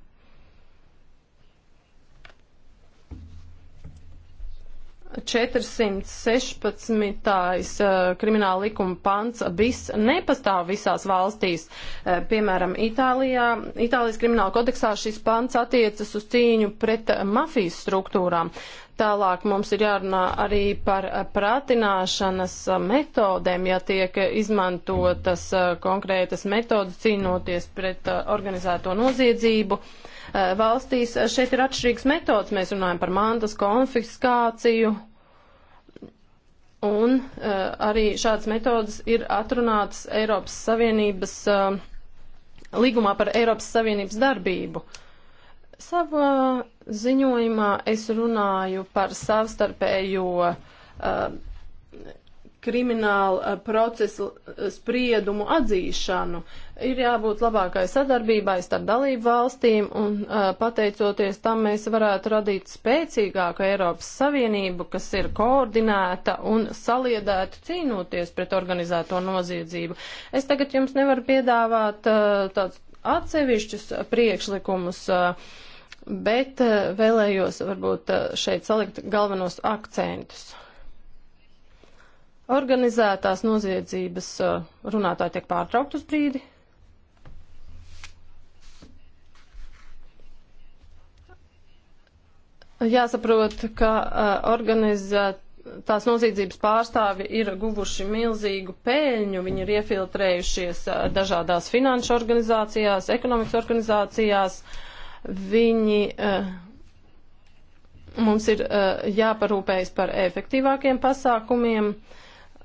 416. Eh, krimināla likuma pants bis nepastāv visās valstīs. Eh, piemēram, Itālijā, Itālijas krimināla kodeksā šis pants attiecas uz cīņu pret mafijas struktūrām. Tālāk mums ir jārunā arī par prātināšanas metodēm, ja tiek izmantotas eh, konkrētas metodas cīnoties pret organizēto noziedzību. Uh, Eh, valstīs eh, šeit ir atšķirīgs metods. Mēs runājam par mantas konfiskāciju. Un uh, arī šādas metodas ir atrunātas Eiropas Savienības uh, līgumā par Eiropas Savienības darbību. Savā ziņojumā es runāju par savstarpējo uh, kriminālu procesu spriedumu atzīšanu. Uh, ir jābūt labākai sadarbībai starp dalību valstīm, un pateicoties tam mēs varētu radīt spēcīgāku Eiropas Savienību, kas ir koordinēta un saliedēta cīnoties pret organizēto noziedzību. Es tagad jums nevaru piedāvāt tādus atsevišķus priekšlikumus, bet vēlējos varbūt šeit salikt galvenos akcentus. Organizētās noziedzības runātāji tiek pārtraukt uz brīdi. Jāsaprot, ka uh, organizēt tās noziedzības pārstāvi ir guvuši milzīgu pēļņu, viņi ir iefiltrējušies dažādās finanšu organizācijās, ekonomikas organizācijās, viņi uh, mums ir uh, jāparūpējas par efektīvākiem pasākumiem. Uh,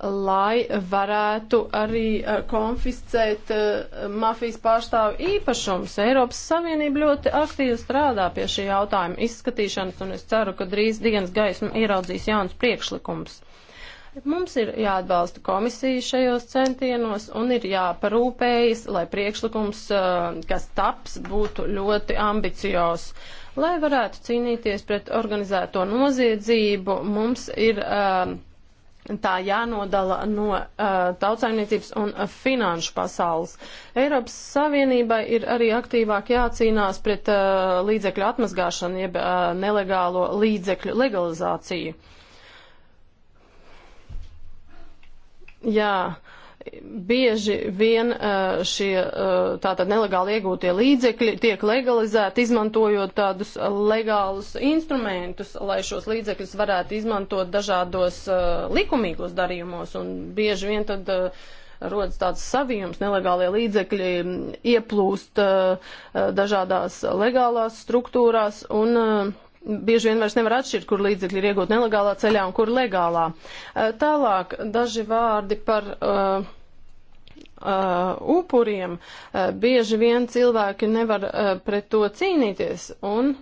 lai varētu arī eh, konfiscēt eh, mafijas pārstāvu īpašums. Eiropas Savienība ļoti aktīvi strādā pie šī jautājuma izskatīšanas, un es ceru, ka drīz dienas gaismu ieraudzīs jauns priekšlikums. Mums ir jāatbalsta komisija šajos centienos un ir jāparūpējas, lai priekšlikums, eh, kas taps, būtu ļoti ambiciozs. Lai varētu cīnīties pret organizēto noziedzību, mums ir uh, tā jānodala no uh, tautsaimniecības un uh, finanšu pasaules. Eiropas Savienībai ir arī aktīvāk jācīnās pret uh, līdzekļu atmazgāšanu, jeb uh, nelegālo līdzekļu legalizāciju. Jā. Uh, bieži vien uh, šie uh, tātad nelegāli iegūtie līdzekļi tiek legalizēti, izmantojot tādus legālus instrumentus, lai šos līdzekļus varētu izmantot dažādos uh, likumīgos darījumos, un bieži vien tad rodas tāds savījums, nelegālie līdzekļi ieplūst dažādās legālās struktūrās, un bieži vien vairs nevar atšķirt, kur līdzekļi ir iegūti nelegālā ceļā un kur legālā. Eh, tālāk daži vārdi par uh, uh, upuriem. Uh, bieži vien cilvēki nevar uh, pret to cīnīties, un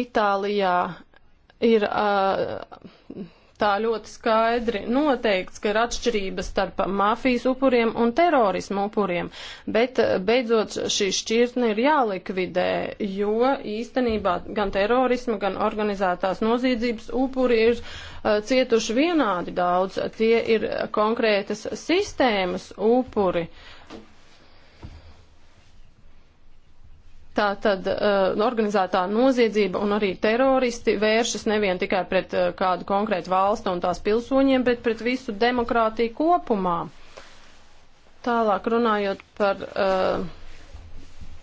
Itālijā ir. Uh, tā ļoti skaidri noteikts, ka ir atšķirības starp mafijas upuriem un terorismu upuriem, bet eh, beidzot šī šķirtne ir jālikvidē, jo īstenībā gan terorisma, gan organizētās noziedzības upuri ir uh, cietuši vienādi daudz, tie ir konkrētas sistēmas upuri. Uh, Tā tad uh, organizētā noziedzība un arī teroristi vēršas nevien tikai pret uh, kādu konkrētu valstu un tās pilsoņiem, bet pret visu demokrātiju kopumā. Tālāk runājot par uh,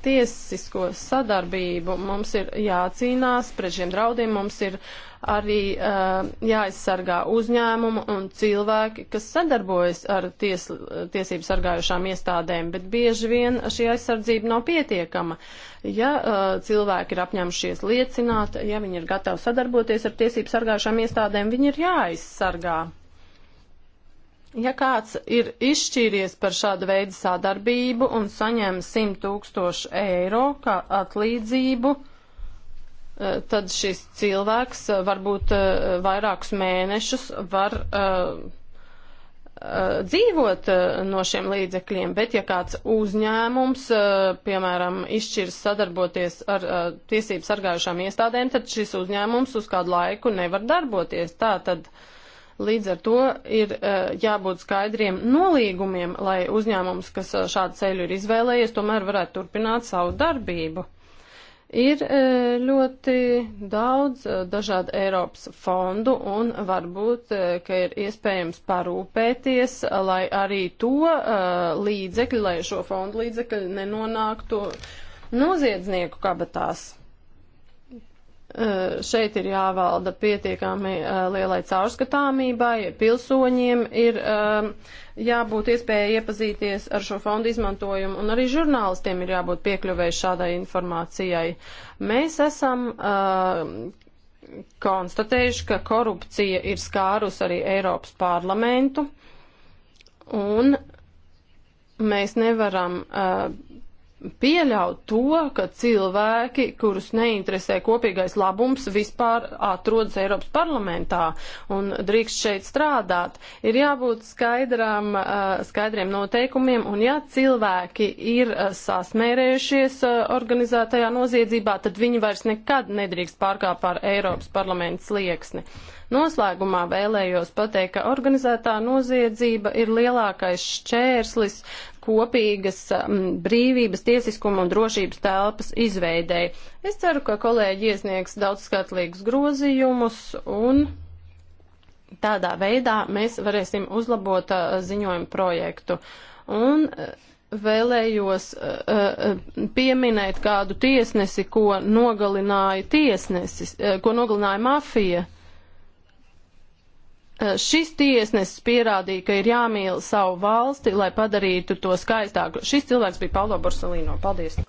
tiesisko sadarbību, mums ir jācīnās pret šiem draudiem, mums ir uh, arī uh, eh, jāaizsargā uzņēmumu un cilvēki, kas sadarbojas ar ties, tiesību sargājušām iestādēm, bet bieži vien šī aizsardzība nav pietiekama. Ja uh, cilvēki ir apņemšies liecināt, ja viņi ir gatavi sadarboties ar tiesību sargājušām iestādēm, viņi ir jāaizsargā. Ja kāds ir izšķīries par šādu veidu sadarbību un saņem 100 tūkstošu eiro kā atlīdzību, uh, Eh, tad šis cilvēks eh, varbūt eh, vairākus mēnešus var dzīvot no šiem līdzekļiem, bet ja kāds uzņēmums, piemēram, izšķirs sadarboties ar tiesību sargājušām iestādēm, tad šis uzņēmums uz kādu laiku nevar darboties. Tā tad līdz ar to ir jābūt skaidriem nolīgumiem, lai uzņēmums, kas šādu ceļu ir izvēlējies, tomēr varētu turpināt savu darbību. Ir e, ļoti daudz e, dažādu Eiropas fondu un varbūt, e, ka ir iespējams parūpēties, lai arī to līdzekļi, lai šo fondu līdzekļi nenonāktu noziedznieku kabatās šeit ir jāvalda pietiekami lielai caurskatāmībai, pilsoņiem ir jābūt iespēja iepazīties ar šo fondu izmantojumu, un arī žurnālistiem ir jābūt piekļuvēji šādai informācijai. Mēs esam konstatējuši, ka korupcija ir skārus arī Eiropas parlamentu, un mēs nevaram uh, pieļaut to, ka cilvēki, kurus neinteresē kopīgais labums, vispār atrodas Eiropas parlamentā un drīkst šeit strādāt. Ir jābūt skaidram, eh, skaidriem noteikumiem, un ja cilvēki ir eh, sasmērējušies eh, organizētajā noziedzībā, tad viņi vairs nekad nedrīkst pārkāpt pār Eiropas parlamentu slieksni. Noslēgumā vēlējos pateikt, ka organizētā noziedzība ir lielākais šķērslis kopīgas um, brīvības, tiesiskuma un drošības telpas izveidēji. Es ceru, ka kolēģi iesniegs daudz skatlīgus grozījumus un tādā veidā mēs varēsim uzlabot uh, ziņojumu projektu. Un uh, vēlējos uh, pieminēt kādu tiesnesi, ko nogalināja tiesnesis, ko nogalināja mafija. Eh, šis tiesnesis pierādīja, ka ir jāmīl savu valsti, lai padarītu to skaistāku. Šis cilvēks bija Paulo Borsalino. Paldies!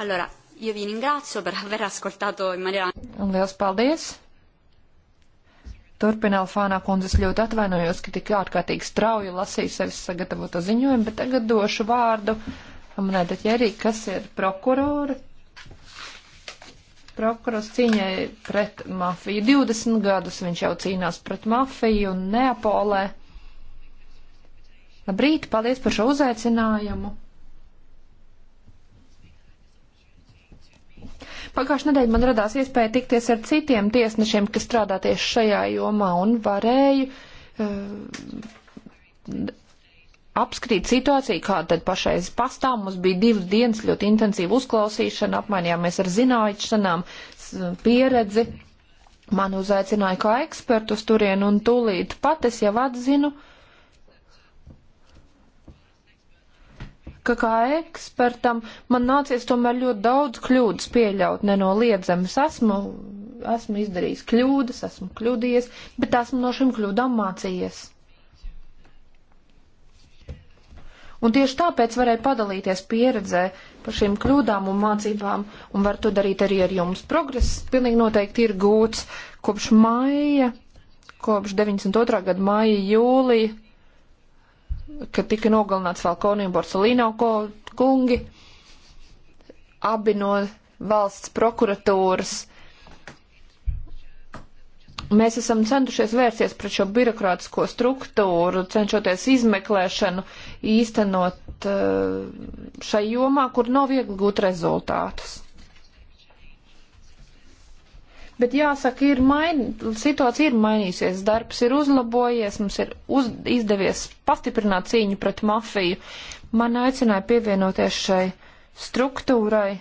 Allora, io vi ringrazio per aver ascoltato in maniera... Un liels paldies! Turpina Alfānā kundzes ļoti atvainojos, ka tik ārkārtīgi strauji lasīju sevis sagatavoto ziņojumu, bet tagad došu vārdu Amanēta Ķerī, kas ir prokurori. Prokurors cīņai pret mafiju. 20 gadus viņš jau cīnās pret mafiju un Neapolē. Labrīt, paldies par šo uzaicinājumu. Pagājušajā nedēļā man radās iespēja tikties ar citiem tiesnešiem, kas strādā tieši šajā jomā un varēju uh, apskatīt situāciju, kāda tad pašais pastāv. Mums bija divas dienas ļoti intensīva uzklausīšana, apmainījāmies ar zināšanām, pieredzi. Mani uzaicināja kā ekspertu uz turienu un tūlīt pat es jau atzinu, uh, ka kā ekspertam man nācies tomēr ļoti daudz kļūdas pieļaut nenoliedzams. Esmu, esmu izdarījis kļūdas, esmu kļūdījies, bet esmu no šīm kļūdām mācījies. Un tieši tāpēc varēju padalīties pieredzē par šīm kļūdām un mācībām, un var to darīt arī ar jums. Progress pilnīgi noteikti ir gūts kopš maija, kopš 92. gada maija, jūlija kad tika nogalināts Falkoni un Borsalino kungi, abi no valsts prokuratūras. Mēs esam centušies vērsties pret šo birokrātisko struktūru, cenšoties izmeklēšanu īstenot eh, šai jomā, kur nav viegli gūt rezultātus bet jāsaka, ir main, situācija ir mainīsies, darbs ir uzlabojies, mums ir uz, izdevies pastiprināt cīņu pret mafiju. Man aicināja pievienoties šai struktūrai.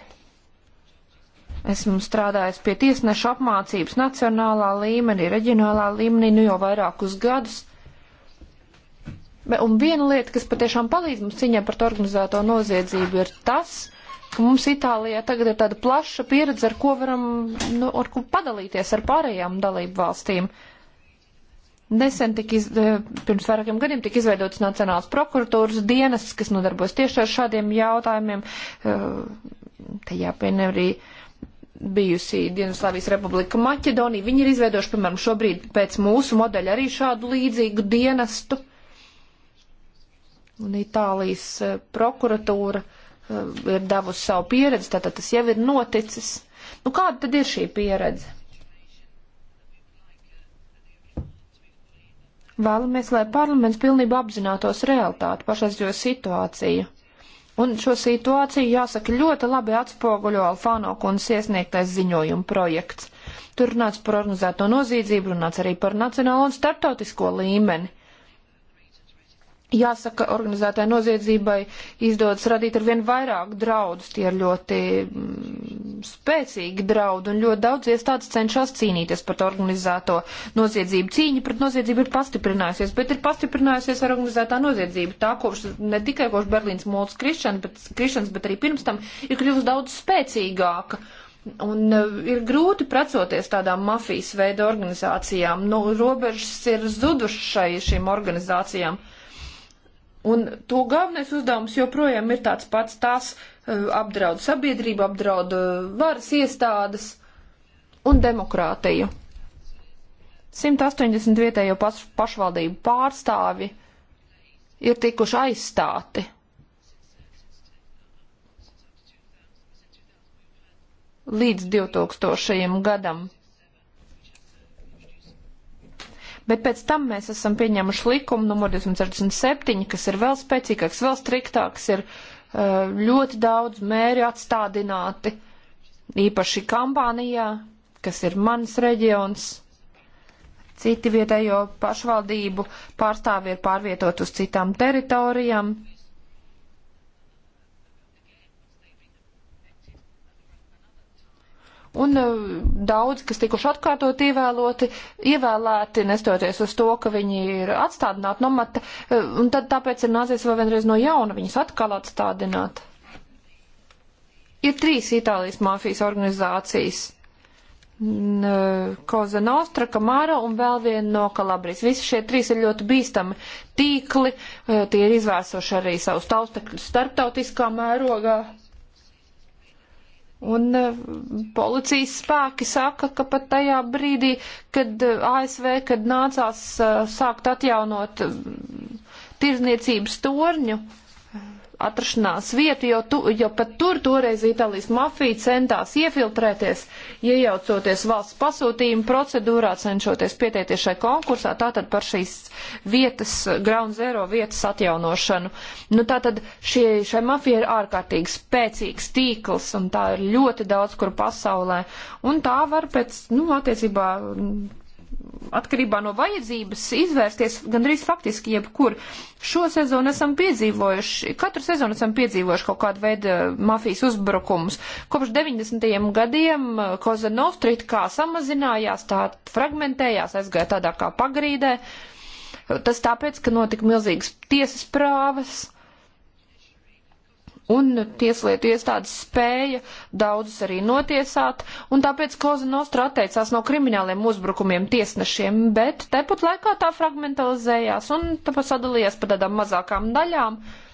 Esmu strādājis pie tiesneša apmācības nacionālā līmenī, reģionālā līmenī, nu jau vairākus gadus. Un viena lieta, kas patiešām palīdz mums ciņā par organizēto noziedzību, ir tas, ka mums Itālijā tagad ir tāda plaša pieredze, ar ko varam nu, ar ko padalīties ar pārējām dalību valstīm. Nesen tika, iz, eh, pirms vairākiem gadiem tika izveidots Nacionāls prokuratūras dienas, kas nodarbojas tieši ar šādiem jautājumiem. Eh, te jāpiena arī bijusi Dienvidslāvijas republika Maķedonija. Viņi ir izveidojuši, piemēram, šobrīd pēc mūsu modeļa arī šādu līdzīgu dienestu. Un Itālijas eh, prokuratūra uh, Uh, ir devusi savu pieredzi, tātad tas jau ir noticis. Nu, kāda tad ir šī pieredze? Vēlamies, lai parlaments pilnībā apzinātos realitāti, pašreizējo situāciju. Un šo situāciju, jāsaka, ļoti labi atspoguļo Alfāno kundas iesniegtais ziņojuma projekts. Tur runāts par organizēto noziedzību, runāts arī par nacionālo un starptautisko līmeni. Jāsaka, organizētai noziedzībai izdodas radīt ar vien vairāk draudus. Tie ir ļoti mm, spēcīgi draudi un ļoti daudz iestādes cenšas cīnīties par organizēto noziedzību. Cīņa pret noziedzību ir pastiprinājusies, bet ir pastiprinājusies ar organizētā noziedzību. Tā kopš ne tikai kopš Berlīnas mūls krišanas, bet, krišanas, bet arī pirms tam ir kļuvusi daudz spēcīgāka. Un e, ir grūti precoties tādām mafijas veida organizācijām. Nu, robežas ir zudušas šai šīm organizācijām. Uh, Un to galvenais uzdevums joprojām ir tāds pats - tās eh, apdraud sabiedrību, apdraud eh, varas iestādes un demokrātiju. 180 vietējo pašvaldību pārstāvi ir tikuši aizstāti. Līdz 2000. gadam Bet pēc tam mēs esam pieņēmuši likumu numur 267, kas ir vēl spēcīgāks, vēl striktāks, ir uh, ļoti daudz mēri atstādināti, īpaši kampānijā, kas ir mans reģions citi vietējo pašvaldību pārstāvi ir pārvietot uz citām teritorijām. Un eh, daudz, kas tikuši atkārtot ievēloti, ievēlēti, nestoties uz to, ka viņi ir atstādināti no mata, eh, un tad tāpēc ir nācies vēl vienreiz no jauna viņus atkal atstādināt. Ir trīs Itālijas mafijas organizācijas. Koza eh, Nostra, Kamara un vēl viena no Kalabrijas. Visi šie trīs ir ļoti bīstami tīkli, tie ir izvērsuši arī savus taustekļus starptautiskā mērogā. Un eh, policijas spēki saka, ka pat tajā brīdī, kad eh, ASV, kad nācās eh, sākt atjaunot mm, tirzniecības torņu, atrašanās vietu, jo, tu, jo pat tur toreiz Itālijas mafija centās iefiltrēties, iejaucoties valsts pasūtījuma procedūrā, cenšoties pieteikties šai konkursā, tātad par šīs vietas, ground zero vietas atjaunošanu. Nu, tātad šie, šai mafija ir ārkārtīgi spēcīgs tīkls, un tā ir ļoti daudz kur pasaulē, un tā var pēc, nu, attiecībā atkarībā no vajadzības izvērsties gandrīz faktiski jebkur. Šo sezonu esam piedzīvojuši, katru sezonu esam piedzīvojuši kaut kādu veidu eh, mafijas uzbrukumus. Kopš 90. gadiem eh, Koza Nostra it kā samazinājās, tā fragmentējās, aizgāja tādā kā pagrīdē. Tas tāpēc, ka notika milzīgas tiesas prāvas un tieslietu iestādes spēja daudzus arī notiesāt, un tāpēc Koza Nostra atteicās no krimināliem uzbrukumiem tiesnešiem, bet tepat laikā tā fragmentalizējās un tāpēc sadalījās pa tādām mazākām daļām. Uh,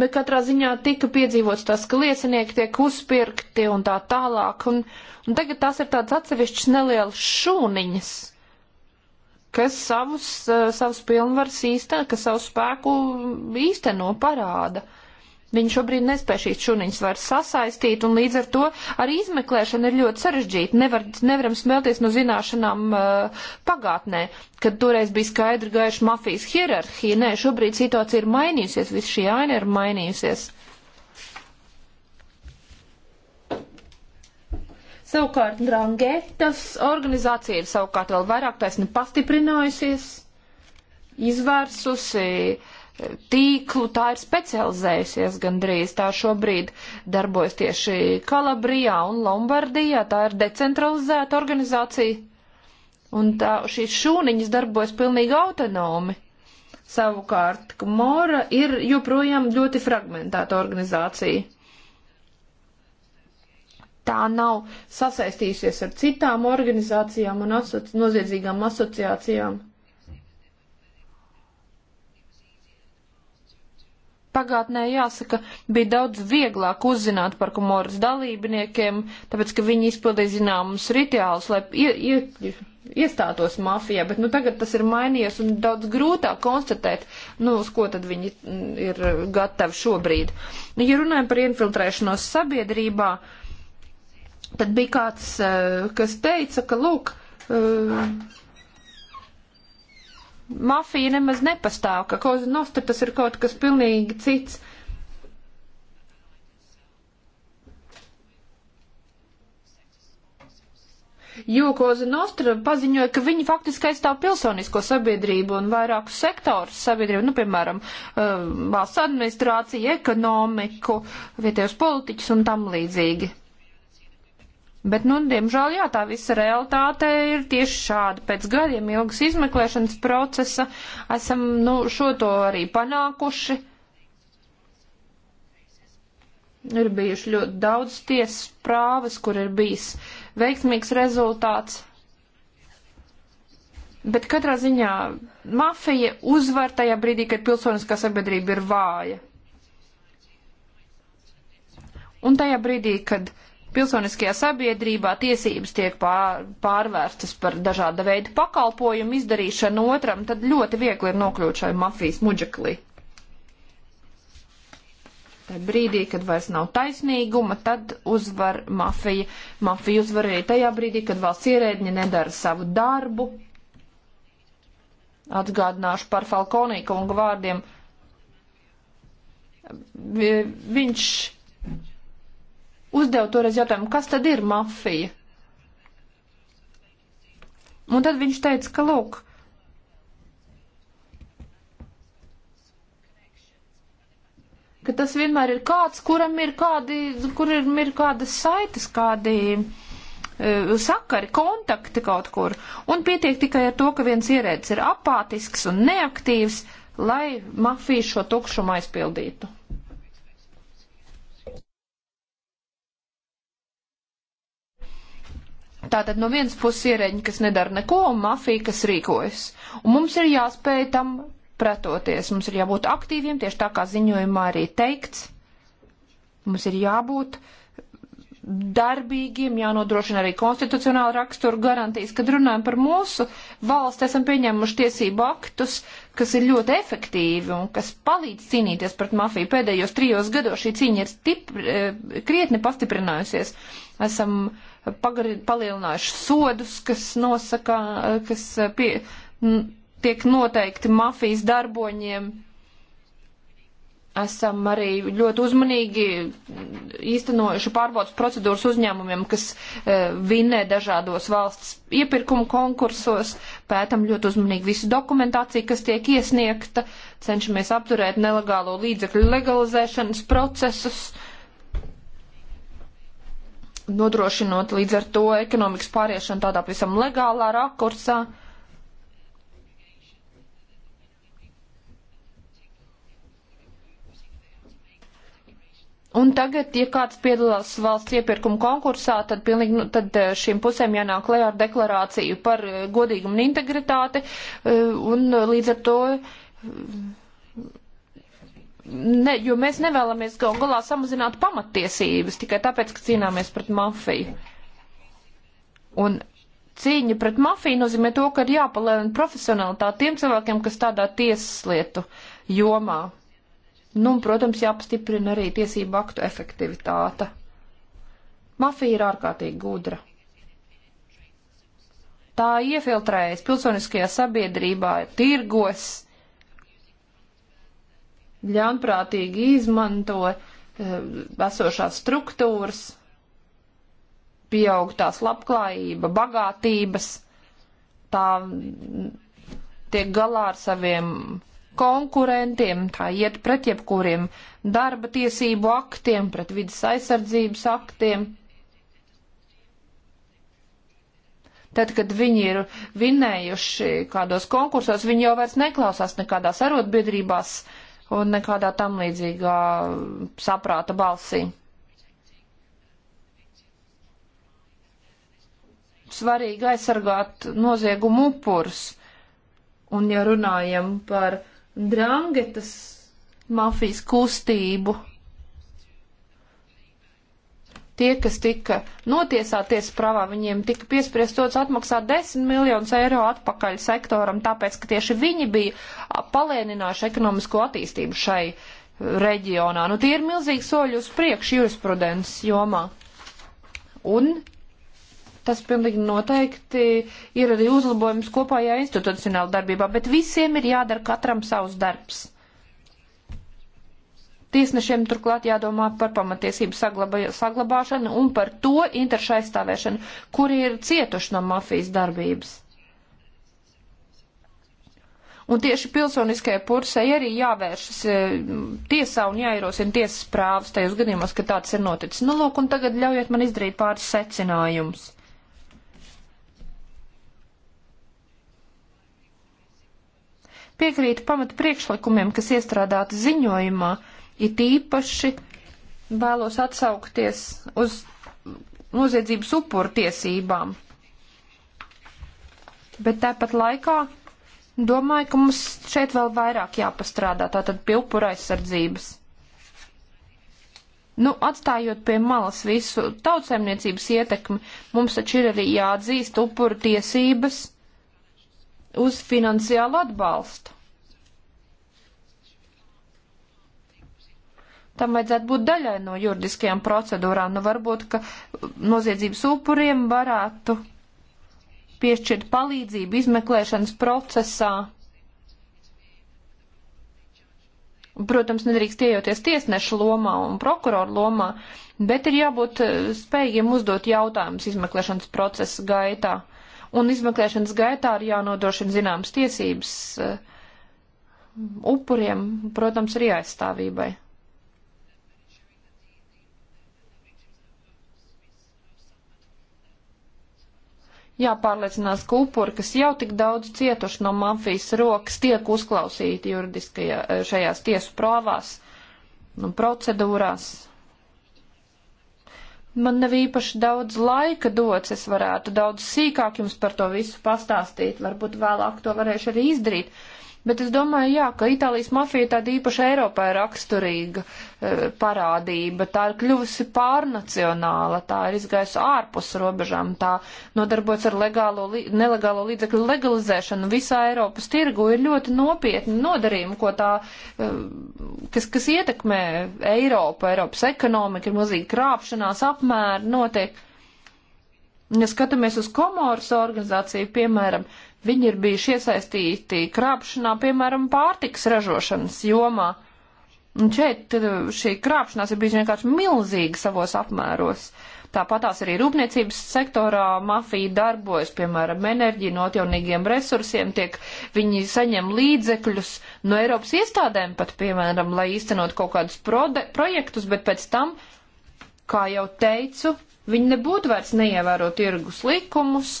bet katrā ziņā tika piedzīvots tas, ka liecinieki tiek uzpirkti un tā tālāk, un, un tagad tās ir tāds atsevišķs neliels šūniņas, kas savus, eh, savus pilnvars īsteno, kas savu spēku īsteno parāda. Uh, Viņi šobrīd nespēj šīs šuniņas vairs sasaistīt, un līdz ar to arī izmeklēšana ir ļoti sarežģīta. Nevar, nevaram smelties no zināšanām uh, pagātnē, kad toreiz bija skaidri gaiša mafijas hierarhija. Nē, šobrīd situācija ir mainījusies, viss šī aina ir mainījusies. Savukārt Drangetas organizācija ir savukārt vēl vairāk taisni pastiprinājusies, izvērsusi uh, tīklu, tā ir specializējusies gandrīz. Tā šobrīd darbojas tieši Kalabrijā un Lombardijā. Tā ir decentralizēta organizācija. Un tā, šīs šūniņas darbojas pilnīgi autonomi. Savukārt, Mora ir joprojām ļoti fragmentēta organizācija. Tā nav sasaistījusies ar citām organizācijām un asoci noziedzīgām asociācijām. Pagātnē, jāsaka, bija daudz vieglāk uzzināt par komoras dalībniekiem, tāpēc, ka viņi izpildīja zināmus rituālus, lai ie, ie, iestātos mafijā, bet nu, tagad tas ir mainījies un daudz grūtāk konstatēt, nu, uz ko tad viņi mm, ir gatavi šobrīd. Nu, ja runājam par infiltrēšanos sabiedrībā, tad bija kāds, eh, kas teica, ka, lūk, eh, mafija nemaz nepastāv, ka koza nostra tas ir kaut kas pilnīgi cits. Jo Koza Nostra paziņoja, ka viņi faktiski aizstāv pilsonisko sabiedrību un vairākus sektorus sabiedrību, nu, piemēram, uh, valsts administrāciju, ekonomiku, vietējos politiķus un tam līdzīgi. Bet, nu, diemžēl, jā, tā visa realitāte ir tieši šāda. Pēc gadiem ilgas izmeklēšanas procesa esam, nu, šo to arī panākuši. Ir bijuši ļoti daudz tiesas prāvas, kur ir bijis veiksmīgs rezultāts. Bet katrā ziņā mafija uzvar tajā brīdī, kad pilsoniskā sabiedrība ir vāja. Un tajā brīdī, kad pilsoniskajā sabiedrībā tiesības tiek pār, pārvērstas par dažāda veida pakalpojumu izdarīšanu otram, tad ļoti viegli ir nokļūt šai mafijas muģeklī. Tā brīdī, kad vairs nav taisnīguma, tad uzvar mafija. Mafija uzvar arī tajā brīdī, kad valsts ierēdņi nedara savu darbu. Atgādināšu par Falkonī kunga vārdiem. Viņš uzdevu toreiz jautājumu, kas tad ir mafija? Un tad viņš teica, ka lūk, ka tas vienmēr ir kāds, kuram ir kādi, kur ir, ir kādas saites, kādi uh, sakari, kontakti kaut kur. Un pietiek tikai ar to, ka viens ierēdis ir apātisks un neaktīvs, lai mafija šo tukšumu aizpildītu. Tātad no vienas puses ierēģi, kas nedara neko, un mafija, kas rīkojas. Un mums ir jāspēj tam pretoties, mums ir jābūt aktīviem, tieši tā kā ziņojumā arī teikts. Mums ir jābūt uh, darbīgiem, jānodrošina arī konstitucionāla rakstura garantijas. Kad runājam par mūsu valsts, esam pieņēmuši tiesību aktus, kas ir ļoti efektīvi un kas palīdz cīnīties pret mafiju. Pēdējos trijos gados šī cīņa ir stip, e, krietni pastiprinājusies. Esam pagari, palielinājuši sodus, kas nosaka, e, kas pie, tiek noteikti mafijas darboņiem esam arī ļoti uzmanīgi īstenojuši pārbaudas procedūras uzņēmumiem, kas uh, e, vinē dažādos valsts iepirkuma konkursos, pētam ļoti uzmanīgi visu dokumentāciju, kas tiek iesniegta, cenšamies apturēt nelegālo līdzekļu legalizēšanas procesus, nodrošinot līdz ar to ekonomikas pāriešanu tādā pavisam legālā rakursā. Uh, Un tagad, ja kāds piedalās valsts iepirkuma konkursā, tad, pilnīgi, nu, tad eh, šīm pusēm jānāk lejā ar deklarāciju par eh, godīgumu un integritāti, eh, un līdz ar to. Ne, jo mēs nevēlamies gal galā samazināt pamattiesības tikai tāpēc, ka cīnāmies pret mafiju. Un cīņa pret mafiju nozīmē to, ka ir jāpalielina profesionālitāte tiem cilvēkiem, kas tādā tieslietu jomā Nu, un, protams, jāpastiprina arī tiesību aktu efektivitāte. Mafija ir ārkārtīgi gudra. Tā iefiltrējas pilsoniskajā sabiedrībā, tirgos, ļaunprātīgi izmanto eh, esošās struktūras, pieaugtās labklājība, bagātības, tā tiek galā ar saviem konkurentiem, tā iet pret jebkuriem darba tiesību aktiem, pret vidas aizsardzības aktiem. Tad, kad viņi ir vinējuši kādos konkursos, viņi jau vairs neklausās nekādās arotbiedrībās un nekādā tam līdzīgā saprāta balsī. Svarīgi aizsargāt noziegumu upurus. Un ja runājam par drangetas mafijas kustību. Tie, kas tika notiesāties pravā, viņiem tika piespriestots atmaksāt 10 miljonus eiro atpakaļ sektoram, tāpēc, ka tieši viņi bija palēninājuši ekonomisko attīstību šai reģionā. Nu, tie ir milzīgi soļi uz priekšu jurisprudences jomā. Un Tas pilnīgi noteikti ir arī uzlabojums kopējā institucionāla darbībā, bet visiem ir jādara katram savs darbs. Tiesnešiem turklāt jādomā par pamatiesību saglabā, saglabāšanu un par to interšu aizstāvēšanu, kuri ir cietuši no mafijas darbības. Un tieši pilsoniskajai pursai arī jāvēršas e, tiesā un jāierosina tiesas prāvas tajos gadījumos, ka tāds ir noticis. Nu, lūk, un tagad ļaujiet man izdarīt pāris secinājumus. Piekrītu pamata priekšlikumiem, kas iestrādāti ziņojumā, it īpaši vēlos atsaukties uz noziedzības upuru tiesībām. Bet tāpat laikā domāju, ka mums šeit vēl vairāk jāpastrādā tātad pie upura aizsardzības. Nu, atstājot pie malas visu tautsēmniecības ietekmi, mums taču ir arī jāatzīst upuru tiesības uz finansiālu atbalstu. Tam vajadzētu būt daļai no juridiskajām procedūrām. Nu, varbūt, ka noziedzības upuriem varētu piešķirt palīdzību izmeklēšanas procesā. Protams, nedrīkst iejoties tiesneša lomā un prokuroru lomā, bet ir jābūt eh, spējīgiem uzdot jautājumus izmeklēšanas procesa gaitā un izmeklēšanas gaitā ir jānodrošina zināmas tiesības eh, upuriem, protams, arī aizstāvībai. jāpārliecinās, ka upuri, kas jau tik daudz cietuši no mafijas rokas, tiek uzklausīti juridiskajā eh, šajās tiesu prāvās un procedūrās. Man nav īpaši daudz laika dots, es varētu daudz sīkāk jums par to visu pastāstīt, varbūt vēlāk to varēšu arī izdarīt, Bet es domāju, jā, ka Itālijas mafija tāda īpaši Eiropā ir raksturīga e, parādība. Tā ir kļuvusi pārnacionāla, tā ir izgājusi ārpus robežām, tā nodarbojas ar legālo, nelegālo līdzekļu legalizēšanu visā Eiropas tirgu. Ir ļoti nopietni nodarījumi, ko tā, e, kas, kas ietekmē Eiropu, Eiropas ekonomiku, ir milzīgi krāpšanās apmēri notiek. Ja skatāmies uz komoras organizāciju, piemēram, Viņi ir bijuši iesaistīti krāpšanā, piemēram, pārtiks ražošanas jomā. Un šeit eh, šī krāpšanās ir bijusi vienkārši milzīga savos apmēros. Tāpat tās arī rūpniecības sektorā mafija darbojas, piemēram, enerģija no atjaunīgiem resursiem, tiek viņi saņem līdzekļus no Eiropas iestādēm pat, piemēram, lai īstenot kaut kādus projektus, bet pēc tam, kā jau teicu, viņi nebūtu vairs neievēro tirgus likumus,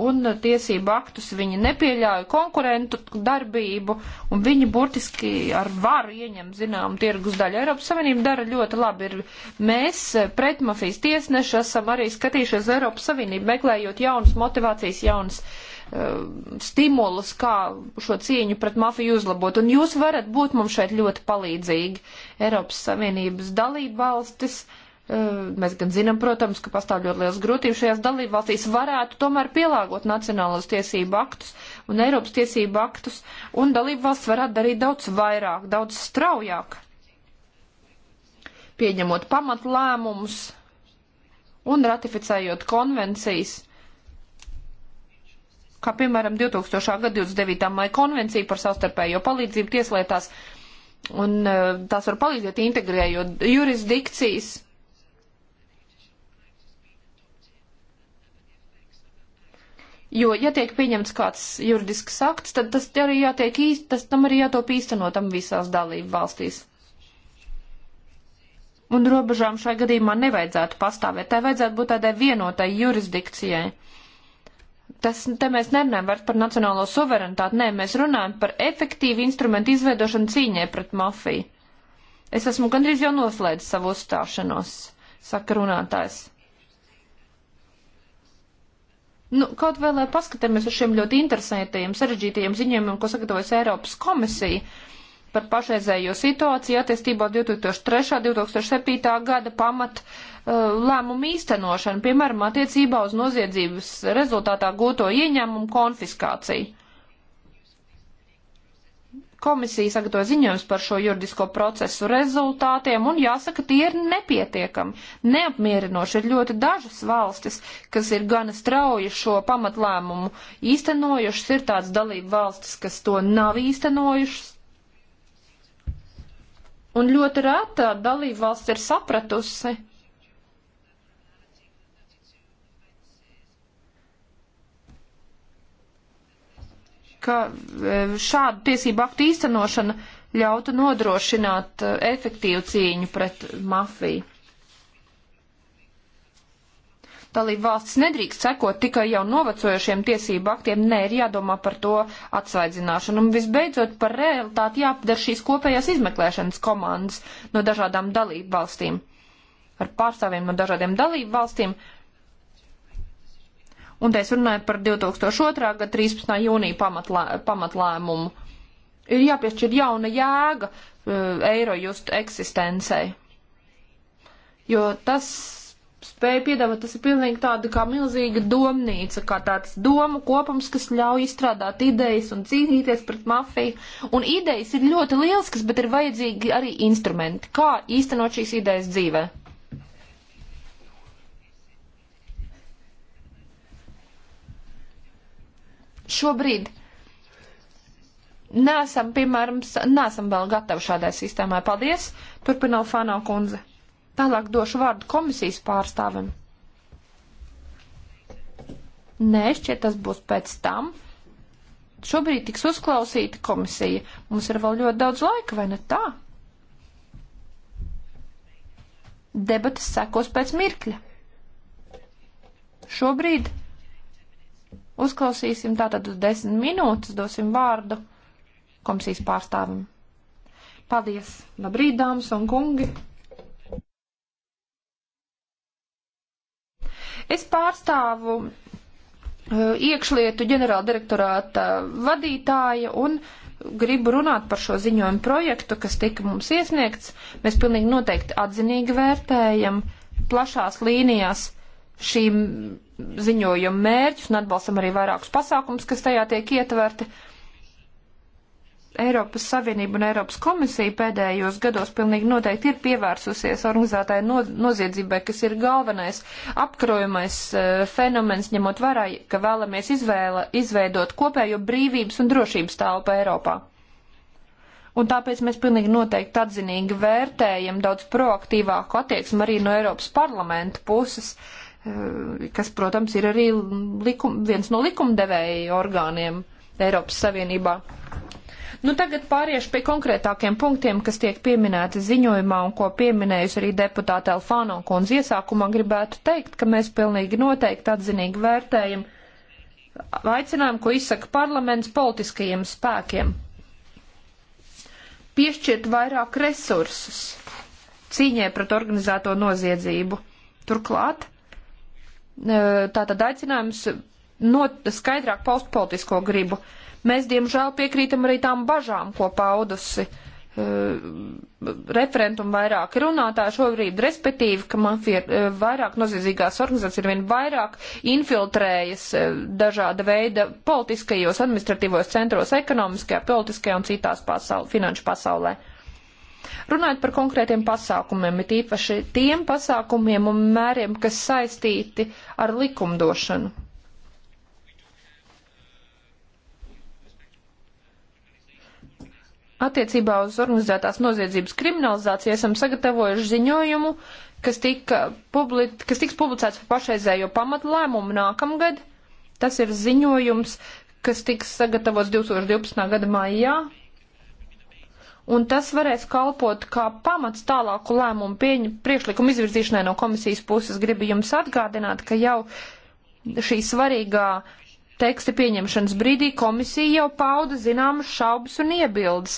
un tiesību aktus viņi nepieļauja konkurentu darbību, un viņi burtiski ar varu ieņem zinām tirgus daļu. Eiropas Savienība dara ļoti labi. Ir mēs, eh, pretmafijas tiesneši, esam arī skatījušies Eiropas Savienību, meklējot jaunas motivācijas, jaunas uh, stimulus, kā šo cieņu pret mafiju uzlabot. Un jūs varat būt mums šeit ļoti palīdzīgi. Eiropas Savienības dalība valstis uh, Mēs gan zinām, protams, ka pastāv ļoti liels grūtības šajās dalībvalstīs, varētu tomēr pielāgot nacionālos tiesību aktus un Eiropas tiesību aktus, un dalībvalsts varētu darīt daudz vairāk, daudz straujāk, pieņemot pamatlēmumus un ratificējot konvencijas kā piemēram 2000. gada 29. maija konvencija par savstarpējo palīdzību tieslietās, un tās var palīdzēt integrējot jurisdikcijas Jo, ja tiek pieņemts kāds juridisks akts, tad tas arī jātiek īst, tas tam arī jātop īstenotam visās dalību valstīs. Un robežām šai gadījumā nevajadzētu pastāvēt, tai vajadzētu būt tādai vienotai jurisdikcijai. Tas, te mēs nerunājam vairs par nacionālo suverenitāti, nē, mēs runājam par efektīvu instrumentu izveidošanu cīņai pret mafiju. Es esmu gandrīz jau noslēdzis savu uzstāšanos, saka runātājs. Nu, kaut vēl, lai paskatāmies uz šiem ļoti interesantajiem, sarežģītajiem ziņojumiem, ko sagatavojas Eiropas komisija par pašreizējo situāciju attiestībā 2003. 2007. gada pamat uh, lēmumu īstenošanu, piemēram, attiecībā uz noziedzības rezultātā gūto ieņēmumu konfiskāciju. Komisija sagatavo ziņojums par šo juridisko procesu rezultātiem, un jāsaka, tie ir nepietiekami, neapmierinoši. Ir ļoti dažas valstis, kas ir gana strauji šo pamatlēmumu īstenojušas, ir tāds dalība valstis, kas to nav īstenojušas. Un ļoti reta dalība valsts ir sapratusi, ka e, šādu tiesību aktu īstenošana ļautu nodrošināt e, efektīvu cīņu pret mafiju. Dalība valsts nedrīkst sekot tikai jau novecojušiem tiesību aktiem, nē, ir jādomā par to atsvaidzināšanu. Un visbeidzot par realitāti jāpadara šīs kopējās izmeklēšanas komandas no dažādām dalību valstīm ar pārstāvjiem no dažādiem dalību valstīm, Un te es runāju par 2002. gada 13. jūnija pamatlē, pamatlēmumu. Ir jāpiešķir jauna jēga uh, eh, eiro just eksistencei. Jo tas spēja piedāvāt, tas ir pilnīgi tāda kā milzīga domnīca, kā tāds domu kopums, kas ļauj izstrādāt idejas un cīnīties pret mafiju. Un idejas ir ļoti liels, kas, bet ir vajadzīgi arī instrumenti, kā īstenot šīs idejas dzīvē. šobrīd nesam, piemēram, nesam vēl gatavi šādai sistēmai. Paldies! Turpinām Fāno kundze. Tālāk došu vārdu komisijas pārstāvim. Nē, šķiet tas būs pēc tam. Šobrīd tiks uzklausīta komisija. Mums ir vēl ļoti daudz laika, vai ne tā? Debatas sekos pēc mirkļa. Šobrīd Uzklausīsim tātad uz desmit minūtes, dosim vārdu komisijas pārstāvim. Paldies! Labrīt, dāmas un kungi! Es pārstāvu eh, iekšlietu ģenerāldirektorāta vadītāja un gribu runāt par šo ziņojumu projektu, kas tika mums iesniegts. Mēs pilnīgi noteikti atzinīgi vērtējam plašās līnijās šīm ziņojuma mērķus un atbalstam arī vairākus pasākums, kas tajā tiek ietverti. Eiropas Savienība un Eiropas komisija pēdējos gados pilnīgi noteikti ir pievērsusies organizētāju no, noziedzībai, kas ir galvenais apkarojamais uh, eh, fenomens, ņemot vērā, ka vēlamies izvēle, izveidot kopējo brīvības un drošības telpu Eiropā. Un tāpēc mēs pilnīgi noteikti atzinīgi vērtējam daudz proaktīvāku attieksmi arī no Eiropas parlamenta puses. Uh, Eh, kas, protams, ir arī likum, viens no likumdevēja orgāniem Eiropas Savienībā. Nu, tagad pāriešu pie konkrētākiem punktiem, kas tiek pieminēti ziņojumā un ko pieminējusi arī deputāte Alfāno kundze iesākumā. Gribētu teikt, ka mēs pilnīgi noteikti atzinīgi vērtējam aicinājumu, ko izsaka parlaments politiskajiem spēkiem. Piešķirt vairāk resursus cīņai pret organizēto noziedzību. Turklāt tātad aicinājums not, skaidrāk paust politisko gribu. Mēs, diemžēl, piekrītam arī tām bažām, ko paudusi uh, referentum vairāk runātāji šobrīd, respektīvi, ka mafija uh, vairāk nozīdzīgās organizācijas ir vien vairāk infiltrējas uh, dažāda veida politiskajos, administratīvos centros, ekonomiskajā, politiskajā un citās pasaul, finanšu pasaulē. Uh, Runājot par konkrētiem pasākumiem, it īpaši tiem pasākumiem un mēriem, kas saistīti ar likumdošanu. Attiecībā uz organizētās noziedzības kriminalizāciju esam sagatavojuši ziņojumu, kas, tika publi kas tiks publicēts par pašreizējo pamatlēmumu nākamgad. Tas ir ziņojums, kas tiks sagatavots 2012. gada maijā un tas varēs kalpot kā pamats tālāku lēmumu pieņu priekšlikumu izvirzīšanai no komisijas puses. Gribu jums atgādināt, ka jau šī svarīgā teksta pieņemšanas brīdī komisija jau pauda zināmas šaubas un iebildes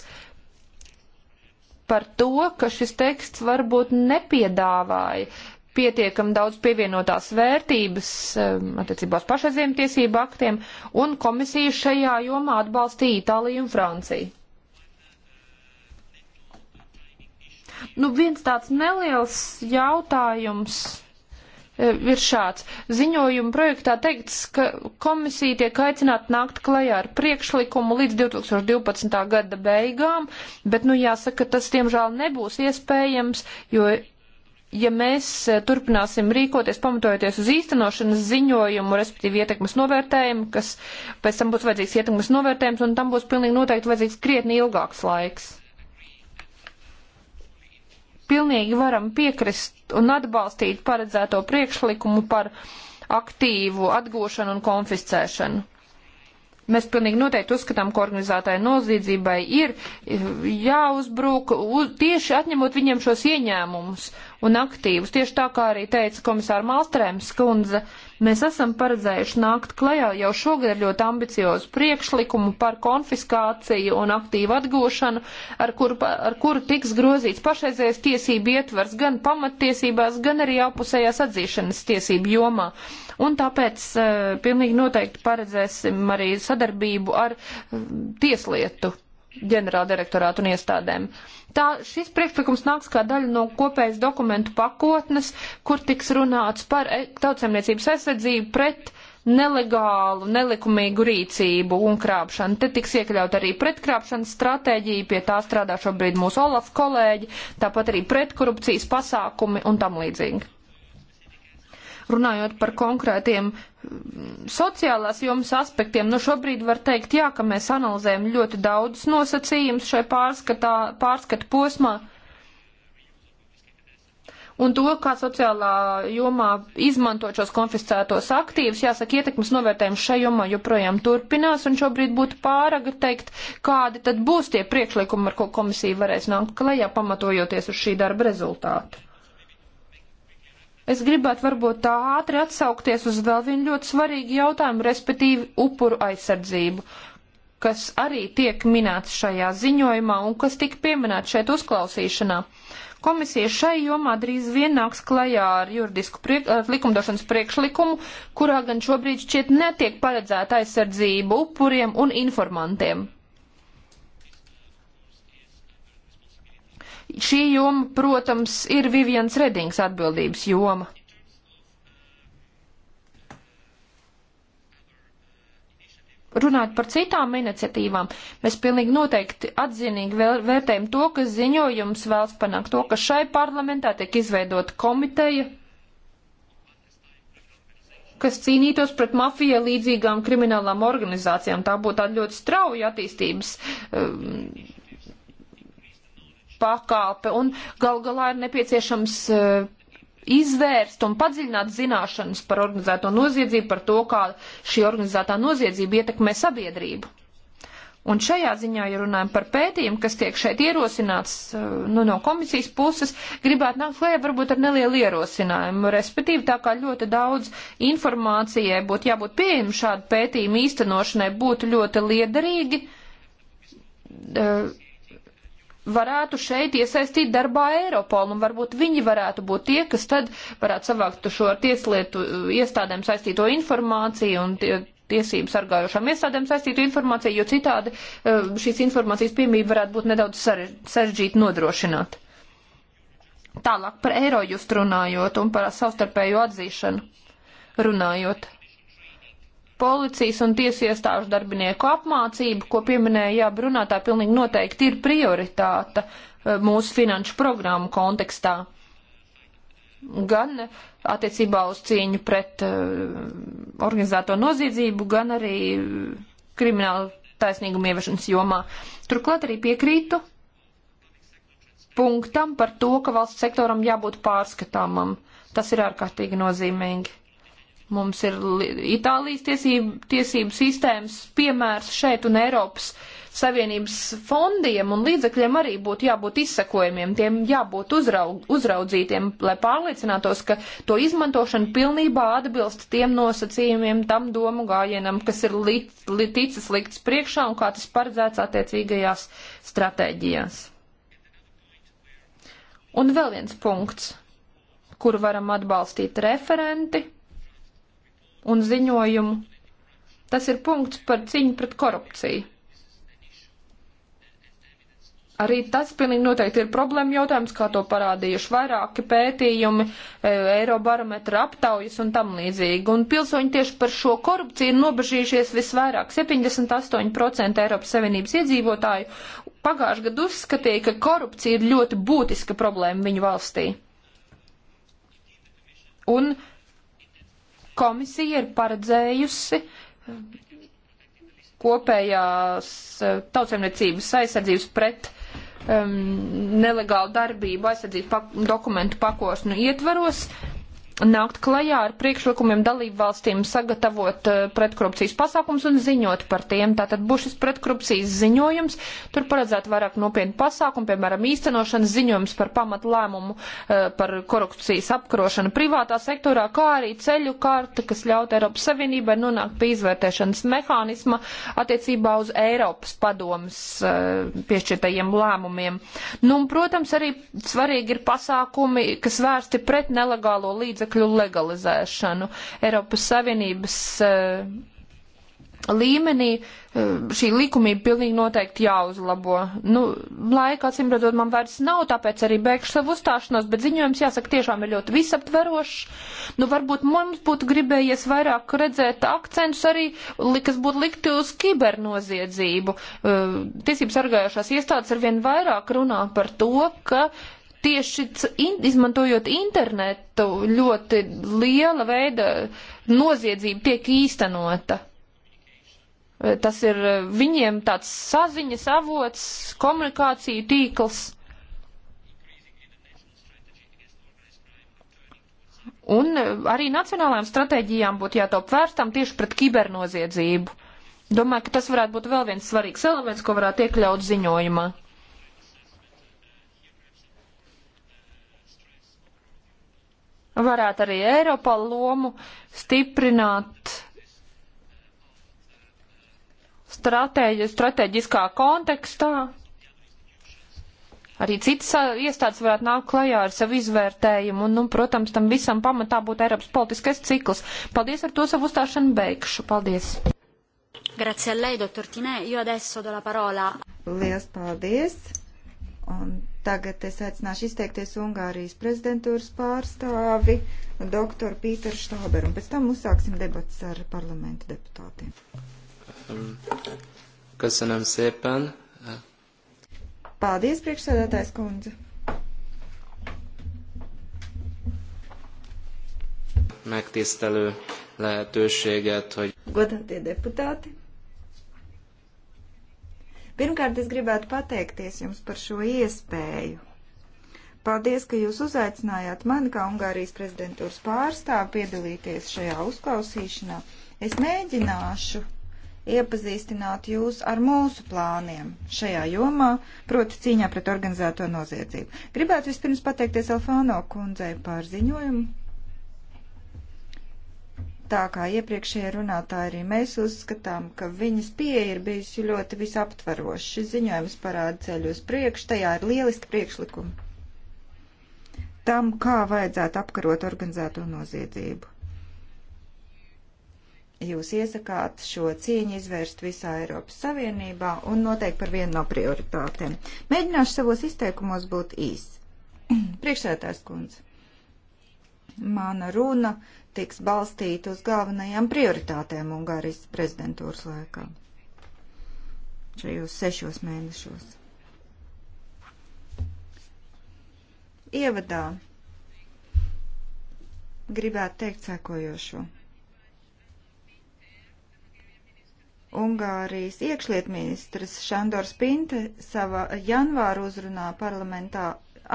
par to, ka šis teksts varbūt nepiedāvāja pietiekam daudz pievienotās vērtības um, attiecībās pašreizējiem tiesību aktiem, un komisija šajā jomā atbalstīja Itāliju un Franciju. Nu, viens tāds neliels jautājums e, ir šāds. Ziņojuma projektā teikts, ka komisija tiek aicināta nākt klajā ar priekšlikumu līdz 2012. gada beigām, bet, nu, jāsaka, tas, diemžēl, nebūs iespējams, jo, ja mēs e, turpināsim rīkoties pamatojoties uz īstenošanas ziņojumu, respektīvi ietekmes novērtējumu, kas pēc tam būs vajadzīgs ietekmes novērtējums, un tam būs pilnīgi noteikti vajadzīgs krietni ilgāks laiks pilnīgi varam piekrist un atbalstīt paredzēto priekšlikumu par aktīvu atgūšanu un konfiscēšanu. Mēs pilnīgi noteikti uzskatām, ka organizētāji noziedzībai ir jāuzbruk uz, tieši atņemot viņiem šos ieņēmumus un aktīvus. Tieši tā kā arī teica komisāra Malstrēms kundze, uh, Mēs esam paredzējuši nākt klajā jau šogad ar ļoti ambiciozu priekšlikumu par konfiskāciju un aktīvu atgūšanu, ar kuru, ar kuru tiks grozīts pašreizējais tiesību ietvers gan pamattiesībās, gan arī apusējās atzīšanas tiesību jomā un tāpēc uh, pilnīgi noteikti paredzēsim arī sadarbību ar uh, tieslietu ģenerāldirektorātu un iestādēm. Tā šis priekšlikums nāks kā daļa no kopējas dokumentu pakotnes, kur tiks runāts par e, tautsēmniecības aizsardzību pret nelegālu, nelikumīgu rīcību un krāpšanu. Te tiks iekļaut arī pretkrāpšanas stratēģija, pie tā strādā šobrīd mūsu Olaf kolēģi, tāpat arī pretkorupcijas pasākumi un tam līdzīgi runājot par konkrētiem mm, sociālās jomas aspektiem, nu šobrīd var teikt, jā, ka mēs analizējam ļoti daudz nosacījumus šai pārskatā, pārskata posmā. Un to, kā sociālā jomā izmantot šos konfiscētos aktīvus, jāsaka, ietekmes novērtējums šai jomā joprojām turpinās, un šobrīd būtu pāraga teikt, kādi tad būs tie priekšlikumi, ar ko komisija varēs nākt klajā, pamatojoties uz šī darba rezultātu. Es gribētu varbūt tā ātri atsaukties uz vēl vienu ļoti svarīgu jautājumu, respektīvi upuru aizsardzību, kas arī tiek minēts šajā ziņojumā un kas tika pieminēts šeit uzklausīšanā. Komisija šai jomā drīz vien nāks klajā ar juridisku priek ar likumdošanas priekšlikumu, kurā gan šobrīd šķiet netiek paredzēta aizsardzība upuriem un informantiem. Šī joma, protams, ir Vivians Redings atbildības joma. runāt par citām iniciatīvām, mēs pilnīgi noteikti atzinīgi vērtējam to, ka ziņojums vēlas panākt to, ka šai parlamentā tiek izveidota komiteja, kas cīnītos pret mafijai līdzīgām kriminālām organizācijām. Tā būtu tāda ļoti strauja attīstības um, pakāpe un gal galā ir nepieciešams eh, izvērst un padziļināt zināšanas par organizēto noziedzību, par to, kā šī organizētā noziedzība ietekmē sabiedrību. Un šajā ziņā, ja runājam par pētījumu, kas tiek šeit ierosināts eh, nu, no komisijas puses, gribētu nākt klajā varbūt ar nelielu ierosinājumu. Respektīvi, tā kā ļoti daudz informācijai būtu jābūt pieejama šādu pētījumu īstenošanai, būtu ļoti liederīgi. Uh, varētu šeit iesaistīt darbā Eiropolu, nu, un varbūt viņi varētu būt tie, kas tad varētu savākt šo tieslietu uh, iestādēm saistīto informāciju un tie, tiesību sargājošām iestādēm saistītu informāciju, jo citādi uh, šīs informācijas piemība varētu būt nedaudz sarežģīti nodrošināt. Tālāk par eiro just runājot un par savstarpēju atzīšanu runājot policijas un tiesiestāžu darbinieku apmācība, ko pieminēja jābrunātā, pilnīgi noteikti ir prioritāte e, mūsu finanšu programmu kontekstā. Gan e, attiecībā uz cīņu pret uh, organizēto noziedzību, gan arī kriminālu taisnīgumu ieviešanas jomā. Turklāt arī piekrītu punktam par to, ka valsts sektoram jābūt pārskatāmam. Tas ir ārkārtīgi nozīmīgi Mums ir Itālijas tiesību, tiesību sistēmas piemērs šeit un Eiropas Savienības fondiem un līdzekļiem arī būtu jābūt izsakojumiem, tiem jābūt uzraug, uzraudzītiem, lai pārliecinātos, ka to izmantošana pilnībā atbilst tiem nosacījumiem, tam domu gājienam, kas ir li, li, ticis likts priekšā un kā tas paredzēts attiecīgajās stratēģijās. Un vēl viens punkts, kur varam atbalstīt referenti un ziņojumu. Tas ir punkts par cīņu pret korupciju. Arī tas pilnīgi noteikti ir problēma jautājums, kā to parādījuši vairāki pētījumi, e, Eirobarometra aptaujas un tam līdzīgi. Un pilsoņi tieši par šo korupciju ir nobežījušies visvairāk. 78% Eiropas Savienības iedzīvotāju pagājuši gadu uzskatīja, ka korupcija ir ļoti būtiska problēma viņu valstī. Un Komisija ir paredzējusi um, kopējās uh, tautsēmniecības aizsardzības pret um, nelegālu darbību aizsardzības pak dokumentu pakosnu ietvaros nākt klajā ar priekšlikumiem dalību valstīm sagatavot eh, pretkorupcijas pasākums un ziņot par tiem. Tātad būs šis pretkorupcijas ziņojums, tur paredzēt vairāk nopietnu pasākumu, piemēram, īstenošanas ziņojums par pamatu lēmumu eh, par korupcijas apkarošanu privātā sektorā, kā arī ceļu karta, kas ļaut Eiropas Savienībai nonākt pie izvērtēšanas mehānisma attiecībā uz Eiropas padomas eh, piešķirtajiem lēmumiem. Nu, un, protams, arī svarīgi ir pasākumi, kas vērsti pret nelegālo līdzekļu līdzekļu legalizēšanu. Eiropas Savienības eh, līmenī eh, šī likumība pilnīgi noteikti jāuzlabo. Nu, laika, acīm redzot, man vairs nav, tāpēc arī beigšu savu uzstāšanos, bet ziņojums, jāsaka, tiešām ir ļoti visaptverošs. Nu, varbūt mums būtu gribējies vairāk redzēt akcentus arī, kas būtu likti uz kibernoziedzību. Eh, Tiesības argājušās iestādes arvien vairāk runā par to, ka tieši in, izmantojot internetu ļoti liela veida noziedzība tiek īstenota. E, tas ir e, viņiem tāds saziņas avots, komunikāciju tīkls. Un e, arī nacionālajām stratēģijām būtu jātop vērstam tieši pret kibernoziedzību. Domāju, ka tas varētu būt vēl viens svarīgs elements, ko varētu iekļaut ziņojumā. varētu arī Eiropā lomu stiprināt stratēģi, stratēģiskā kontekstā. Arī citas iestādes varētu nākt klajā ar savu izvērtējumu, un, nu, protams, tam visam pamatā būtu Eiropas politiskais cikls. Paldies, ar to savu uzstāšanu beigšu. Paldies! Grazie a lei, dottor Tinē. Jo adesso do la parola. Lielas paldies! Un Tagad es aicināšu izteikties Ungārijas prezidentūras pārstāvi, doktoru Pīteru Štāberu, un pēc tam uzsāksim debats ar parlamenta deputātiem. Köszönöm szépen. Paldies, priekšsēdētājs kundze. Megtisztelő lehetőséget, hogy... Godatie deputāti. Pirmkārt, es gribētu pateikties jums par šo iespēju. Paldies, ka jūs uzaicinājāt mani kā Ungārijas prezidentūras pārstāvu piedalīties šajā uzklausīšanā. Es mēģināšu iepazīstināt jūs ar mūsu plāniem šajā jomā, proti cīņā pret organizēto noziedzību. Gribētu vispirms pateikties Alfāno kundzei par ziņojumu tā kā iepriekšējie runātāji arī mēs uzskatām, ka viņas pieeja ir bijusi ļoti visaptvaroša. Šis ziņojums parāda ceļu uz priekšu, tajā ir lieliski priekšlikumi tam, kā vajadzētu apkarot organizēto noziedzību. Jūs iesakāt šo cīņu izvērst visā Eiropas Savienībā un noteikti par vienu no prioritātēm. Mēģināšu savos izteikumos būt īs. Priekšsētājs kundze mana runa tiks balstīta uz galvenajām prioritātēm Ungārijas prezidentūras laikā šajos sešos mēnešos. Ievadā gribētu teikt sekojošo. Ungārijas iekšlietministrs Šandors Pinte savā janvāra uzrunā parlamentā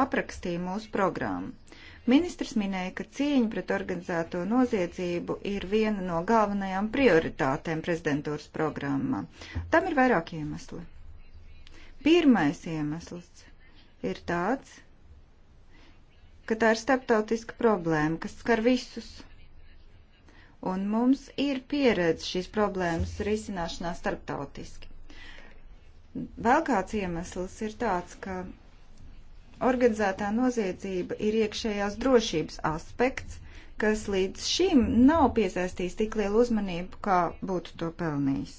aprakstīja mūsu programmu. Ministrs minēja, ka cīņa pret organizēto noziedzību ir viena no galvenajām prioritātēm prezidentūras programmā. Tam ir vairāk iemesli. Pirmais iemesls ir tāds, ka tā ir starptautiska problēma, kas skar visus. Un mums ir pieredze šīs problēmas risināšanā starptautiski. Vēl kāds iemesls ir tāds, ka Organizētā noziedzība ir iekšējās drošības aspekts, kas līdz šim nav piesaistījis tik lielu uzmanību, kā būtu to pelnījis.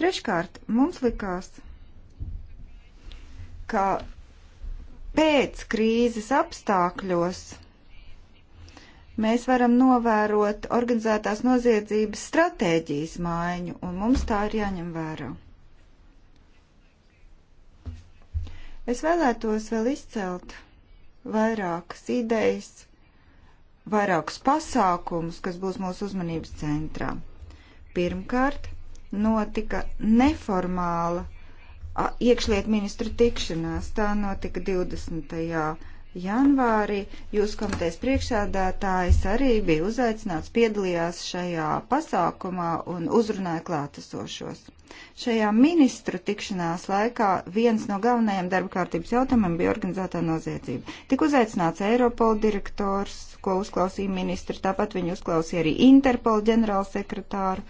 Treškārt, mums likās, ka pēc krīzes apstākļos mēs varam novērot organizētās noziedzības stratēģijas maiņu, un mums tā ir jāņem vērā. Es vēlētos vēl izcelt vairākas idejas, vairākus pasākumus, kas būs mūsu uzmanības centrā. Pirmkārt, notika neformāla iekšliet ministru tikšanās. Tā notika 20 janvārī. Jūs komitejas priekšsēdētājs arī bija uzaicināts, piedalījās šajā pasākumā un uzrunāja klātesošos. Šajā ministru tikšanās laikā viens no galvenajiem darba kārtības jautājumiem bija organizētā noziedzība. Tik uzaicināts Eiropola direktors, ko uzklausīja ministri, tāpat viņi uzklausīja arī Interpola ģenerālsekretāru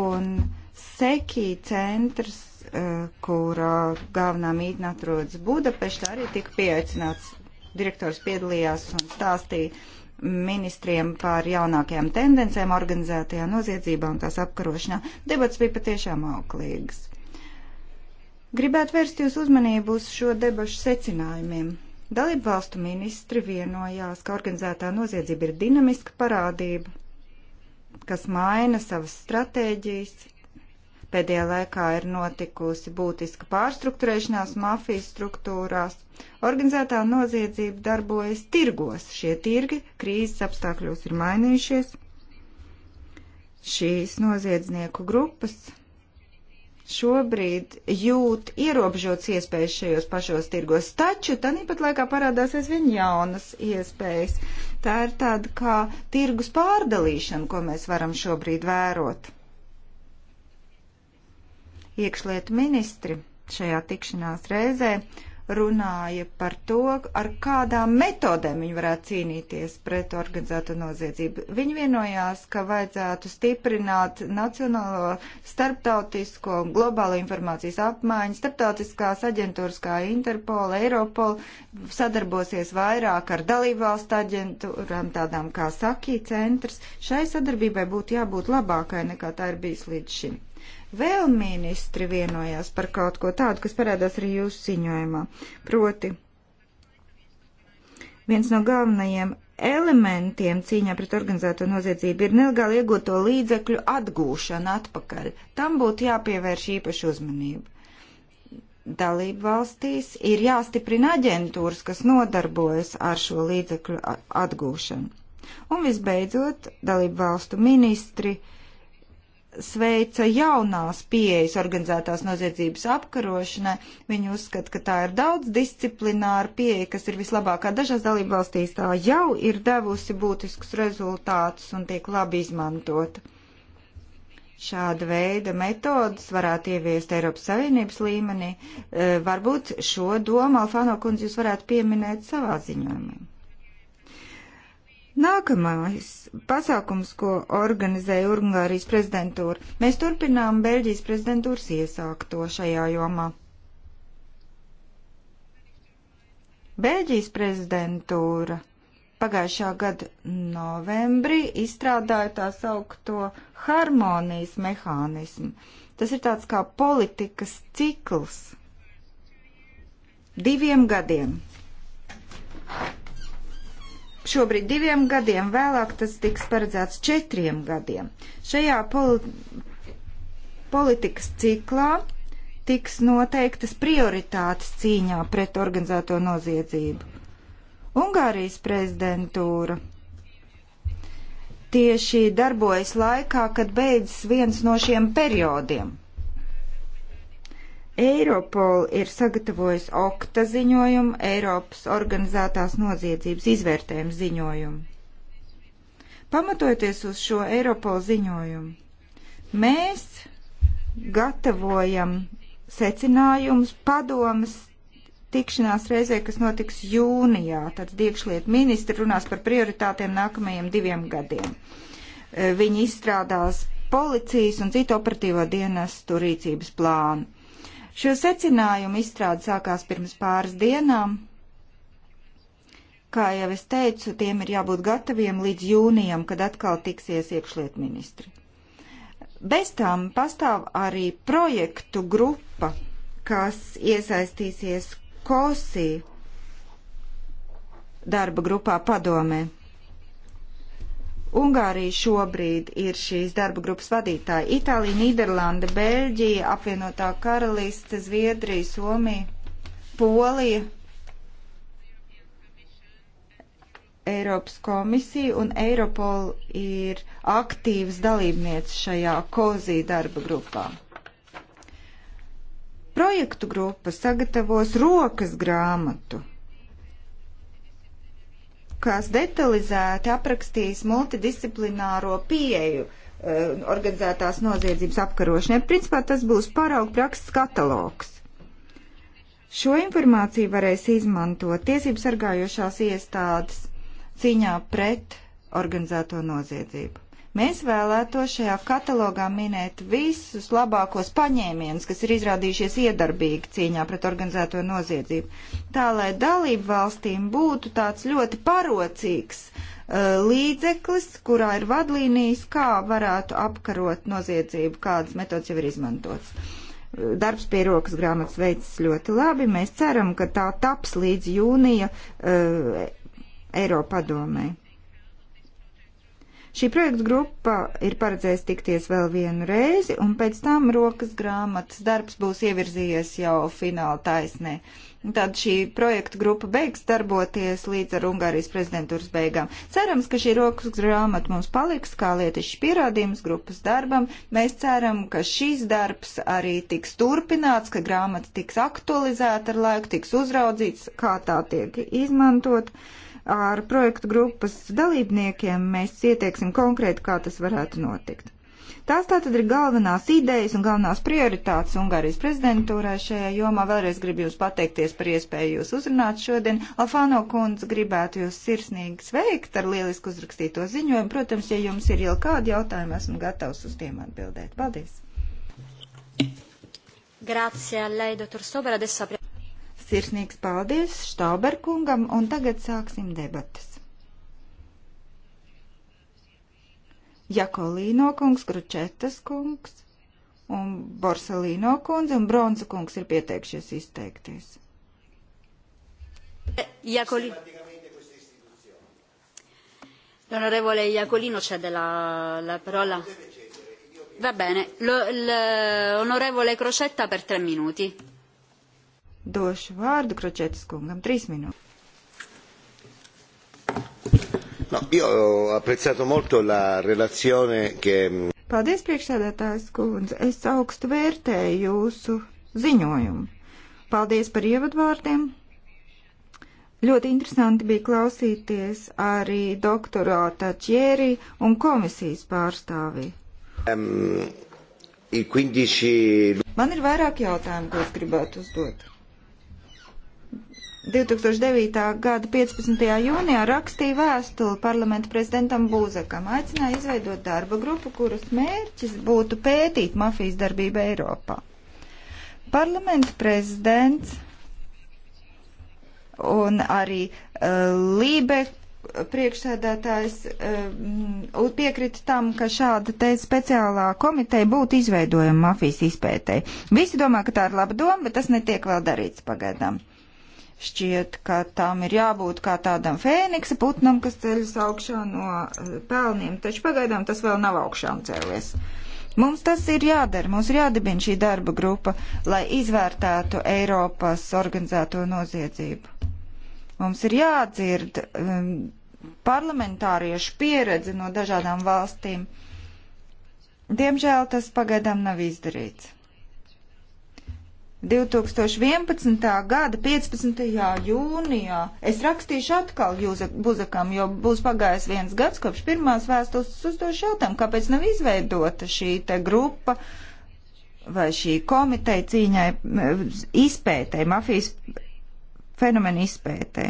un Seki centrs, eh, kura galvenā mītne atrodas Budapeštā, arī tika pieaicināts direktors piedalījās un stāstīja ministriem par jaunākajām tendencēm organizētajā noziedzībā un tās apkarošanā. Debats bija patiešām auklīgs. Gribētu vērst jūs uzmanību uz šo debašu secinājumiem. Dalību valstu ministri vienojās, ka organizētā noziedzība ir dinamiska parādība, kas maina savas stratēģijas, Pēdējā laikā ir notikusi būtiska pārstruktūrēšanās mafijas struktūrās. Organizētā noziedzība darbojas tirgos. Šie tirgi krīzes apstākļos ir mainījušies. Šīs noziedznieku grupas šobrīd jūt ierobežots iespējas šajos pašos tirgos, taču tāpat laikā parādās aizvien jaunas iespējas. Tā ir tāda kā tirgus pārdalīšana, ko mēs varam šobrīd vērot. Iekšlietu ministri šajā tikšanās reizē runāja par to, ar kādām metodēm viņi varētu cīnīties pret organizēto noziedzību. Viņi vienojās, ka vajadzētu stiprināt nacionālo starptautisko un globālo informācijas apmaiņu. Starptautiskās aģentūras kā Interpol, Europol sadarbosies vairāk ar dalībvalstu aģentūrām, tādām kā Saki centrs. Šai sadarbībai būtu jābūt labākai nekā tā ir bijis līdz šim. Vēl ministri vienojās par kaut ko tādu, kas parādās arī jūsu ziņojumā. Proti, viens no galvenajiem elementiem cīņā pret organizēto noziedzību ir nelegāli iegūto līdzekļu atgūšana atpakaļ. Tam būtu jāpievērš īpaša uzmanība. Dalību valstīs ir jāstiprina aģentūras, kas nodarbojas ar šo līdzekļu atgūšanu. Un visbeidzot, dalību valstu ministri uh, sveica jaunās pieejas organizētās noziedzības apkarošanai. Viņi uzskata, ka tā ir daudz disciplināra pieeja, kas ir vislabākā dažās dalībvalstīs. Tā jau ir devusi būtiskus rezultātus un tiek labi izmantota. Šāda veida metodas varētu ieviest Eiropas Savienības līmenī. E, varbūt šo domu Alfāno kundze jūs varētu pieminēt savā ziņojumā. Nākamais pasākums, ko organizēja Ungārijas prezidentūra, mēs turpinām Beļģijas prezidentūras iesākto šajā jomā. Beļģijas prezidentūra pagājušā gada novembrī izstrādāja tā saukto harmonijas mehānismu. Tas ir tāds kā politikas cikls diviem gadiem šobrīd diviem gadiem, vēlāk tas tiks paredzēts četriem gadiem. Šajā poli politikas ciklā tiks noteiktas prioritātes cīņā pret organizēto noziedzību. Ungārijas prezidentūra tieši darbojas laikā, kad beidzas viens no šiem periodiem. Eiropola ir sagatavojis okta ziņojumu, Eiropas organizētās noziedzības izvērtējumu ziņojumu. Pamatojoties uz šo Eiropola ziņojumu, mēs gatavojam secinājumus padomas tikšanās reizē, kas notiks jūnijā. Tad iekšlietu ministri runās par prioritātiem nākamajiem diviem gadiem. Viņi izstrādās policijas un citu operatīvo dienestu rīcības plānu. Šo secinājumu izstrāde sākās pirms pāris dienām. Kā jau es teicu, tiem ir jābūt gataviem līdz jūnijam, kad atkal tiksies iekšliet ministri. Bez tām pastāv arī projektu grupa, kas iesaistīsies KOSI darba grupā padomē. Ungārija šobrīd ir šīs darba grupas vadītāja. Itālija, Nīderlanda, Beļģija, apvienotā karaliste, Zviedrija, Somija, Polija, Eiropas komisija un Eiropol ir aktīvas dalībnieces šajā kozī darba grupā. Projektu grupa sagatavos rokas grāmatu kas detalizēti aprakstīs multidisciplināro pieeju eh, organizētās noziedzības apkarošanai. Principā tas būs paraugu prakses katalogs. Šo informāciju varēs izmantot tiesību sargājošās iestādes cīņā pret organizēto noziedzību. Mēs vēlētos šajā katalogā minēt visus labākos paņēmienus, kas ir izrādījušies iedarbīgi cīņā pret organizēto noziedzību. Tā, lai dalību valstīm būtu tāds ļoti parocīgs uh, līdzeklis, kurā ir vadlīnijas, kā varētu apkarot noziedzību, kādas metodas jau ir izmantotas. Uh, darbs pie rokas grāmatas veids ļoti labi. Mēs ceram, ka tā taps līdz jūnija uh, Eiropadomē. Šī projekta grupa ir paredzējusi tikties vēl vienu reizi, un pēc tam rokas grāmatas darbs būs ievirzījies jau fināla taisnē. Tad šī projekta grupa beigs darboties līdz ar Ungārijas prezidentūras beigām. Cerams, ka šī rokas grāmata mums paliks kā lietišķi pierādījums grupas darbam. Mēs ceram, ka šīs darbs arī tiks turpināts, ka grāmata tiks aktualizēta ar laiku, tiks uzraudzīts, kā tā tiek izmantot. Uh, ar projektu grupas dalībniekiem mēs ieteiksim konkrēti, kā tas varētu notikt. Tās tātad ir galvenās idejas un galvenās prioritātes Ungārijas prezidentūrā šajā jomā. Vēlreiz gribu jūs pateikties par iespēju jūs uzrunāt šodien. Alfāno kundze gribētu jūs sirsnīgi sveikt ar lielisku uzrakstīto ziņojumu. Protams, ja jums ir jau kādi jautājumi, esmu gatavs uz tiem atbildēt. Paldies! Grazie a lei, dottor Sober. Adesso apri... Sirsnīgs paldies Štāberkungam, un tagad sāksim debatas. Jakolīno kungs, Gručetas kungs un Borsalīno kundze un Bronza kungs ir pieteikšies izteikties. Jakoli... L'onorevole Iacolino c'è della la parola. Va bene, l'onorevole Crocetta per tre minuti došu vārdu Kročetas kungam. Trīs minūtes. No, io ho apprezzato molto la relazione che... Mm, Paldies, priekšsēdētājs kundze. Es augstu vērtēju jūsu ziņojumu. Paldies par ievadvārdiem. Ļoti interesanti bija klausīties arī doktorāta Čierī un komisijas pārstāvī. Um, 15... Man ir vairāk jautājumu, ko es gribētu uzdot. 2009. gada 15. jūnijā rakstīja vēstuli parlamentu prezidentam Būzakam, aicināja izveidot darba grupu, kuras mērķis būtu pētīt mafijas darbību Eiropā. Parlamenta prezidents un arī uh, Lībe priekšsēdētājs uh, piekrita tam, ka šāda te speciālā komiteja būtu izveidojama mafijas izpētē. Visi domā, ka tā ir laba doma, bet tas netiek vēl darīts pagaidām. Šķiet, ka tam ir jābūt kā tādam fēniksa putnam, kas ceļas augšā no eh, pelniem, taču pagaidām tas vēl nav augšām cēlies. Mums tas ir jādara, mums ir jādibina šī darba grupa, lai izvērtētu Eiropas organizēto noziedzību. Mums ir jādzird um, parlamentāriešu pieredze no dažādām valstīm. Diemžēl tas pagaidām nav izdarīts. 2011. gada 15. jūnijā es rakstīšu atkal Jūza Buzakam, jo būs pagājis viens gads kopš pirmās vēstules uzdošu jautājumu, kāpēc nav izveidota šī te grupa vai šī komiteja cīņai izpētē, mafijas fenomenu izpētē.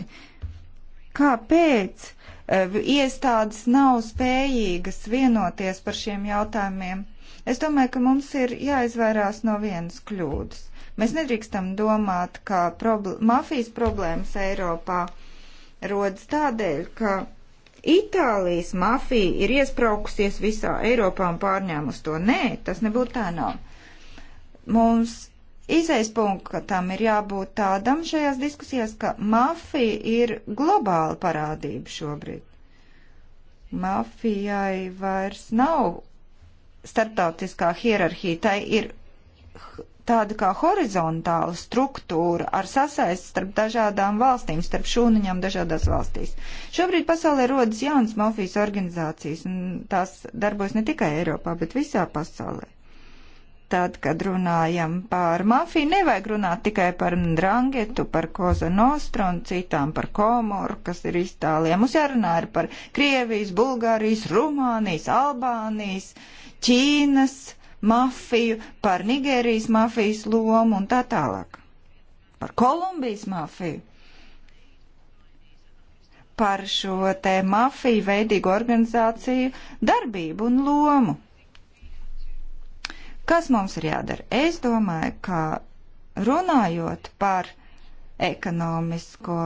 Kāpēc eh, iestādes nav spējīgas vienoties par šiem jautājumiem? Es domāju, ka mums ir jāizvairās no vienas kļūdas Mēs nedrīkstam domāt, ka probl mafijas problēmas Eiropā rodas tādēļ, ka Itālijas mafija ir iespraukusies visā Eiropā un pārņēmus to. Nē, tas nebūtu tā nav. Mums izaispunktam ir jābūt tādam šajās diskusijās, ka mafija ir globāla parādība šobrīd. Mafijai vairs nav starptautiskā hierarhija, tai ir tāda kā horizontāla struktūra ar sasaisti starp dažādām valstīm, starp šūniņām dažādās valstīs. Šobrīd pasaulē rodas jaunas mafijas organizācijas, un tās darbojas ne tikai Eiropā, bet visā pasaulē. Tad, kad runājam par mafiju, nevajag runāt tikai par Ndrangetu, par Koza Nostru un citām, par Komoru, kas ir Itālijā. Mums jārunā ir par Krievijas, Bulgārijas, Rumānijas, Albānijas, Ķīnas mafiju, par Nigērijas mafijas lomu un tā tālāk. Par Kolumbijas mafiju. Par šo te mafiju veidīgu organizāciju darbību un lomu. Kas mums ir jādara? Es domāju, ka runājot par ekonomisko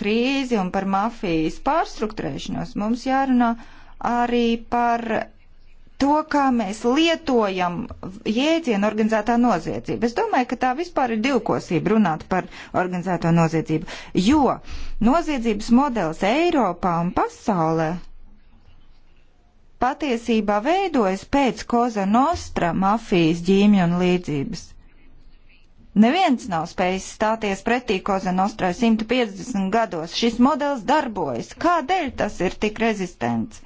krīzi un par mafijas pārstruktūrēšanos, mums jārunā arī par to, kā mēs lietojam jēdzienu organizētā noziedzība. Es domāju, ka tā vispār ir divkosība runāt par organizēto noziedzību, jo noziedzības modelis Eiropā un pasaulē patiesībā veidojas pēc Koza Nostra mafijas ģīmju un līdzības. Neviens nav spējis stāties pretī Koza Nostrai 150 gados. Šis modelis darbojas. Kādēļ tas ir tik rezistents?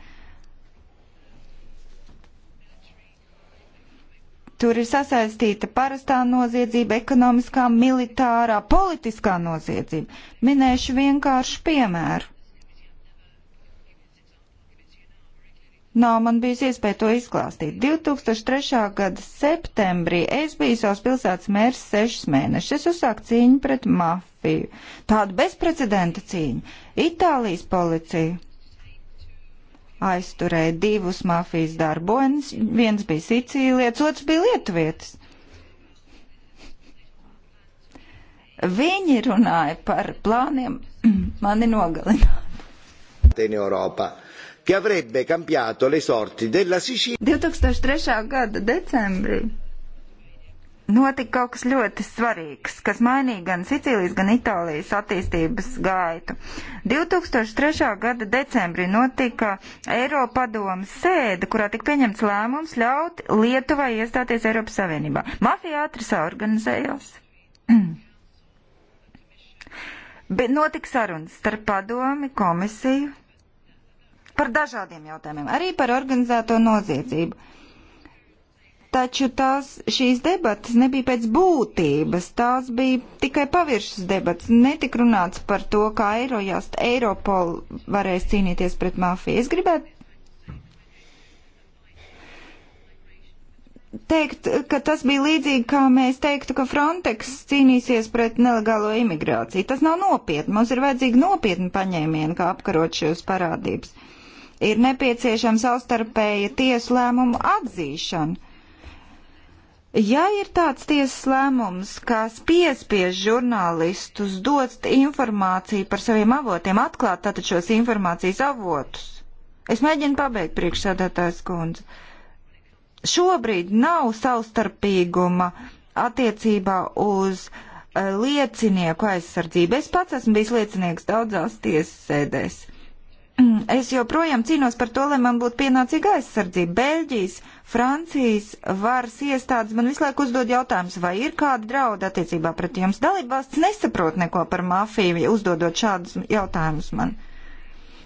Tur ir sasaistīta parastā noziedzība, ekonomiskā, militārā, politiskā noziedzība. Minēšu vienkāršu piemēru. Nav man bijusi iespēja to izklāstīt. 2003. gada septembrī es biju savas pilsētas mērs sešas mēnešus. Es uzsāku cīņu pret mafiju. Tādu bezprecedenta cīņu. Itālijas policija aizturēja divus mafijas darboņus. Viens bija Sicīlietis, otrs bija Lietuvietis. Viņi runāja par plāniem mani nogalināt. Che avrebbe cambiato le sorti della Sicilia. 2003. gada decembrī notika kaut kas ļoti svarīgs, kas mainīja gan Sicīlijas, gan Itālijas attīstības gaitu. 2003. gada decembrī notika Eiropadomas sēde, kurā tika pieņemts lēmums ļaut Lietuvai iestāties Eiropas Savienībā. Mafija ātri saorganizējās. Bet notika sarunas starp padomi, komisiju par dažādiem jautājumiem, arī par organizēto noziedzību taču tās, šīs debatas nebija pēc būtības, tās bija tikai paviršas debatas. Netika runāts par to, kā Eirojust, Eiropol varēs cīnīties pret mafiju. Es gribētu teikt, ka tas bija līdzīgi, kā mēs teiktu, ka Frontex cīnīsies pret nelegālo imigrāciju. Tas nav nopietni. Mums ir vajadzīgi nopietni paņēmieni, kā apkarot šīs parādības. Ir nepieciešama savstarpēja tiesu lēmumu atzīšana. Ja ir tāds tiesas lēmums, kas piespiež žurnālistus dot informāciju par saviem avotiem, atklāt tātad šos informācijas avotus, es mēģinu pabeigt priekšsēdētājs kundze. Šobrīd nav savstarpīguma attiecībā uz uh, liecinieku aizsardzību. Es pats esmu bijis liecinieks daudzās tiesas sēdēs. Mm, es joprojām cīnos par to, lai man būtu pienācīga aizsardzība. Beļģijas, Francijas varas iestādes man visu laiku uzdod jautājumus, vai ir kāda drauda attiecībā pret jums. Dalībvalsts nesaprot neko par mafiju, uzdodot šādus jautājumus man. Mm.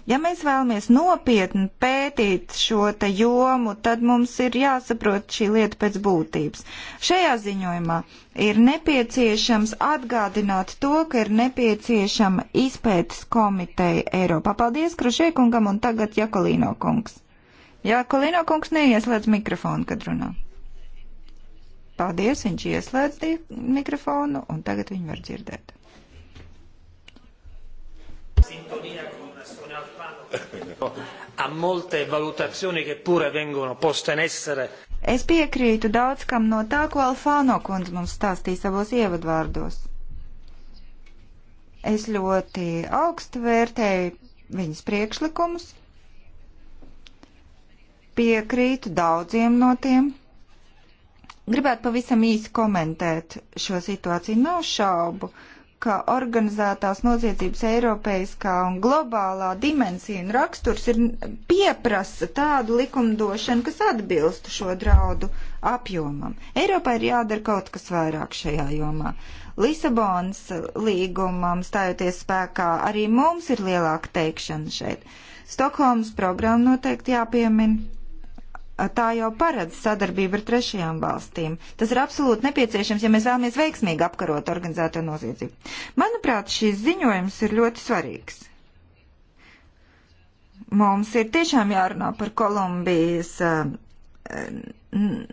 Ja mēs vēlamies nopietni pētīt šo te jomu, tad mums ir jāsaprot šī lieta pēc būtības. Šajā ziņojumā ir nepieciešams atgādināt to, ka ir nepieciešama izpētes komiteja Eiropā. Paldies Krušēkungam un tagad Jakolīno kungs. Jakolīno kungs neieslēdz mikrofonu, kad runā. Paldies, viņš ieslēdz mikrofonu un tagad viņu var dzirdēt. Sintonija a molte valutazioni che pure vengono poste in essere. Es piekrītu daudz kam no tā, ko Alfāno kundze mums stāstīja savos ievadvārdos. Es ļoti augstu vērtēju viņas priekšlikumus, piekrītu daudziem no tiem. Gribētu pavisam īsi komentēt šo situāciju. Nav šaubu, uh, ka organizētās noziedzības eiropeiskā un globālā dimensija un raksturs ir pieprasa tādu likumdošanu, kas atbilstu šo draudu apjomam. Eiropā ir jādara kaut kas vairāk šajā jomā. Lisabonas līgumam stājoties spēkā arī mums ir lielāka teikšana šeit. Stokholmas programma noteikti jāpiemina tā jau paredz sadarbību ar trešajām valstīm. Tas ir absolūti nepieciešams, ja mēs vēlamies veiksmīgi apkarot organizēto noziedzību. Manuprāt, šīs ziņojums ir ļoti svarīgs. Mums ir tiešām jārunā par Kolumbijas eh,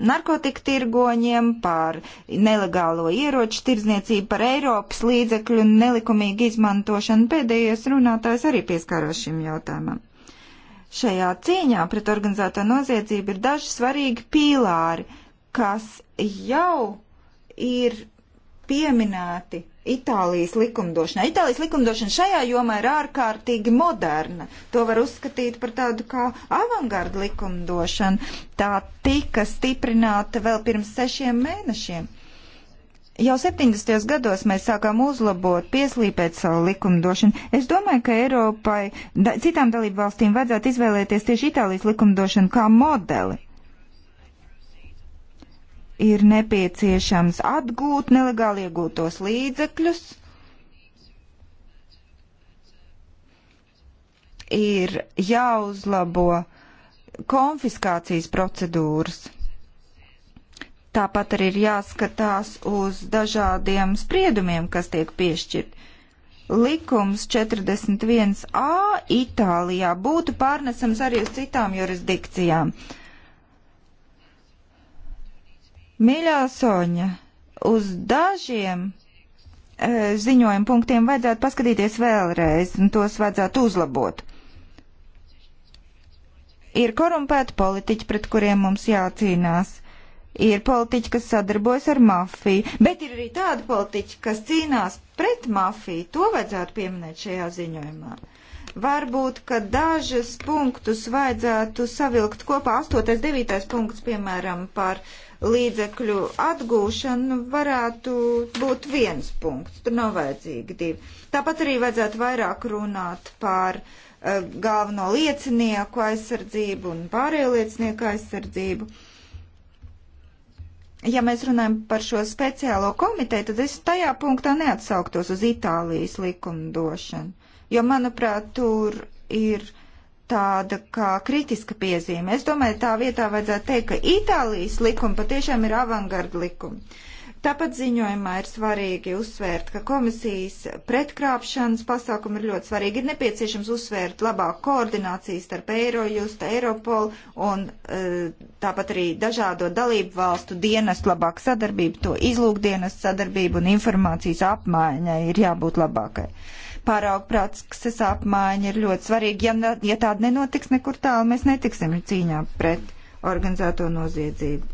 narkotika tirgoņiem, par nelegālo ieroču tirdzniecību, par Eiropas līdzekļu nelikumīgu izmantošanu. Pēdējais runātājs arī pieskārās šim jautājumam. Šajā cīņā pret organizēto noziedzību ir daži svarīgi pīlāri, kas jau ir pieminēti Itālijas likumdošanā. Itālijas likumdošana šajā jomā ir ārkārtīgi moderna. To var uzskatīt par tādu kā avangarda likumdošanu. Tā tika stiprināta vēl pirms sešiem mēnešiem. Jau 70. gados mēs sākām uzlabot, pieslīpēt savu likumdošanu. Es domāju, ka Eiropai, da, citām dalību valstīm vajadzētu izvēlēties tieši Itālijas likumdošanu kā modeli. Ir nepieciešams atgūt nelegāli iegūtos līdzekļus, ir jāuzlabo konfiskācijas procedūras. Tāpat arī ir jāskatās uz dažādiem spriedumiem, kas tiek piešķirt. Likums 41a Itālijā būtu pārnesams arī uz citām jurisdikcijām. Mīļā Soņa, uz dažiem e, ziņojumu punktiem vajadzētu paskatīties vēlreiz, un tos vajadzētu uzlabot ir korumpēti politiķi, pret kuriem mums jācīnās. Ir politiķi, kas sadarbojas ar mafiju, bet ir arī tādi politiķi, kas cīnās pret mafiju. To vajadzētu pieminēt šajā ziņojumā. Varbūt, ka dažas punktus vajadzētu savilkt kopā 8. 9. punkts, piemēram, par līdzekļu atgūšanu varētu būt viens punkts. Tur nav vajadzīgi divi. Tāpat arī vajadzētu vairāk runāt par uh, galveno liecinieku aizsardzību un pārējo liecinieku aizsardzību. Uh, ja mēs runājam par šo speciālo komiteju, tad es tajā punktā neatsauktos uz Itālijas likumdošanu, jo, manuprāt, tur ir tāda kā kritiska piezīme. Es domāju, tā vietā vajadzētu teikt, ka Itālijas likuma patiešām ir avangarda likuma. Tāpat ziņojumā ir svarīgi uzsvērt, ka komisijas pretkrāpšanas pasākumi ir ļoti svarīgi. Ir nepieciešams uzsvērt labāku koordināciju starp Eirojust, Eiropol un e, tāpat arī dažādo dalību valstu dienestu labāku sadarbību, to izlūkdienestu sadarbību un informācijas apmaiņai ir jābūt labākai pāraugprātiskas apmaiņa ir ļoti svarīga. Ja, ja tāda nenotiks, nekur tālu mēs netiksim cīņā pret organizēto noziedzību.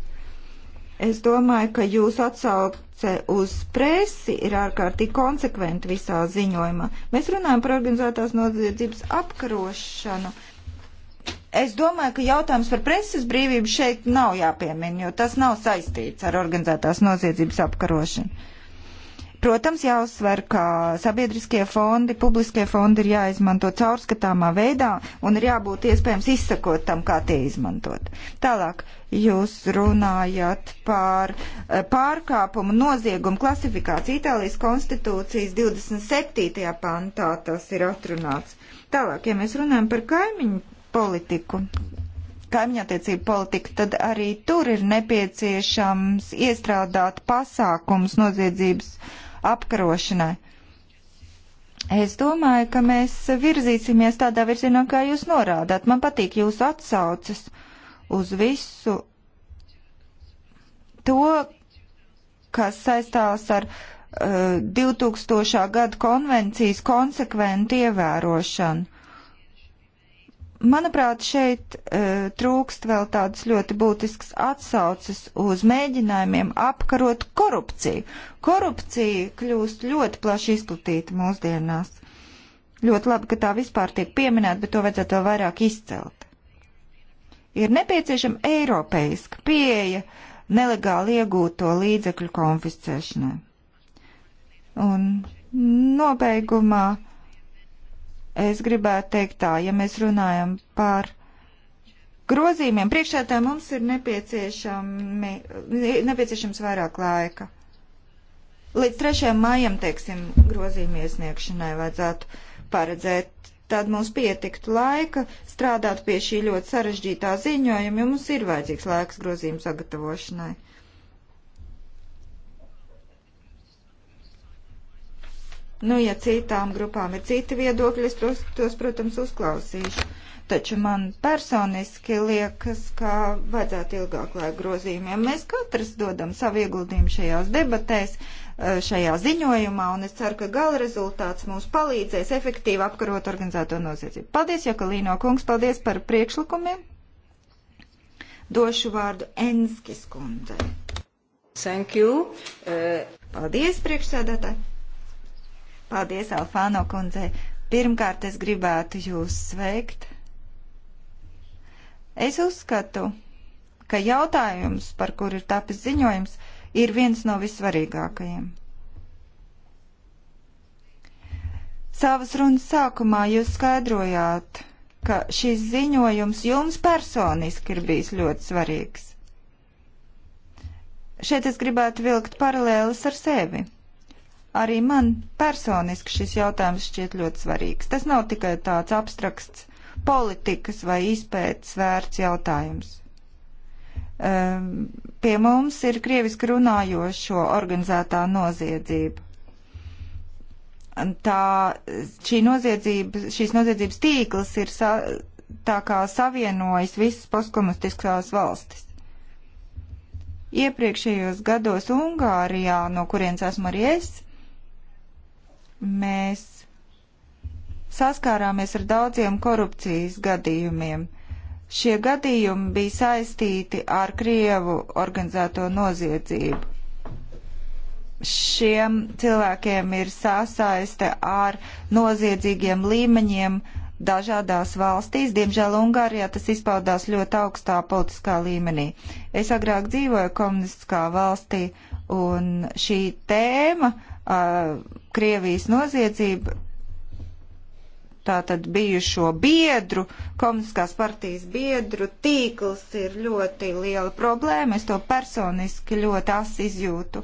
Es domāju, ka jūsu atsauce uz presi ir ārkārtīgi konsekventi visā ziņojumā. Mēs runājam par organizētās noziedzības apkarošanu. Es domāju, ka jautājums par preses brīvību šeit nav jāpiemina, jo tas nav saistīts ar organizētās noziedzības apkarošanu. Protams, jāuzsver, ka sabiedriskie fondi, publiskie fondi ir jāizmanto caurskatāmā veidā un ir jābūt iespējams izsakot tam, kā tie izmantot. Tālāk, jūs runājat par eh, pārkāpumu noziegumu klasifikāciju Itālijas konstitūcijas 27. pantā, tas ir atrunāts. Tālāk, ja mēs runājam par kaimiņu politiku, kaimiņattiecību politiku, tad arī tur ir nepieciešams iestrādāt pasākums noziedzības apkarošanai. Es domāju, ka mēs virzīsimies tādā virzienā, kā jūs norādāt. Man patīk jūsu atsaucas uz visu to, kas saistās ar uh, 2000. gada konvencijas konsekventu ievērošanu. Manuprāt, šeit uh, trūkst vēl tādas ļoti būtiskas atsauces uz mēģinājumiem apkarot korupciju. Korupcija kļūst ļoti plaši izplatīta mūsdienās. Ļoti labi, ka tā vispār tiek pieminēta, bet to vajadzētu vēl vairāk izcelt. Ir nepieciešama eiropeiska pieeja nelegāli iegūto līdzekļu konfiscēšanai. Un nobeigumā Es gribētu teikt tā, ja mēs runājam par grozījumiem, priekšētā mums ir nepieciešams vairāk laika. Līdz 3. maijam, teiksim, grozījumu iesniegšanai vajadzētu paredzēt tad mums pietiktu laika strādāt pie šī ļoti sarežģītā ziņojuma, jo mums ir vajadzīgs laiks grozījumu sagatavošanai. Nu, ja citām grupām ir citi viedokļi, es tos, tos, protams, uzklausīšu. Taču man personiski liekas, ka vajadzētu ilgāk laika grozījumiem. Mēs katrs dodam savu ieguldījumu šajās debatēs, eh, šajā ziņojumā, un es ceru, ka gala rezultāts mums palīdzēs efektīvi apkarot organizēto noziedzību. Paldies, Jokalīno kungs, paldies par priekšlikumiem. Došu vārdu Enskis kundzei. Thank you. Uh... Paldies, priekšsēdētāji. Paldies, Alfāno kundzei. Pirmkārt, es gribētu jūs sveikt. Es uzskatu, ka jautājums, par kur ir tapis ziņojums, ir viens no vissvarīgākajiem. Savas runas sākumā jūs skaidrojāt, ka šis ziņojums jums personiski ir bijis ļoti svarīgs. Šeit es gribētu vilkt paralēlis ar sevi. Arī man personiski šis jautājums šķiet ļoti svarīgs. Tas nav tikai tāds abstrakts politikas vai izpētes vērts jautājums. Um, pie mums ir krieviski runājošo organizētā noziedzība tā, šī noziedzība, šīs noziedzības tīkls ir sa, tā kā savienojis visas postkomunistiskās valstis. Iepriekšējos gados Ungārijā, no kurienes esmu arī es, mēs saskārāmies ar daudziem korupcijas gadījumiem. Šie gadījumi bija saistīti ar Krievu organizēto noziedzību. Šiem cilvēkiem ir sasaiste ar noziedzīgiem līmeņiem dažādās valstīs. Diemžēl Ungārijā tas izpaudās ļoti augstā politiskā līmenī. Es agrāk dzīvoju komunistiskā valstī, un šī tēma uh, Krievijas noziedzību, tātad bijušo biedru, komunistiskās partijas biedru tīkls ir ļoti liela problēma. Es to personiski ļoti as izjūtu.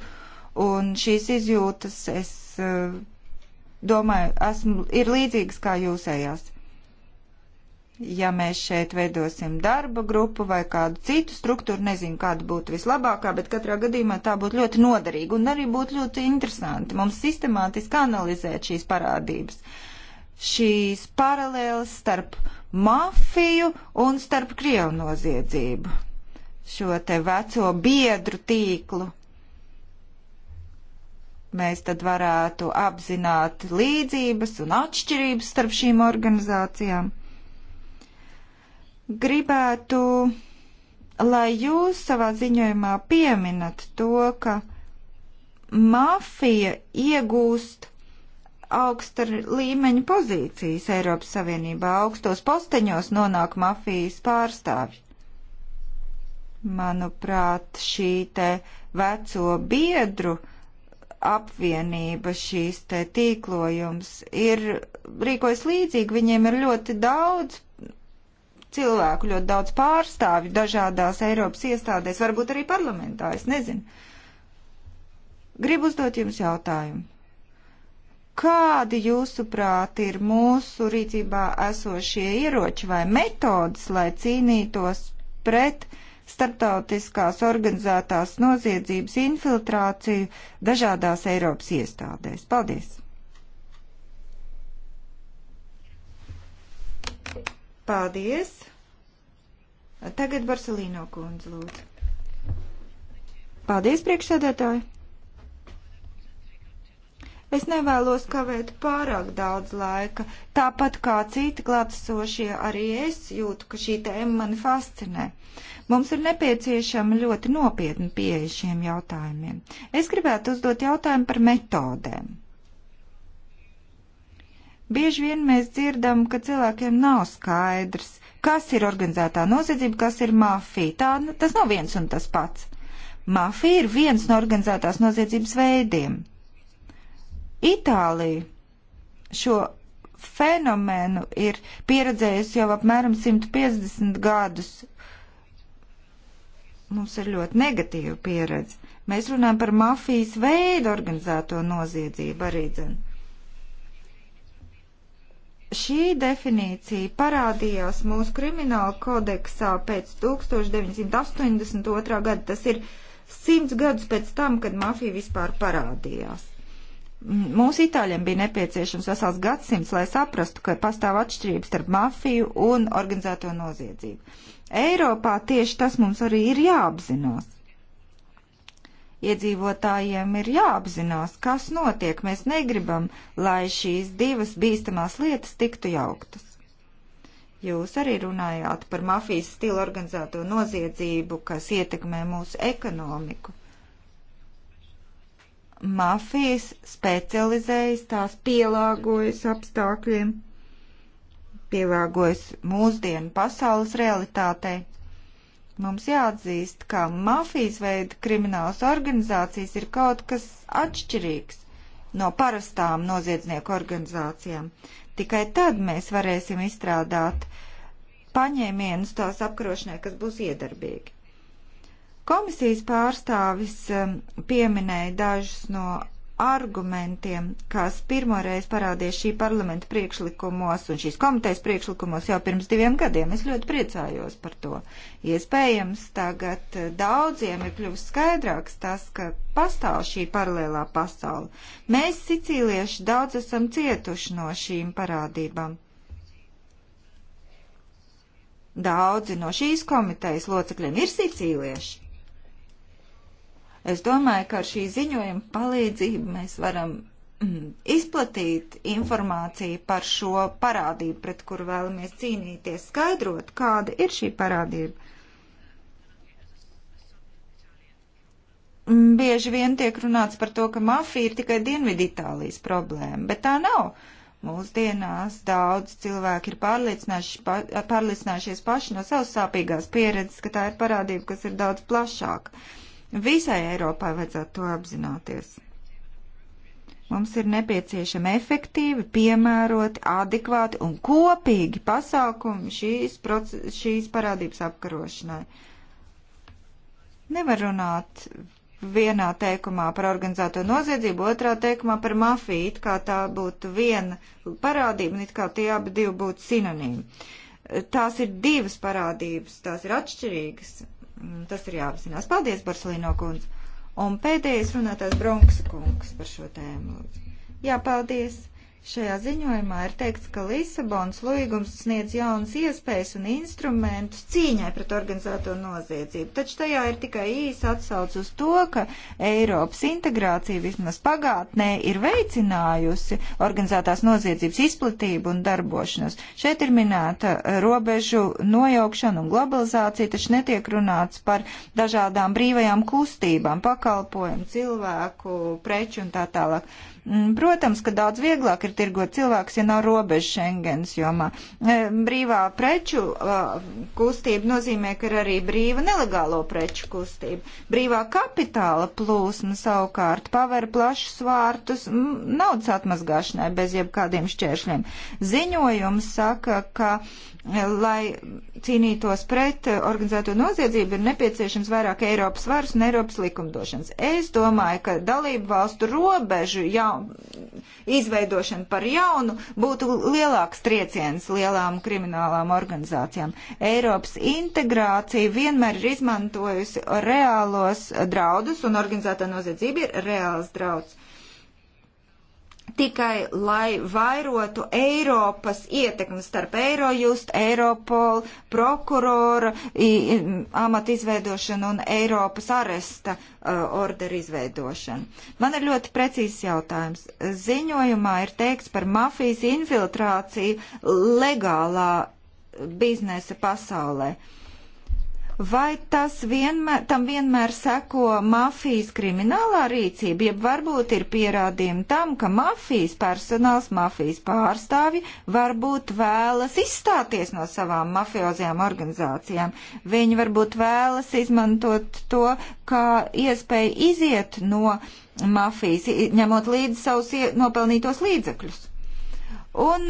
Un šīs izjūtas, es eh, domāju, esmu, ir līdzīgas kā jūsējās ja mēs šeit veidosim darba grupu vai kādu citu struktūru, nezinu, kāda būtu vislabākā, bet katrā gadījumā tā būtu ļoti noderīga un arī būtu ļoti interesanti mums sistemātiski analizēt šīs parādības. Šīs paralēles starp mafiju un starp krievu noziedzību. Šo te veco biedru tīklu mēs tad varētu apzināt līdzības un atšķirības starp šīm organizācijām. Gribētu, lai jūs savā ziņojumā pieminat to, ka mafija iegūst augsta līmeņa pozīcijas Eiropas Savienībā. Augstos posteņos nonāk mafijas pārstāvji. Manuprāt, šī te veco biedru apvienība, šīs te tīklojums ir rīkojas līdzīgi. Viņiem ir ļoti daudz cilvēku, ļoti daudz pārstāvju dažādās Eiropas iestādēs, varbūt arī parlamentā, es nezinu. Gribu uzdot jums jautājumu. Kādi jūsuprāt ir mūsu rīcībā esošie ieroči vai metodas, lai cīnītos pret starptautiskās organizētās noziedzības infiltrāciju dažādās Eiropas iestādēs? Paldies! Paldies! Tagad Barcelīno kundze lūdzu. Paldies, priekšsēdētāji! Es nevēlos kavēt pārāk daudz laika, tāpat kā citi klātsošie arī es jūtu, ka šī tēma mani fascinē. Mums ir nepieciešama ļoti nopietna pieeja šiem jautājumiem. Es gribētu uzdot jautājumu par metodēm. Bieži vien mēs dzirdam, ka cilvēkiem nav skaidrs, kas ir organizētā noziedzība, kas ir mafija. Tā, nu, tas nav viens un tas pats. Mafija ir viens no organizētās noziedzības veidiem. Itālija šo fenomenu ir pieredzējusi jau apmēram 150 gadus. Mums ir ļoti negatīva pieredze. Mēs runājam par mafijas veidu organizēto noziedzību arī dzene. Šī definīcija parādījās mūsu krimināla kodeksā pēc 1982. gada. Tas ir simts gadus pēc tam, kad mafija vispār parādījās. Mūsu itāļiem bija nepieciešams vesels gadsimts, lai saprastu, ka pastāv atšķirības starp mafiju un organizēto noziedzību. Eiropā tieši tas mums arī ir jāapzinās. Iedzīvotājiem ir jāapzinās, kas notiek. Mēs negribam, lai šīs divas bīstamās lietas tiktu jauktas. Jūs arī runājāt par mafijas stilu organizēto noziedzību, kas ietekmē mūsu ekonomiku. Mafijas specializējas, tās pielāgojas apstākļiem, pielāgojas mūsdienu pasaules realitātei Mums jāatzīst, ka mafijas veida kriminālas organizācijas ir kaut kas atšķirīgs no parastām noziedznieku organizācijām. Tikai tad mēs varēsim izstrādāt paņēmienus tās apkarošanai, kas būs iedarbīgi. Komisijas pārstāvis um, pieminēja dažus no argumentiem, kas pirmoreiz parādījās šī parlamenta priekšlikumos un šīs komitejas priekšlikumos jau pirms diviem gadiem. Es ļoti priecājos par to. Iespējams, tagad daudziem ir kļuvis skaidrāks tas, ka pastāv šī paralēlā pasaule. Mēs, sicīlieši, daudz esam cietuši no šīm parādībām. Daudzi no šīs komitejas locekļiem ir sicīlieši. Es domāju, ka ar šī ziņojuma palīdzību mēs varam mm, izplatīt informāciju par šo parādību, pret kuru vēlamies cīnīties, skaidrot, kāda ir šī parādība. Mm, bieži vien tiek runāts par to, ka mafija ir tikai Dienviditālijas problēma, bet tā nav. Mūsdienās daudz cilvēki ir pārliecinājuši, pa, pārliecinājušies paši no savas sāpīgās pieredzes, ka tā ir parādība, kas ir daudz plašāka. Uh, Visai Eiropai vajadzētu to apzināties. Mums ir nepieciešami efektīvi, piemēroti, adekvāti un kopīgi pasākumi šīs, šīs parādības apkarošanai. Nevar runāt vienā teikumā par organizēto noziedzību, otrā teikumā par mafiju, it kā tā būtu viena parādība, un it kā tie abi divi būtu sinonīmi. Tās ir divas parādības, tās ir atšķirīgas. Mm, tas ir jāapzinās. Paldies, Barcelino kundze. Un pēdējais runātājs Bronksa kungs par šo tēmu. Jā, paldies. Šajā ziņojumā ir teikts, ka Lisabonas līgums sniedz jaunas iespējas un instrumentus cīņai pret organizēto noziedzību, taču tajā ir tikai īsa atsauc uz to, ka Eiropas integrācija vismaz pagātnē ir veicinājusi organizētās noziedzības izplatību un darbošanos. Šeit ir minēta eh, robežu nojaukšana un globalizācija, taču netiek runāts par dažādām brīvajām kustībām, pakalpojumu, cilvēku, preču un tā tālāk. Mm, protams, ka daudz vieglāk ir tirgot cilvēks, ja nav robežu Schengens jomā. E, brīvā preču e, kustība nozīmē, ka ir arī brīva nelegālo preču kustība. Brīvā kapitāla plūsma savukārt paver plašus vārtus naudas atmazgāšanai bez jebkādiem šķēršļiem. Ziņojums saka, ka e, lai cīnītos pret organizēto noziedzību, ir nepieciešams vairāk Eiropas varas un Eiropas likumdošanas. Es domāju, ka dalību valstu robežu jau izveidošana par jaunu būtu lielāks trieciens lielām kriminālām organizācijām. Eiropas integrācija vienmēr ir izmantojusi reālos draudus, un organizētā noziedzība ir reāls drauds tikai, lai vairotu Eiropas ietekmi starp Eirojust, Eiropolu, prokuroru amatu izveidošanu un Eiropas aresta uh, orderu izveidošanu. Man ir ļoti precīzs jautājums. Ziņojumā ir teikts par mafijas infiltrāciju legālā biznesa pasaulē. Uh, vai tas vienmēr, tam vienmēr seko mafijas kriminālā rīcība, jeb varbūt ir pierādījumi tam, ka mafijas personāls, mafijas pārstāvi varbūt vēlas izstāties no savām mafiozajām organizācijām. Viņi varbūt vēlas izmantot to, kā iespēju iziet no mafijas, ņemot līdzi savus nopelnītos līdzekļus. Un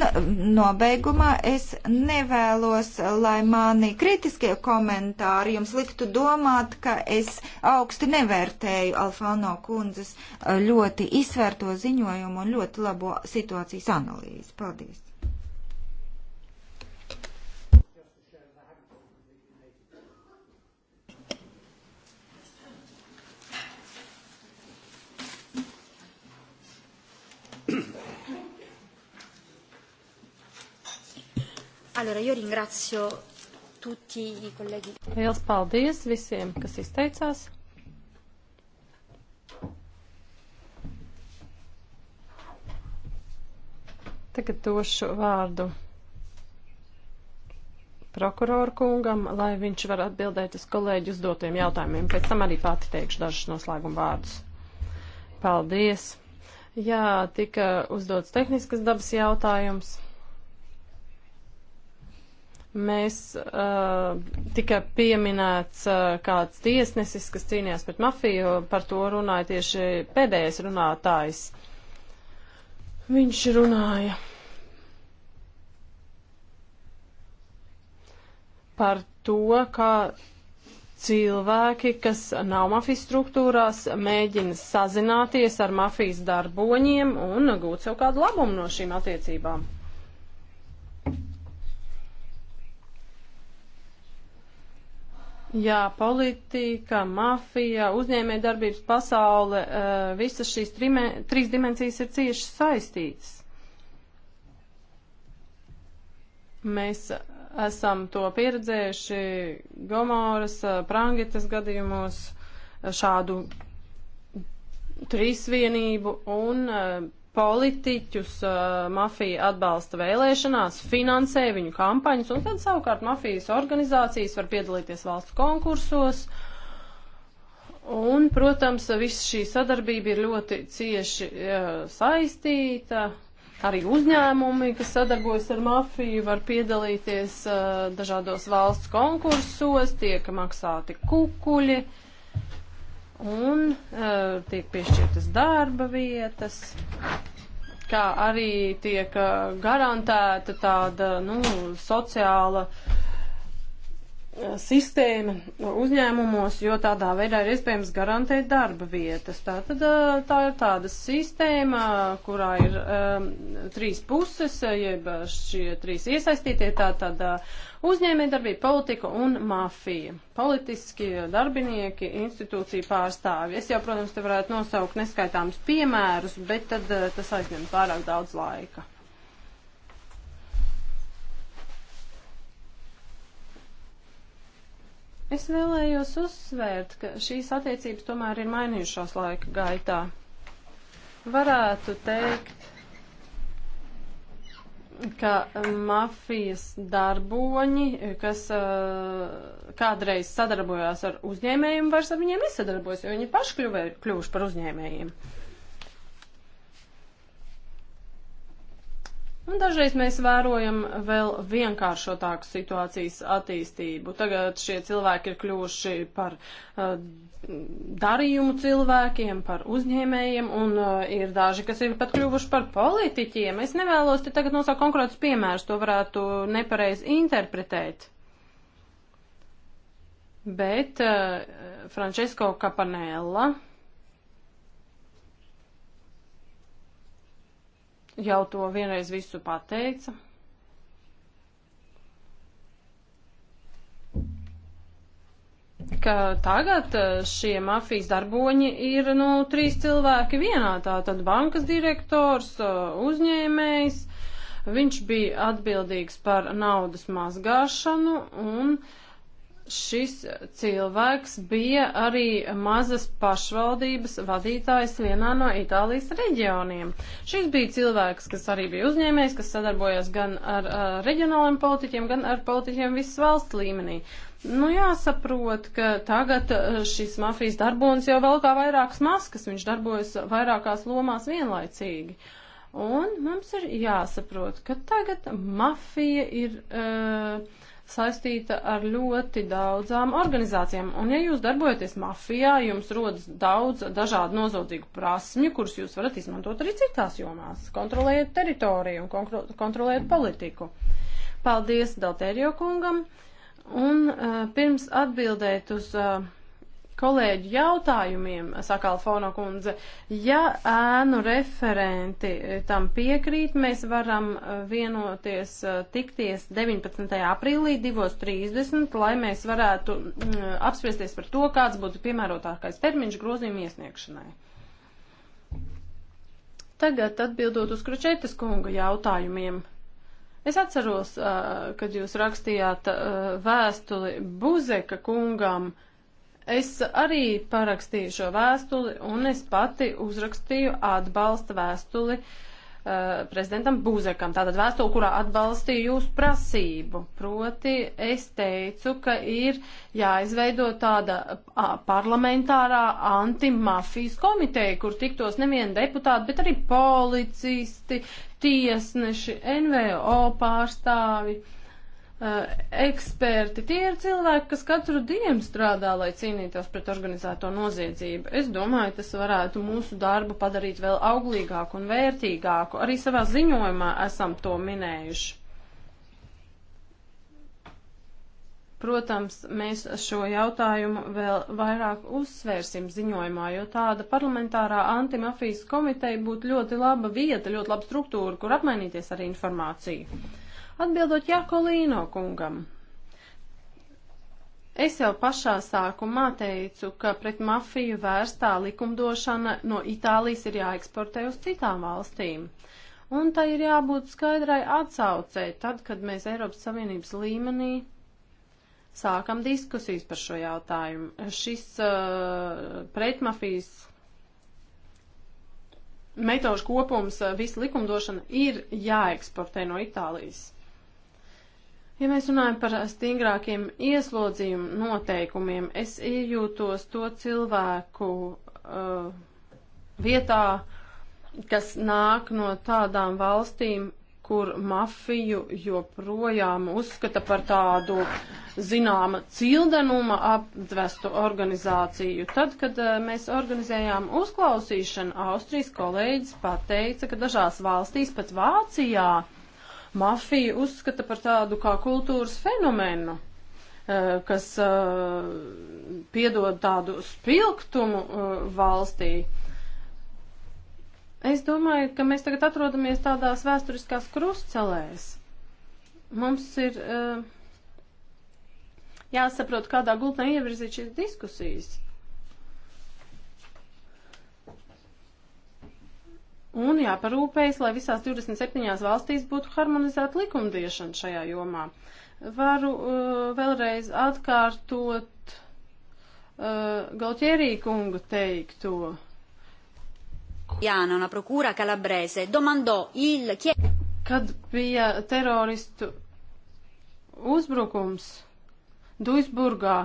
nobeigumā es nevēlos, lai mani kritiskie komentāri jums liktu domāt, ka es augsti nevērtēju Alfāno kundzes uh, ļoti izsvērto ziņojumu un ļoti labo situācijas analīzi. Paldies! Allora, io ringrazio tutti i colleghi. Liels paldies visiem, kas izteicās. Tagad došu vārdu prokuroru kungam, lai viņš var atbildēt uz kolēģi uzdotiem jautājumiem. Pēc tam arī pati teikšu dažus noslēguma vārdus. Paldies! Jā, tika uzdots tehniskas dabas jautājums mēs uh, tika pieminēts uh, kāds tiesnesis, kas cīnījās pret mafiju, par to runāja tieši pēdējais runātājs. Viņš runāja par to, kā cilvēki, kas nav mafijas struktūrās, mēģina sazināties ar mafijas darboņiem un gūt sev kādu labumu no šīm attiecībām. Jā, politika, mafija, uzņēmē darbības pasaule, eh, visas šīs trime, trīs dimensijas ir cieši saistītas. Mēs esam to pieredzējuši Gomoras, eh, Prangitas gadījumos eh, šādu trīsvienību un politiķus uh, mafija atbalsta vēlēšanās, finansē viņu kampaņas, un tad savukārt mafijas organizācijas var piedalīties valstu konkursos. Un, protams, viss šī sadarbība ir ļoti cieši uh, saistīta. Arī uzņēmumi, kas sadarbojas ar mafiju, var piedalīties uh, dažādos valsts konkursos, tiek maksāti kukuļi. Uh, un uh, tiek piešķirtas darba vietas, kā arī tiek uh, garantēta tāda nu, sociāla uh, sistēma uzņēmumos, jo tādā veidā ir iespējams garantēt darba vietas. Tā, tad, tā ir tāda sistēma, kurā ir um, trīs puses, jeb šie trīs iesaistītie, tā tad uzņēmējdarbība, politika un mafija. Politiski darbinieki, institūcija pārstāvji. Es jau, protams, te varētu nosaukt neskaitāmus piemērus, bet tad tas aizņem pārāk daudz laika. Es vēlējos uzsvērt, ka šīs attiecības tomēr ir mainījušās laika gaitā. Varētu teikt, ka mafijas darboņi, kas uh, kādreiz sadarbojās ar uzņēmējiem, vairs ar viņiem nesadarbojas, jo viņi paši kļuvuši par uzņēmējiem. Uh, Un dažreiz mēs vērojam vēl vienkāršotāku situācijas attīstību. Tagad šie cilvēki ir kļuvuši par uh, darījumu cilvēkiem, par uzņēmējiem, un uh, ir daži, kas ir pat kļuvuši par politiķiem. Es nevēlos te tagad nosaukt konkrētus piemērus, to varētu nepareizi interpretēt. Bet uh, Francesco Capanella jau to vienreiz visu pateica. ka tagad eh, šie mafijas darboņi ir nu, trīs cilvēki vienā. Tātad bankas direktors, eh, uzņēmējs, viņš bija atbildīgs par naudas mazgāšanu un uh, šis cilvēks bija arī mazas pašvaldības vadītājs vienā no Itālijas reģioniem. Šis bija cilvēks, kas arī bija uzņēmējs, kas sadarbojās gan ar, ar reģionāliem politiķiem, gan ar politiķiem visas valsts līmenī. Nu, jāsaprot, ka tagad uh, šis mafijas darbonis jau valkā vairākas maskas, viņš darbojas vairākās lomās vienlaicīgi. Un mums ir jāsaprot, ka tagad mafija ir. Uh, saistīta ar ļoti daudzām organizācijām. Un ja jūs darbojaties mafijā, jums rodas daudz dažādu nozodzīgu prasmju, kuras jūs varat izmantot arī citās jomās. Kontrolējot teritoriju un kontro kontrolējot politiku. Paldies Daltērio kungam. Un uh, pirms atbildēt uz. Uh, kolēģu jautājumiem, saka Alfono kundze. Ja ēnu referenti e, tam piekrīt, mēs varam e, vienoties e, tikties 19. aprīlī 2.30, lai mēs varētu apspriesties par to, kāds būtu piemērotākais termiņš grozījuma iesniegšanai. Tagad atbildot uz Kručētas kunga jautājumiem. Es atceros, kad jūs rakstījāt vēstuli Buzeka kungam, uh, Es arī parakstīju šo vēstuli un es pati uzrakstīju atbalsta vēstuli uh, prezidentam Buzekam. Tātad vēstuli, kurā atbalstīju jūsu prasību. Proti es teicu, ka ir jāizveido tāda uh, parlamentārā antimafijas komiteja, kur tiktos nevien deputāti, bet arī policisti, tiesneši, NVO pārstāvi. Uh, Eh, eksperti, tie ir cilvēki, kas katru dienu strādā, lai cīnītos pret organizēto noziedzību. Es domāju, tas varētu mūsu darbu padarīt vēl auglīgāku un vērtīgāku. Arī savā ziņojumā esam to minējuši. Protams, mēs šo jautājumu vēl vairāk uzsvērsim ziņojumā, jo tāda parlamentārā antimafijas komiteja būtu ļoti laba vieta, ļoti laba struktūra, kur apmainīties ar informāciju. Atbildot Jakolīno kungam, Es jau pašā sākumā teicu, ka pret mafiju vērstā likumdošana no Itālijas ir jāeksportē uz citām valstīm. Un tai ir jābūt skaidrai atsaucei tad, kad mēs Eiropas Savienības līmenī sākam diskusijas par šo jautājumu. Šis uh, pretmafijas metožu kopums, uh, visa likumdošana ir jāeksportē no Itālijas. Ja mēs runājam par stingrākiem ieslodzījumu noteikumiem, es iejūtos to cilvēku uh, vietā, kas nāk no tādām valstīm, kur mafiju joprojām uzskata par tādu zināma cildenuma apdvestu organizāciju. Tad, kad uh, mēs organizējām uzklausīšanu, Austrijas kolēģis pateica, ka dažās valstīs, pat Vācijā, uh, mafiju uzskata par tādu kā kultūras fenomenu eh, kas eh, piedod tādu spilgtumu eh, valstī. Es domāju, ka mēs tagad atrodamies tādās vēsturiskās krustcelēs. Mums ir uh, jāsaprot, kādā gultnē ievirzīt šīs diskusijas. un jāparūpējas, lai visās 27 valstīs būtu harmonizēta likumdiešana šajā jomā. Varu uh, vēlreiz atkārtot uh, Galtierī kunga teikto. Jāna, una procura calabrese, domandò il... Kad bija teroristu uzbrukums Duisburgā,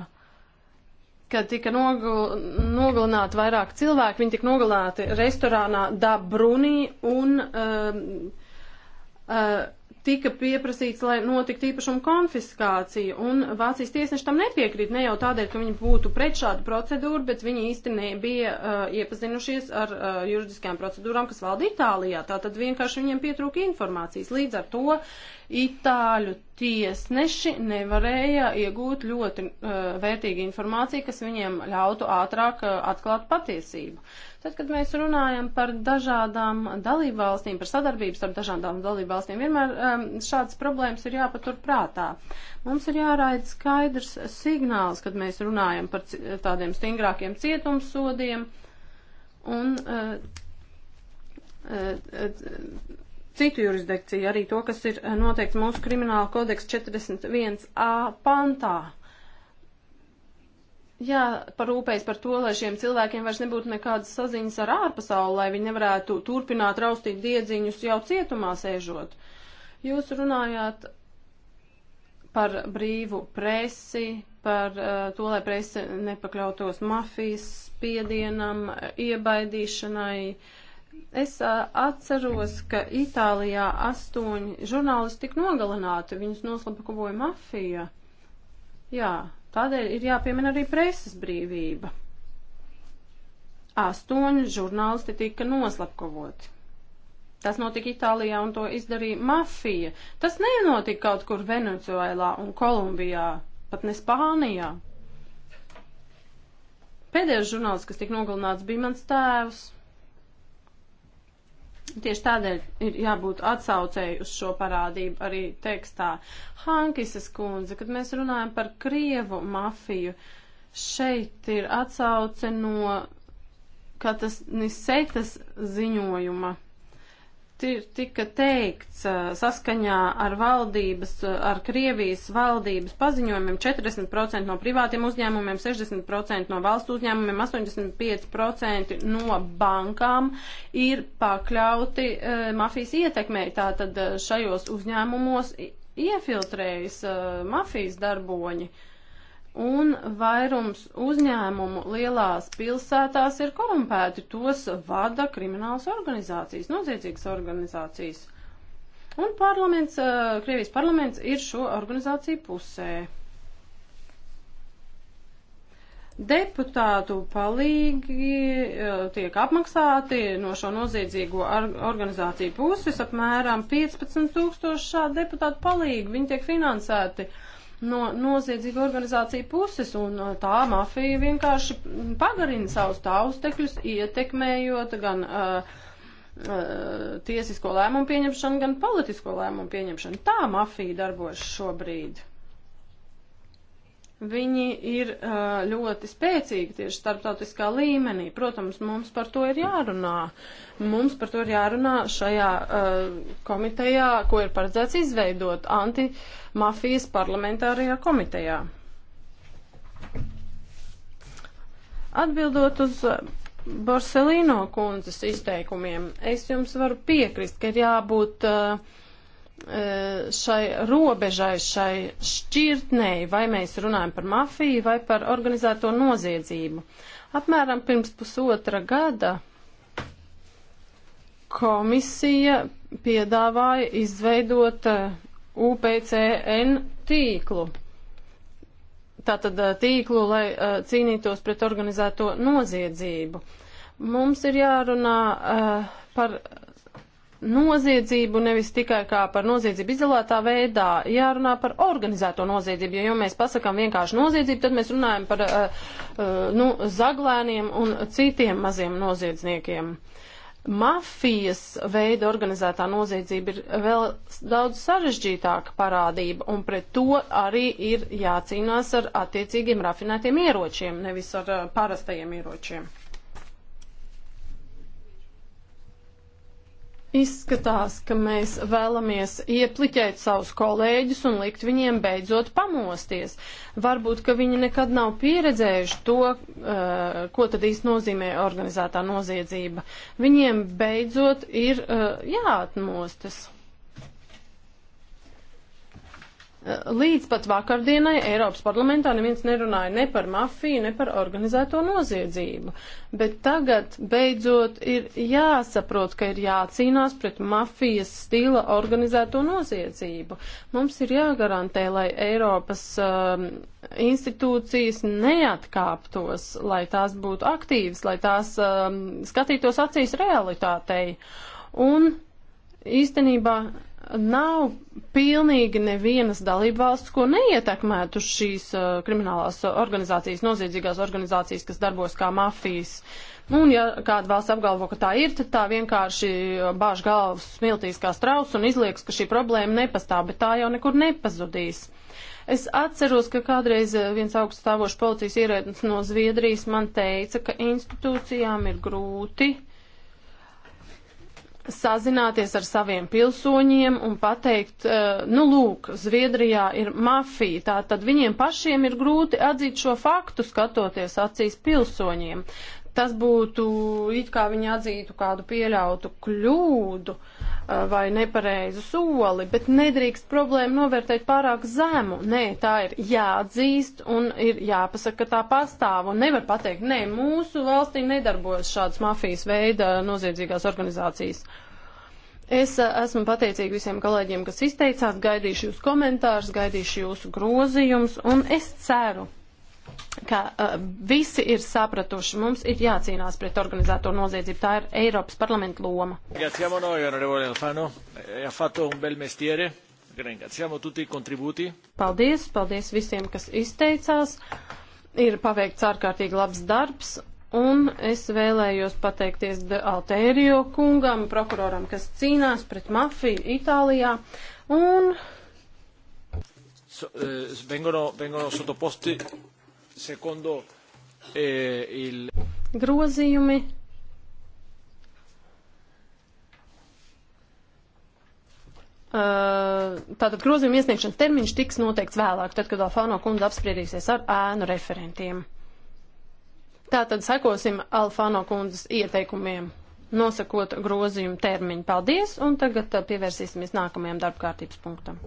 kad tika nogul, nogalināti vairāk cilvēki, viņi tika nogalināti restorānā Dabrunī un um, uh, uh, tika pieprasīts, lai notiktu īpašuma konfiskācija, un Vācijas tiesneši tam nepiekrīt, ne jau tādēļ, ka viņi būtu pret šādu procedūru, bet viņi īsti nebija uh, iepazinušies ar uh, juridiskajām procedūrām, kas valda Itālijā, tātad vienkārši viņiem pietrūka informācijas. Līdz ar to Itāļu tiesneši nevarēja iegūt ļoti uh, vērtīgu informāciju, kas viņiem ļautu ātrāk uh, atklāt patiesību. Uh, Tad, kad mēs runājam par dažādām dalībvalstīm, par sadarbību starp dažādām dalībvalstīm, vienmēr um, šādas problēmas ir jāpatur prātā. Mums ir jāraida skaidrs signāls, kad mēs runājam par tādiem stingrākiem cietumsodiem un uh, uh, citu jurisdikciju, arī to, kas ir noteikts mūsu krimināla kodeksa 41a pantā jāparūpējas par to, lai šiem cilvēkiem vairs nebūtu nekādas saziņas ar ārpasauli, lai viņi nevarētu turpināt raustīt diedziņus jau cietumā sēžot. Jūs runājāt par brīvu presi, par uh, to, lai presi nepakļautos mafijas spiedienam, iebaidīšanai, uh, Es uh, atceros, ka Itālijā astoņi žurnālisti tika nogalināti, viņus noslapkavoja mafija. Jā, Tādēļ ir jāpiemina arī preses brīvība. Astoņi žurnālisti tika noslapkavoti. Tas notika Itālijā un to izdarīja mafija. Tas nenotika kaut kur Venecuēlā un Kolumbijā, pat ne Spānijā. Pēdējais žurnālists, kas tika nogalināts, bija mans tēvs. Tieši tādēļ ir jābūt atsaucēju uz šo parādību arī tekstā. Hankisas kundze, kad mēs runājam par Krievu mafiju, šeit ir atsauce no Katasnisetas ziņojuma ir tika teikts saskaņā ar valdības, ar Krievijas valdības paziņojumiem 40% no privātiem uzņēmumiem, 60% no valsts uzņēmumiem, 85% no bankām ir pakļauti uh, mafijas ietekmē. Tātad šajos uzņēmumos iefiltrējas uh, mafijas darboņi. Uh, Un vairums uzņēmumu lielās pilsētās ir korumpēti. Tos vada kriminālas organizācijas, noziedzīgas organizācijas. Un parlaments, eh, Krievijas parlaments ir šo organizāciju pusē. Deputātu palīgi eh, tiek apmaksāti no šo noziedzīgo organizāciju puses apmēram 15 tūkstoši šādu deputātu palīgi. Viņi tiek finansēti uh, no noziedzīga organizācija puses, un uh, tā mafija vienkārši pagarina savus taustekļus, ietekmējot gan uh, uh, tiesisko lēmumu pieņemšanu, gan politisko lēmumu pieņemšanu. Tā mafija darbojas šobrīd. Viņi ir ļoti spēcīgi tieši starptautiskā līmenī. Protams, mums par to ir jārunā. Mums par to ir jārunā šajā komitejā, ko ir paredzēts izveidot antimafijas parlamentārajā komitejā. Atbildot uz Borselīno kundzes izteikumiem, es jums varu piekrist, ka ir jābūt uh, Eh, šai robežai, šai šķirtnei, vai mēs runājam par mafiju vai par organizēto noziedzību. Apmēram pirms pusotra gada komisija piedāvāja izveidot eh, UPCN tīklu. Tātad eh, tīklu, lai cīnītos pret organizēto noziedzību. Mums ir jārunā par noziedzību nevis tikai kā par noziedzību izolētā veidā, jārunā par organizēto noziedzību, jo, ja mēs pasakām vienkārši noziedzību, tad mēs runājam par uh, uh, nu, zaglēniem un citiem maziem noziedzniekiem. Mafijas veida organizētā noziedzība ir vēl daudz sarežģītāka parādība, un pret to arī ir jācīnās ar attiecīgiem rafinētiem ieročiem, nevis ar uh, parastajiem ieročiem. Izskatās, ka mēs vēlamies iepliķēt savus kolēģus un likt viņiem beidzot pamosties. Varbūt, ka viņi nekad nav pieredzējuši to, eh, ko tad īsti nozīmē organizētā noziedzība. Viņiem beidzot ir eh, jāatmostas. Līdz pat vakardienai Eiropas parlamentā neviens nerunāja ne par mafiju, ne par organizēto noziedzību. Bet tagad beidzot ir jāsaprot, ka ir jācīnās pret mafijas stila organizēto noziedzību. Mums ir jāgarantē, lai Eiropas um, institūcijas neatkāptos, lai tās būtu aktīvas, lai tās um, skatītos acīs realitātei. Un īstenībā nav pilnīgi nevienas dalībvalsts, ko neietekmētu šīs uh, kriminālās organizācijas, noziedzīgās organizācijas, kas darbos kā mafijas. Nu, un ja kāda valsts apgalvo, ka tā ir, tad tā vienkārši uh, bāž galvas smiltīs kā strauss un izlieks, ka šī problēma nepastāv, bet tā jau nekur nepazudīs. Es atceros, ka kādreiz uh, viens augststāvošs policijas ierēdnis no Zviedrijas man teica, ka institūcijām ir grūti uh, sazināties ar saviem pilsoņiem un pateikt, eh, nu lūk, Zviedrijā ir mafija, tā tad viņiem pašiem ir grūti atzīt šo faktu skatoties acīs pilsoņiem tas būtu it kā viņi atzītu kādu pieļautu kļūdu vai nepareizu soli, bet nedrīkst problēmu novērtēt pārāk zemu. Nē, tā ir jāatzīst un ir jāpasaka, ka tā pastāv un nevar pateikt, nē, mūsu valstī nedarbojas šādas mafijas veida noziedzīgās organizācijas. Es esmu pateicīga visiem kolēģiem, kas izteicās, gaidīšu jūs komentārus, gaidīšu jūsu grozījumus un es ceru, ka uh, visi ir sapratuši, mums ir jācīnās pret organizēto noziedzību. Tā ir Eiropas parlamenta loma. Ringraziamo noi, onorevole Alfano, eh, ha fatto un bel mestiere. Ringraziamo tutti i contributi. Paldies, paldies visiem, kas izteicās. Ir paveikts ārkārtīgi labs darbs. Un es vēlējos pateikties De Alterio kungam, prokuroram, kas cīnās pret mafiju Itālijā. Un... So, eh, vengono, vengono sottoposti secondo eh, il. Grozījumi. Uh, tātad grozījuma iesniegšanas termiņš tiks noteikts vēlāk, tad, kad Alfāno kundze apspriedīsies ar ēnu referentiem. Tātad sekosim Alfāno kundzes ieteikumiem, nosakot grozījuma termiņu. Paldies, un tagad eh, pievērsīsimies nākamajam darbkārtības punktam.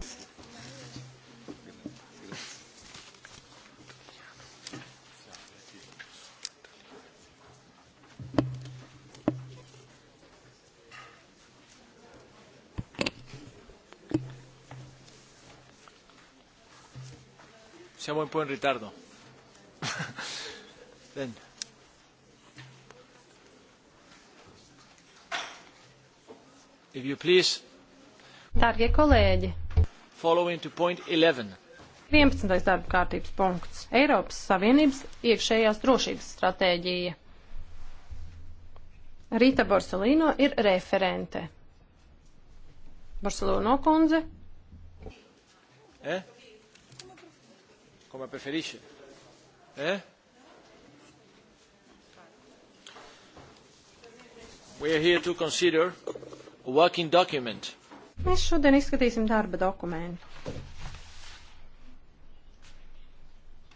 siamo un po' in ritardo. Bene. If you please. Dārgie kolēģi. Following to point 11. 11. darba kārtības punkts - Eiropas Savienības iekšējās drošības stratēģija. Rīta Borsalīno ir referente. Borsalīno kundze. Eh? come preferisce. Eh? We are here to consider a working document. Mēs šodien izskatīsim darba dokumentu.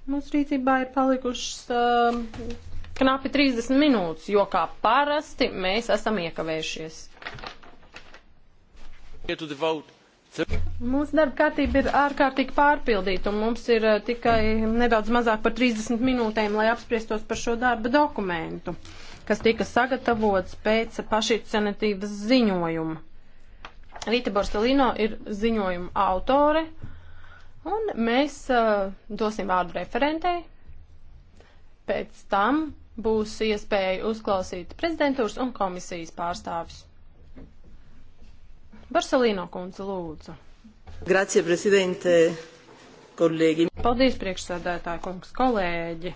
Mūsu rīcībā ir palikušas uh, knapi 30 minūtes, jo kā parasti mēs esam iekavējušies. Here to the vote Mūsu darba kārtība ir ārkārtīgi pārpildīta, un mums ir eh, tikai nedaudz mazāk par 30 minūtēm, lai apspriestos par šo darba dokumentu, kas tika sagatavots pēc pašiniciatīvas ziņojuma. Rīta Borstelino ir ziņojuma autore, un mēs uh, dosim vārdu referentei. Pēc tam būs iespēja uzklausīt prezidentūras un komisijas pārstāvis. Barcelīno kundze lūdzu. Grazie, prezidente, kolēģi. Paldies, priekšsēdētāji, kungs, kolēģi.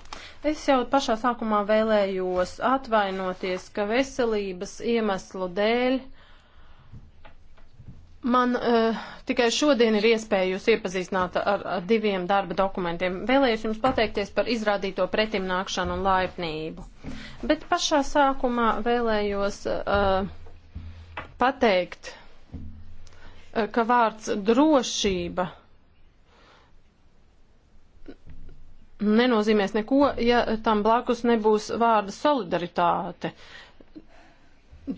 Es jau pašā sākumā vēlējos atvainoties, ka veselības iemeslu dēļ Man uh, tikai šodien ir iespēja jūs iepazīstināt ar, ar diviem darba dokumentiem. Vēlējos jums pateikties par izrādīto pretimnākšanu un laipnību. Bet pašā sākumā vēlējos uh, pateikt, Eh, ka vārds drošība nenozīmēs neko, ja tam blakus nebūs vārda solidaritāte.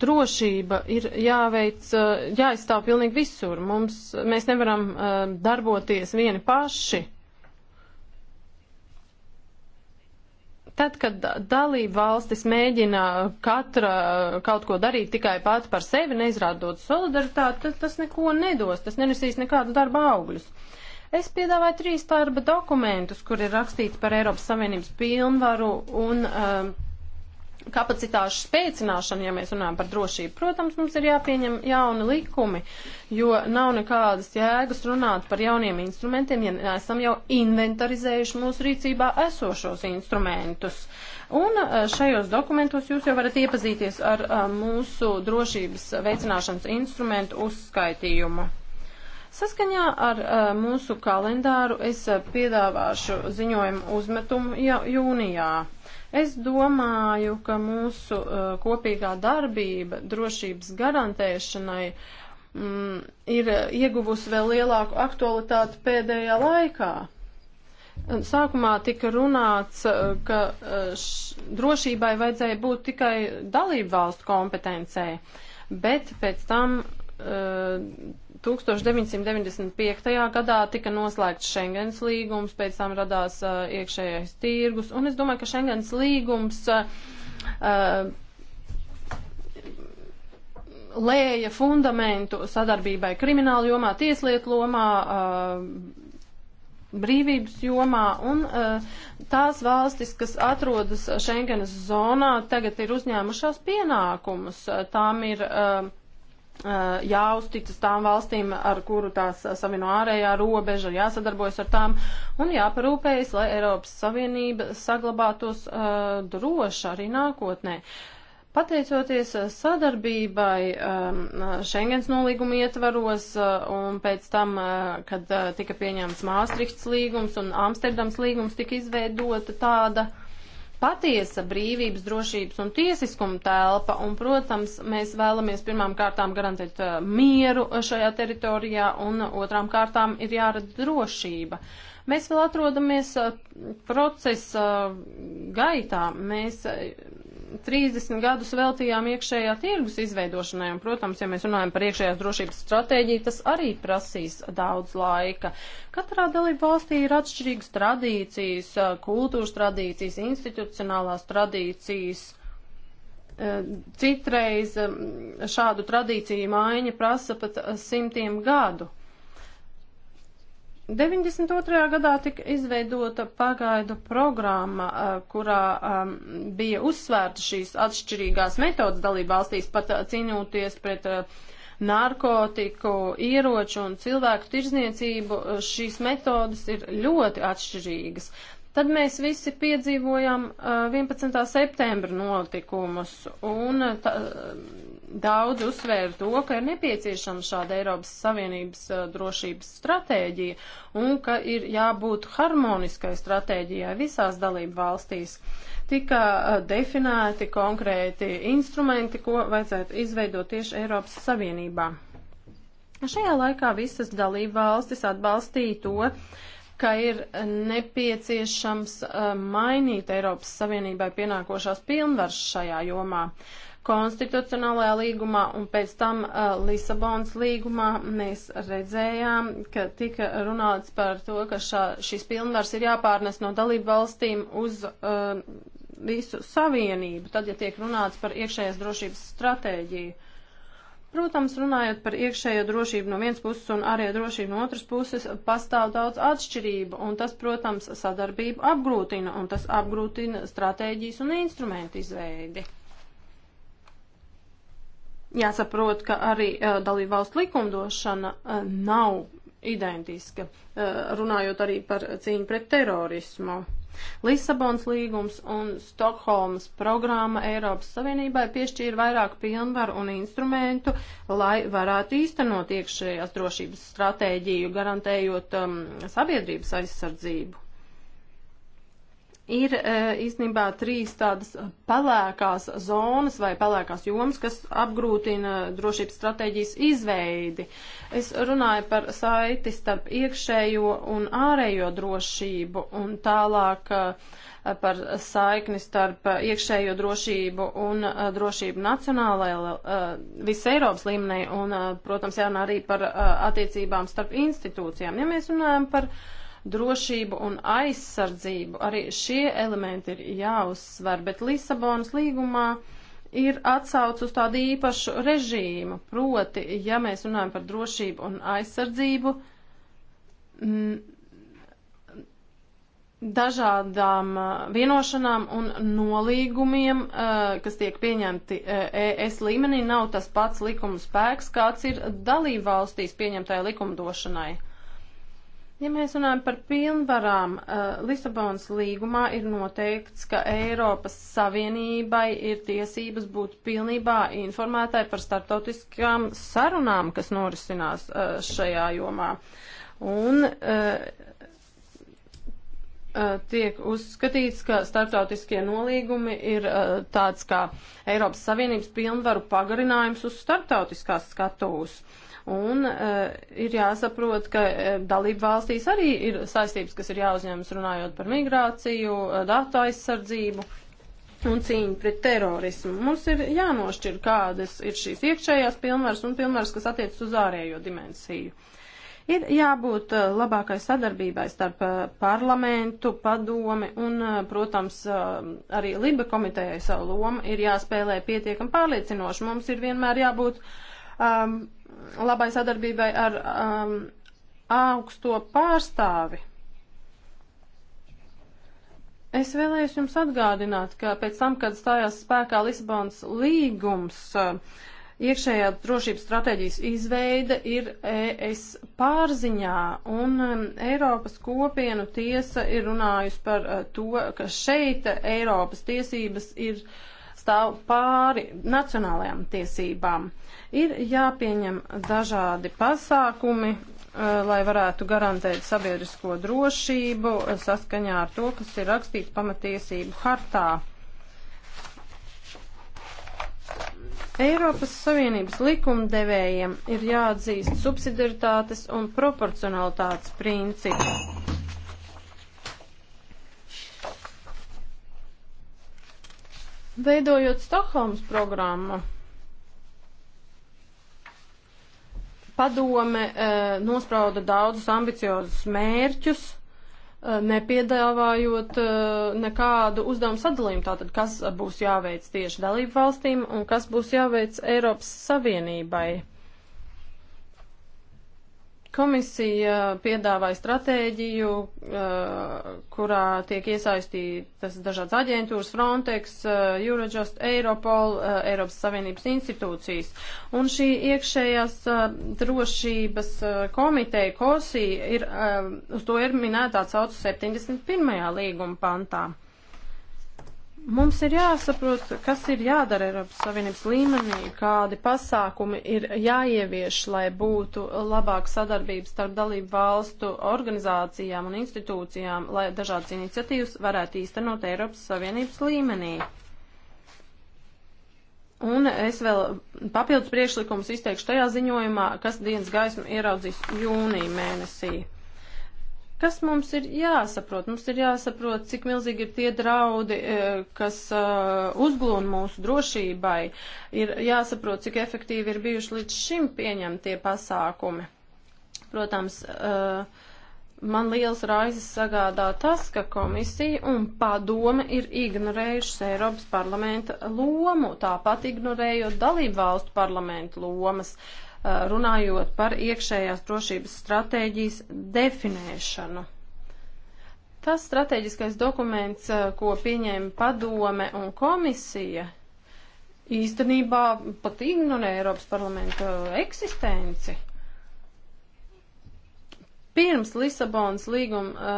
Drošība ir jāveic, eh, jāizstāv pilnīgi visur. Mums, mēs nevaram eh, darboties vieni paši. Tad, kad dalība valstis mēģina katra kaut ko darīt tikai pati par sevi, neizrādot solidaritāti, tad tas neko nedos, tas nenesīs nekādus darba augļus. Es piedāvāju trīs darba dokumentus, kur ir rakstīts par Eiropas Savienības pilnvaru un. Uh, kapacitāšu spēcināšanu, ja mēs runājam par drošību. Protams, mums ir jāpieņem jauni likumi, jo nav nekādas jēgas runāt par jauniem instrumentiem, ja neesam jau inventarizējuši mūsu rīcībā esošos instrumentus. Un eh, šajos dokumentos jūs jau varat iepazīties ar eh, mūsu drošības veicināšanas instrumentu uzskaitījumu. Saskaņā ar uh, mūsu kalendāru es piedāvāšu ziņojumu uzmetumu jau jūnijā. Es domāju, ka mūsu uh, kopīgā darbība drošības garantēšanai mm, ir ieguvusi vēl lielāku aktualitāti pēdējā laikā. Sākumā tika runāts, uh, ka uh, š, drošībai vajadzēja būt tikai dalību valstu kompetencē, bet pēc tam uh, 1995. gadā tika noslēgts Schengens līgums, pēc tam radās uh, iekšējais tirgus, un es domāju, ka Schengens līgums uh, lēja fundamentu sadarbībai krimināla jomā, tieslietu lomā, uh, brīvības jomā, un uh, tās valstis, kas atrodas Schengenas zonā, tagad ir uzņēmušās pienākumus. Tām ir uh, Uh, jāuzticas tām valstīm, ar kuru tās savino ārējā robeža, jāsadarbojas ar tām un jāparūpējas, lai Eiropas Savienība saglabātos uh, droši arī nākotnē. Pateicoties uh, sadarbībai um, Schengens nolīguma ietvaros uh, un pēc tam, kad tika pieņemts Māstrihts līgums un Amsterdams līgums, tika izveidota tāda uh, patiesa brīvības, drošības un tiesiskuma telpa, un, protams, mēs vēlamies pirmām kārtām garantēt uh, mieru šajā teritorijā, un otrām kārtām ir jārada drošība. Mēs vēl atrodamies uh, procesa uh, gaitā. Mēs 30 gadus veltījām iekšējā tirgus izveidošanai, un, protams, ja mēs runājam par iekšējās drošības stratēģiju, tas arī prasīs daudz laika. Katrā dalība valstī ir atšķirīgas tradīcijas, eh, kultūras tradīcijas, institucionālās tradīcijas. Eh, citreiz mm, šādu tradīciju maiņa prasa pat eh, simtiem gadu. 92. gadā tika izveidota pagaidu programma, eh, kurā ehm, bija uzsvērta šīs atšķirīgās metodas dalība valstīs, pat eh, cīnoties pret eh, narkotiku, ieroču un cilvēku tirzniecību. Šīs metodas ir ļoti atšķirīgas. Tad mēs visi piedzīvojam 11. septembra notikumus, un tā, daudz uzsvēra to, ka ir nepieciešama šāda Eiropas Savienības uh, drošības stratēģija un ka ir jābūt harmoniskai stratēģijai visās dalību valstīs. Tika uh, definēti konkrēti instrumenti, ko vajadzētu izveidot tieši Eiropas Savienībā. Šajā laikā visas dalību valstis atbalstīja to, ka ir nepieciešams uh, mainīt Eiropas Savienībai pienākošās pilnvaras šajā jomā. Uh, konstitucionālajā līgumā un pēc tam uh, Lisabonas līgumā mēs redzējām, ka tika runāts par to, ka šā, šis pilnvars ir jāpārnes no dalību valstīm uz uh, visu savienību, tad, ja tiek runāts par iekšējās drošības stratēģiju. Protams, runājot par iekšējo drošību no vienas puses un arī drošību no otras puses, pastāv daudz atšķirību, un tas, protams, sadarbību apgrūtina, un tas apgrūtina stratēģijas un instrumentu izveidi. Jāsaprot, ka arī uh, dalībvalstu likumdošana uh, nav identiska, uh, runājot arī par cīņu pret terorismu. Lisabons līgums un Stokholmas programma Eiropas Savienībai piešķīra vairāk pilnvaru un instrumentu, lai varētu īstenot iekšējās drošības stratēģiju, garantējot um, sabiedrības aizsardzību ir e, īstenībā trīs tādas pelēkās zonas vai pelēkās jomas, kas apgrūtina drošības stratēģijas izveidi. Es runāju par saiti starp iekšējo un ārējo drošību un tālāk e, par saikni starp iekšējo drošību un e, drošību nacionālajā, visai Eiropas līmenī un, protams, jārunā arī par attiecībām starp institūcijām. Ja mēs runājam par uh, drošību un aizsardzību. Arī šie elementi ir jāuzsver, bet Lisabonas līgumā ir atsauc uz tādu īpašu režīmu. Proti, ja mēs runājam par drošību un aizsardzību, dažādām uh, vienošanām un nolīgumiem, uh, kas tiek pieņemti uh, ES līmenī, nav tas pats likuma spēks, kāds ir dalībvalstīs pieņemtajai likumdošanai. Ja mēs runājam par pilnvarām, eh, Lisabonas līgumā ir noteikts, ka Eiropas Savienībai ir tiesības būt pilnībā informētai par startautiskām sarunām, kas norisinās eh, šajā jomā. Un eh, tiek uzskatīts, ka starptautiskie nolīgumi ir tāds kā Eiropas Savienības pilnvaru pagarinājums uz starptautiskās skatūs. Uh, Un uh, ir jāsaprot, ka uh, dalību valstīs arī ir saistības, kas ir jāuzņemas runājot par migrāciju, uh, datu aizsardzību un cīņu pret terorismu. Mums ir jānošķir, kādas ir šīs iekšējās pilnvaras un pilnvaras, kas attiecas uz ārējo dimensiju. Ir jābūt labākai sadarbībai starp parlamentu, padomi un, protams, arī Liba komitejai savu lomu ir jāspēlē pietiekam pārliecinoši. Mums ir vienmēr jābūt um, labai sadarbībai ar um, augsto pārstāvi. Es vēlējos jums atgādināt, ka pēc tam, kad stājās spēkā Lisabonas līgums, uh, iekšējā drošības stratēģijas izveide ir ES pārziņā, un um, Eiropas kopienu tiesa ir runājusi par uh, to, ka šeit Eiropas tiesības ir stāv pāri nacionālajām tiesībām. Uh, Ir jāpieņem dažādi pasākumi, eh, lai varētu garantēt sabiedrisko drošību eh, saskaņā ar to, kas ir rakstīts pamatiesību hartā. Eiropas Savienības likumdevējiem ir jāatzīst subsidiaritātes un proporcionalitātes principi. Veidojot Stokholmas programmu, Padome eh, nosprauda daudzus ambiciozus mērķus, eh, nepiedāvājot eh, nekādu uzdevumu sadalījumu, tātad kas būs jāveic tieši dalību valstīm un kas būs jāveic Eiropas Savienībai. Komisija piedāvāja stratēģiju, eh, kurā tiek iesaistītas dažādas aģentūras, Frontex, eh, Eurojust, Europol, eh, Eiropas Savienības institūcijas. Un šī iekšējās drošības komiteja COSI ir, uz to ir minēta atsaucu 71. līguma pantā. Mums ir jāsaprot, kas ir jādara Eiropas Savienības līmenī, kādi pasākumi ir jāievieš, lai būtu labāka sadarbība starp dalību valstu organizācijām un institūcijām, lai dažādas iniciatīvas varētu īstenot Eiropas Savienības līmenī. Un es vēl papildus priekšlikumus izteikšu tajā ziņojumā, kas dienas gaismu ieraudzīs jūnija mēnesī. Kas mums ir jāsaprot? Mums ir jāsaprot, cik milzīgi ir tie draudi, e, kas e, uzglūn mūsu drošībai. Ir jāsaprot, cik efektīvi ir bijuši līdz šim pieņemtie pasākumi. Protams, e, man liels raizes sagādā tas, ka komisija un padome ir ignorējušas Eiropas parlamenta lomu, tāpat ignorējot dalību valstu parlamentu lomas. Uh, runājot par iekšējās drošības stratēģijas definēšanu. Tas strateģiskais dokuments, ko pieņēma padome un komisija, īstenībā pat ignorē Eiropas parlamenta eksistenci. Pirms Lisabonas līguma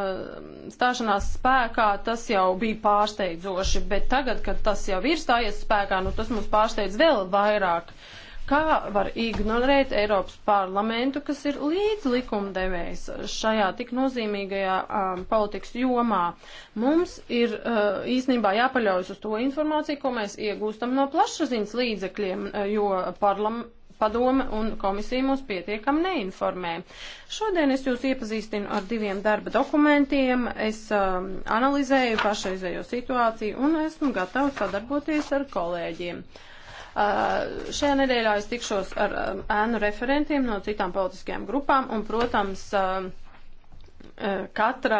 stāšanās spēkā tas jau bija pārsteidzoši, bet tagad, kad tas jau ir stājies spēkā, nu tas mums pārsteidz vēl vairāk. Uh, Kā var ignorēt Eiropas parlamentu, kas ir līdz likumdevējs šajā tik nozīmīgajā um, politikas jomā? Mums ir uh, īstenībā jāpaļaujas uz to informāciju, ko mēs iegūstam no plašsaziņas līdzekļiem, uh, jo parlamentu padome un komisija mūs pietiekam neinformē. Šodien es jūs iepazīstinu ar diviem darba dokumentiem, es um, analizēju pašreizējo situāciju un esmu gatavs sadarboties ar kolēģiem. Uh, Šajā nedēļā es tikšos ar ēnu referentiem no citām politiskajām grupām un, protams, katra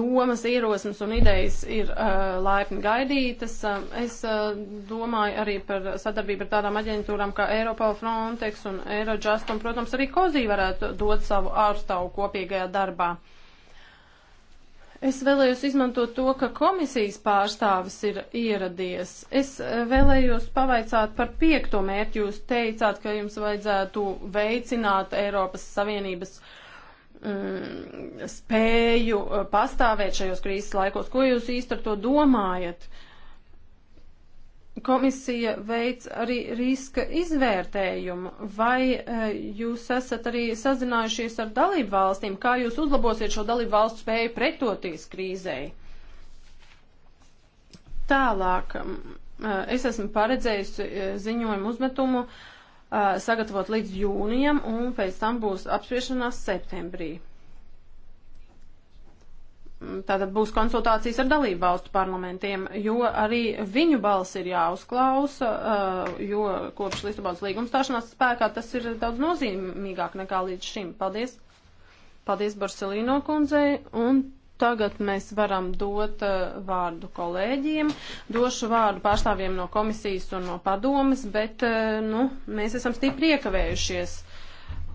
domas, ierosmes un idejas ir uh, laipni gaidītas. Es uh, domāju arī par sadarbību ar tādām aģentūrām kā Eiropā, Frontex un Eurojust, un, protams, arī Kozī varētu dot savu ārstavu kopīgajā darbā. Uh, Es vēlējos izmantot to, ka komisijas pārstāvis ir ieradies. Es eh, vēlējos pavaicāt par piekto mērķi. Jūs teicāt, ka jums vajadzētu veicināt Eiropas Savienības mm, spēju eh, pastāvēt šajos krīzes laikos. Ko jūs īsti ar to domājat? Uh, Komisija veic arī riska izvērtējumu. Vai eh, jūs esat arī sazinājušies ar dalību valstīm? Kā jūs uzlabosiet šo dalību valstu spēju pretoties krīzei? Tālāk, mm, eh, es esmu paredzējusi eh, ziņojumu uzmetumu sagatavot līdz jūnijam, un pēc tam būs apspriešanās septembrī. Tātad būs konsultācijas ar dalību valstu parlamentiem, jo arī viņu balss ir jāuzklausa, uh, jo kopš Lisabonas līguma stāšanās spēkā tas ir daudz nozīmīgāk nekā līdz šim. Paldies! Paldies Barcelīno kundzei un tagad mēs varam dot uh, vārdu kolēģiem. Došu vārdu pārstāvjiem no komisijas un no padomas, bet, uh, nu, mēs esam stipri iekavējušies.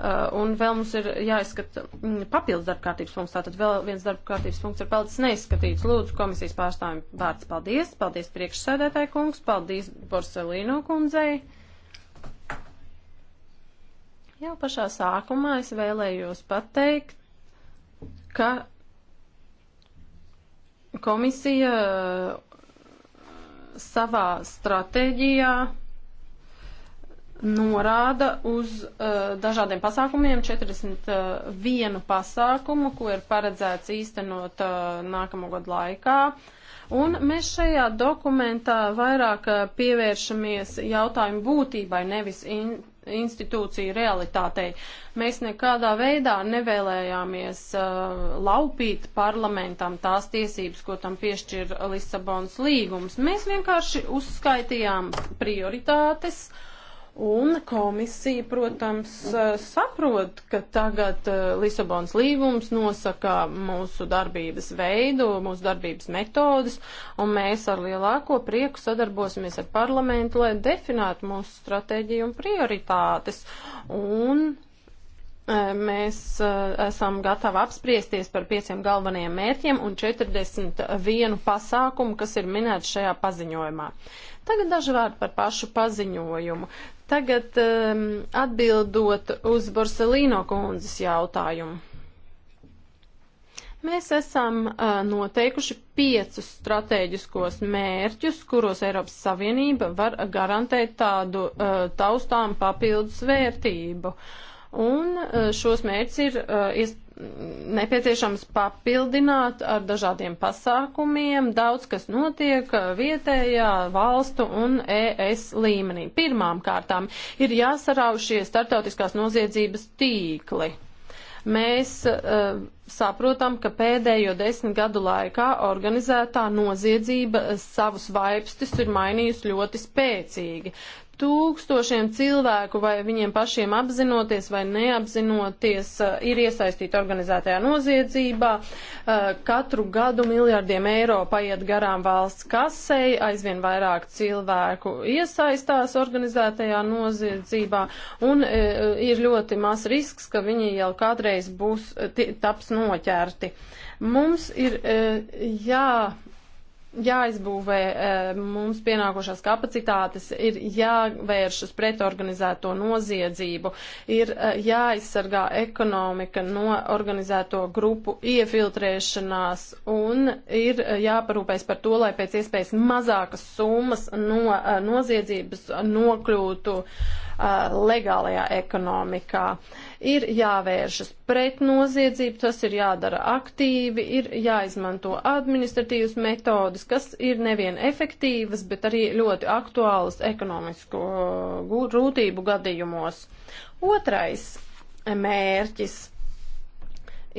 Uh, un vēl mums ir jāizskata mm, papildus darba kārtības punkts. Tātad vēl viens darba kārtības punkts ir palicis neizskatīts. Lūdzu, komisijas pārstāvjiem vārds paldies. Paldies priekšsēdētāji kungs, paldies Borselīno kundzei. Jau pašā sākumā es vēlējos pateikt, ka komisija uh, savā stratēģijā norāda uz uh, dažādiem pasākumiem, 41 uh, pasākumu, ko ir paredzēts īstenot uh, nākamo gadu laikā. Un mēs šajā dokumentā vairāk uh, pievēršamies jautājumu būtībai, nevis in, institūciju realitātei. Mēs nekādā veidā nevēlējāmies uh, laupīt parlamentam tās tiesības, ko tam piešķir Lisabonas līgums. Mēs vienkārši uzskaitījām prioritātes. Uh, Un komisija, protams, eh, saprot, ka tagad eh, Lisabonas līgums nosaka mūsu darbības veidu, mūsu darbības metodas, un mēs ar lielāko prieku sadarbosimies ar parlamentu, lai definētu mūsu stratēģiju un prioritātes. Un eh, mēs esam gatavi apspriesties par pieciem galvenajiem mērķiem un 41 pasākumu, kas ir minēts šajā paziņojumā. Tagad daži vārdi par pašu paziņojumu. Tagad um, atbildot uz Borselīno kundzes jautājumu. Mēs esam uh, noteikuši piecus strateģiskos mērķus, kuros Eiropas Savienība var garantēt tādu uh, taustām papildus vērtību. Un uh, šos mērķus ir uh, nepieciešams papildināt ar dažādiem pasākumiem daudz, kas notiek vietējā valstu un ES līmenī. Pirmām kārtām ir jāsarauj šie startautiskās noziedzības tīkli. Mēs uh, saprotam, ka pēdējo desmit gadu laikā organizētā noziedzība savus vaipstis ir mainījusi ļoti spēcīgi tūkstošiem cilvēku, vai viņiem pašiem apzinoties vai neapzinoties, eh, ir iesaistīti organizētajā noziedzībā. Eh, katru gadu miljardiem eiro paiet garām valsts kasei, aizvien vairāk cilvēku iesaistās organizētajā noziedzībā, un eh, ir ļoti maz risks, ka viņi jau kādreiz būs taps noķerti. Mums ir jā jāizbūvē e, mums pienākošās kapacitātes, ir jāvēršas pret organizēto noziedzību, ir e, jāaizsargā ekonomika no organizēto grupu iefiltrēšanās un ir e, jāparūpēs par to, lai pēc iespējas mazākas summas no noziedzības nokļūtu legālajā ekonomikā. Uh, Ir jāvēršas pret noziedzību, tas ir jādara aktīvi, ir jāizmanto administratīvas metodas, kas ir nevien efektīvas, bet arī ļoti aktuālas ekonomisku uh, grūtību gadījumos. Otrais mērķis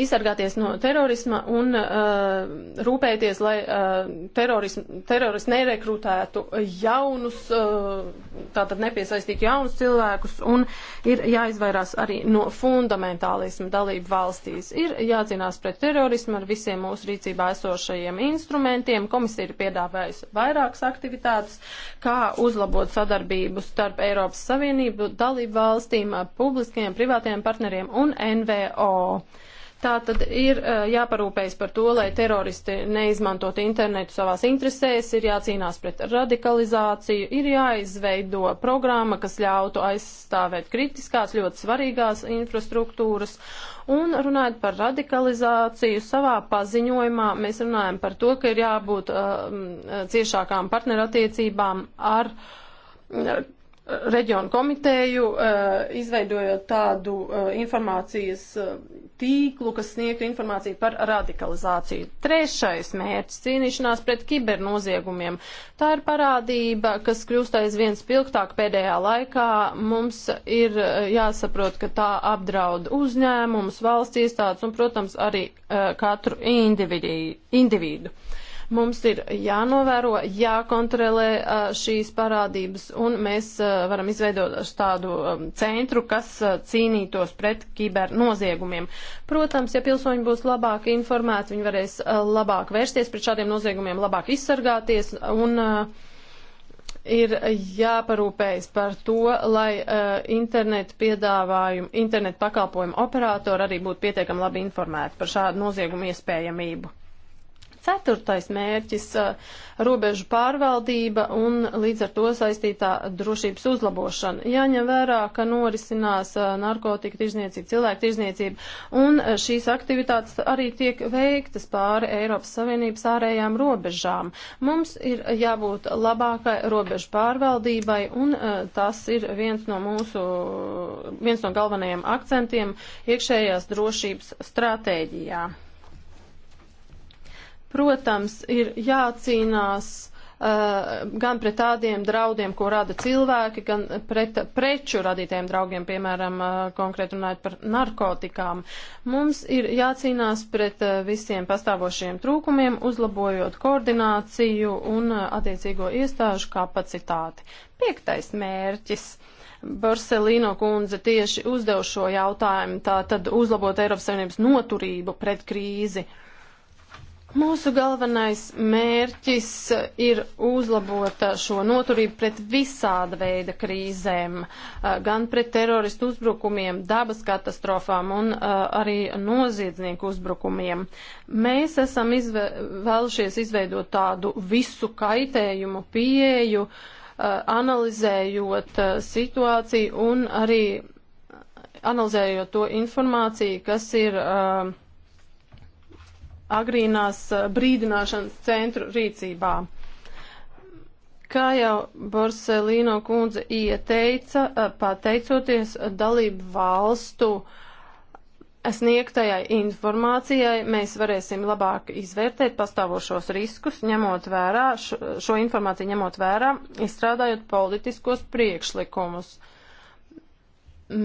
izsargāties no terorisma un uh, rūpēties, lai uh, teroristi nerekrutētu jaunus, uh, tātad nepiesaistītu jaunus cilvēkus, un ir jāizvairās arī no fundamentālismu dalību valstīs. Ir jācīnās pret terorismu ar visiem mūsu rīcībā esošajiem instrumentiem. Komisija ir piedāvājusi vairākas aktivitātes, kā uzlabot sadarbību starp Eiropas Savienību, dalību valstīm, publiskajiem, privātajiem partneriem un NVO. Tā tad ir jāparūpējas par to, lai teroristi neizmantot internetu savās interesēs, ir jācīnās pret radikalizāciju, ir jāizveido programma, kas ļautu aizstāvēt kritiskās, ļoti svarīgās infrastruktūras. Un runājot par radikalizāciju, savā paziņojumā mēs runājam par to, ka ir jābūt uh, ciešākām partnerattiecībām ar uh, reģionu komiteju, eh, izveidojot tādu eh, informācijas eh, tīklu, kas sniegtu informāciju par radikalizāciju. Trešais mērķis - cīnīšanās pret kibernoziegumiem. Tā ir parādība, kas kļūst aizvien spilgtāk pēdējā laikā. Mums ir jāsaprot, ka tā apdraud uzņēmumus, valsts iestādes un, protams, arī katru individu. Mums ir jānovēro, jākontrolē šīs parādības, un mēs varam izveidot tādu centru, kas cīnītos pret kibernoziegumiem. Protams, ja pilsoņi būs labāk informēti, viņi varēs labāk vērsties pret šādiem noziegumiem, labāk izsargāties un uh, ir jāparūpējas par to, lai uh, internetu piedāvājumu, internetu pakalpojumu operātori arī būtu pietiekami labi informēti par šādu noziegumu iespējamību. Ceturtais mērķis uh, - robežu pārvaldība un līdz ar to saistītā drošības uzlabošana. Jāņem vērā, ka norisinās uh, narkotika tirzniecība, cilvēku tirzniecība, un uh, šīs aktivitātes arī tiek veiktas pāri Eiropas Savienības ārējām robežām. Mums ir jābūt labākai robežu pārvaldībai, un tas ir viens no mūsu, viens no galvenajiem akcentiem iekšējās drošības stratēģijā. Protams, ir jācīnās uh, gan pret tādiem draudiem, ko rada cilvēki, gan pret preču radītiem draugiem, piemēram, uh, konkrēti runājot par narkotikām. Mums ir jācīnās pret uh, visiem pastāvošiem trūkumiem, uzlabojot koordināciju un uh, attiecīgo iestāžu kapacitāti. Piektais mērķis. Barcelino kundze tieši uzdev šo jautājumu, tā tad uzlabot Eiropas Savienības noturību pret krīzi. Uh, Mūsu galvenais mērķis ir uzlabot šo noturību pret visāda veida krīzēm, gan pret teroristu uzbrukumiem, dabas katastrofām un arī noziedznieku uzbrukumiem. Mēs esam izve vēlušies izveidot tādu visu kaitējumu pieeju, analizējot situāciju un arī analizējot to informāciju, kas ir uh, agrīnās eh, brīdināšanas centru rīcībā. Kā jau Borselīno kundze ieteica, eh, pateicoties dalību valstu eh, sniegtajai informācijai, mēs varēsim labāk izvērtēt pastāvošos riskus, ņemot vērā, šo informāciju ņemot vērā, izstrādājot politiskos priekšlikumus. Uh,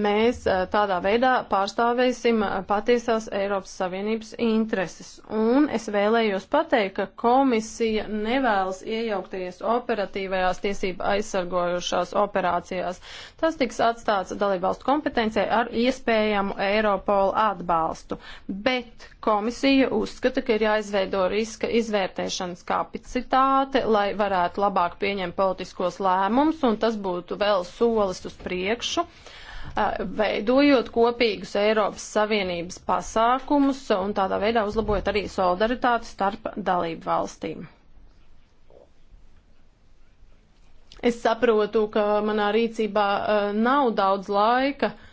mēs tādā veidā pārstāvēsim patiesās Eiropas Savienības intereses. Un es vēlējos pateikt, ka komisija nevēlas iejaukties operatīvajās tiesība aizsargojušās operācijās. Tas tiks atstāts dalībvalstu kompetencijai ar iespējamu Eiropolu atbalstu. Bet komisija uzskata, ka ir jāizveido riska izvērtēšanas kapacitāte, lai varētu labāk pieņemt politiskos lēmumus, un tas būtu vēl solis uz priekšu. Uh, veidojot kopīgus Eiropas Savienības pasākumus un tādā veidā uzlabojot arī solidaritāti starp dalību valstīm. Es saprotu, ka manā rīcībā nav daudz laika. Uh,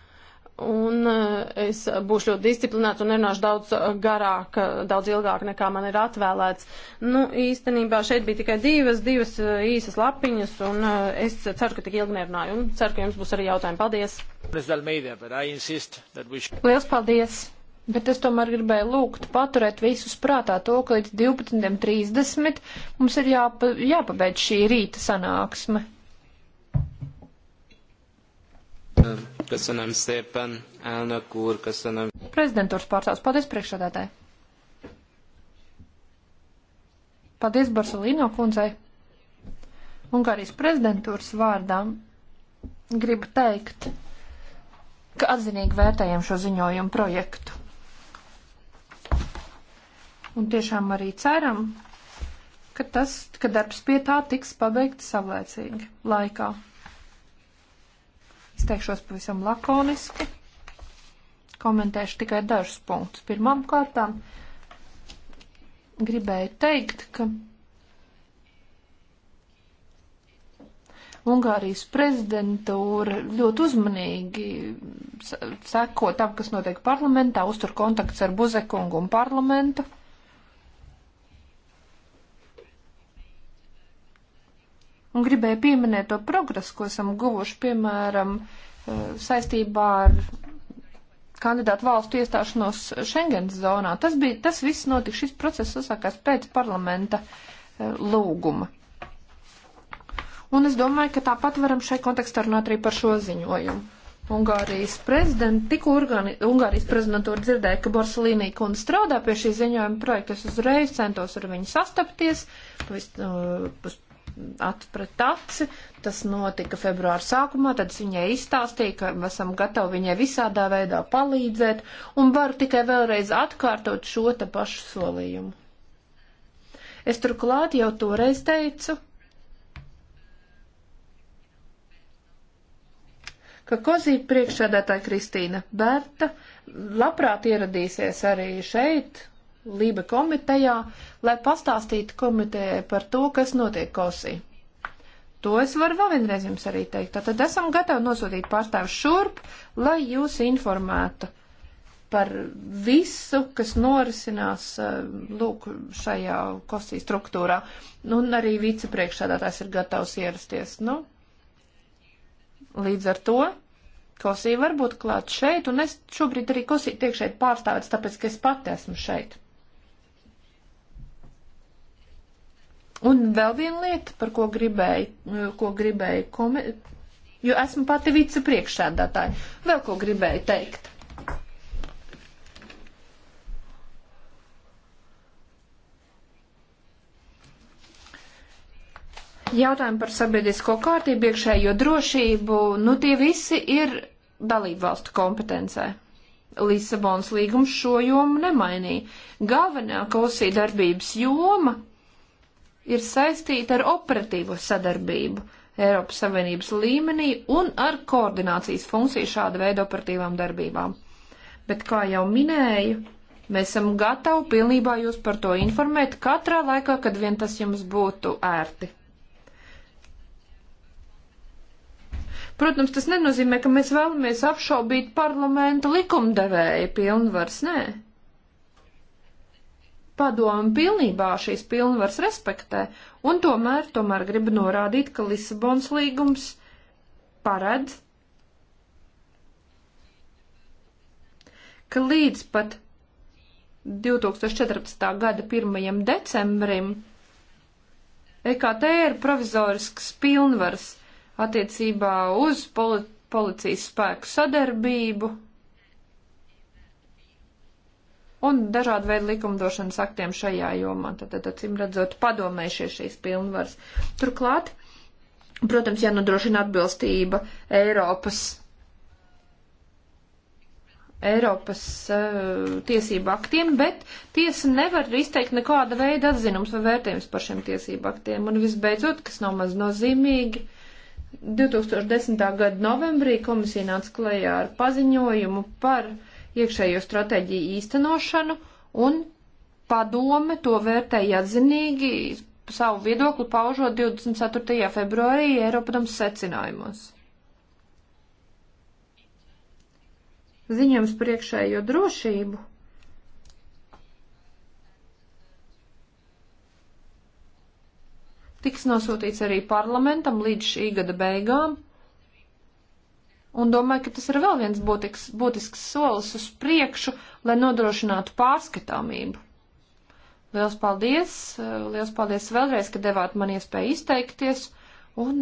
Un eh, es būšu ļoti disciplināts un nerunāšu daudz eh, garāk, eh, daudz ilgāk nekā man ir atvēlēts. Nu, īstenībā šeit bija tikai divas, divas īsas lapiņas, un es ceru, ka tik ilgi nerunāju, un ceru, ka jums būs arī jautājumi. Paldies! Liels paldies! Bet es tomēr gribēju lūgt paturēt visus prātā to, ka līdz 12.30 mums ir jāpa, jāpabeidz šī rīta sanāksme. Köszönöm szépen, elnök úr, köszönöm. Prezidentors pārstāvs, paldies priekšsādātāji. Paldies Barcelino kundzei. Ungārijas prezidentūras vārdā gribu teikt, ka atzinīgi vērtējam šo ziņojumu projektu. Un tiešām arī ceram, ka, tas, ka darbs pie tā tiks pabeigts savlaicīgi laikā. Izteikšos pavisam lakoniski. Komentēšu tikai dažus punktus. Pirmām kārtām gribēju teikt, ka Ungārijas prezidentūra ļoti uzmanīgi seko tam, kas notiek parlamentā, uztur kontakts ar Buzekungu un parlamentu. un gribēju pieminēt to progresu, ko esam guvuši, piemēram, eh, saistībā ar kandidātu valstu iestāšanos Schengens zonā. Tas, bija, tas viss notika, šis process uzsākās pēc parlamenta eh, lūguma. Un es domāju, ka tāpat varam šai kontekstā runāt arī par šo ziņojumu. Ungārijas prezidenta, tikko Ungārijas prezidentūra dzirdēja, ka Borsalīnī kundze strādā pie šī ziņojuma projekta, es uzreiz centos ar viņu sastapties, pēc, uh, atpret aci. Tas notika februāra sākumā, tad es viņai izstāstīju, ka esam gatavi viņai visādā veidā palīdzēt un varu tikai vēlreiz atkārtot šo te pašu solījumu. Es turklāt jau toreiz teicu, ka Kozīta priekšsēdētāja Kristīna Berta labprāt ieradīsies arī šeit Lība komitejā, lai pastāstītu komitejai par to, kas notiek Kosī. To es varu vēl vienreiz jums arī teikt. Tātad esam gatavi nosūtīt pārstāvu šurp, lai jūs informētu par visu, kas norisinās eh, lūk, šajā kosī struktūrā. Un arī vicepriekšādātājs ir gatavs ierasties. Nu, līdz ar to kosī var būt klāt šeit, un es šobrīd arī kosī tiek šeit pārstāvēts, tāpēc, ka es pati esmu šeit. Un vēl viena lieta, par ko gribēju, ko gribēju komentēt, jo esmu pati vicepriekšsēdētāja, vēl ko gribēju teikt. Jautājumi par sabiedrisko kārtību, iekšējo drošību, nu tie visi ir dalību valstu kompetencē. Lisabonas līgums šo jomu nemainīja. Galvenā kausī darbības joma ir saistīta ar operatīvo sadarbību Eiropas Savienības līmenī un ar koordinācijas funkciju šāda veida operatīvām darbībām. Bet, kā jau minēju, mēs esam gatavi pilnībā jūs par to informēt katrā laikā, kad vien tas jums būtu ērti. Protams, tas nenozīmē, ka mēs vēlamies apšaubīt parlamenta likumdevēja pilnvars, nē. Ne padomu pilnībā šīs pilnvars respektē, un tomēr, tomēr grib norādīt, ka Lisabons līgums paredz, ka līdz pat 2014. gada 1. decembrim EKT ir provizorisks pilnvars attiecībā uz poli policijas spēku sadarbību un dažādu veidu likumdošanas aktiem šajā jomā. Tātad, acīm redzot, padomējušies šīs pilnvaras. Turklāt, protams, jānodrošina atbilstība Eiropas Eiropas uh, tiesību aktiem, bet tiesa nevar izteikt nekāda veida atzinums vai vērtējums par šiem tiesību aktiem. Un visbeidzot, kas nav maz nozīmīgi, 2010. gada novembrī komisija nāca klajā ar paziņojumu par uh, iekšējo stratēģiju īstenošanu, un padome to vērtēja atzinīgi, savu viedokli paužot 24. februārī Eiropadams secinājumos. Ziņojums priekšējo drošību. Tiks nosūtīts arī parlamentam līdz šī gada beigām Un domāju, ka tas ir vēl viens būtisks, būtisks solis uz priekšu, lai nodrošinātu pārskatāmību. Liels paldies! Liels paldies vēlreiz, ka devāt man iespēju izteikties. Un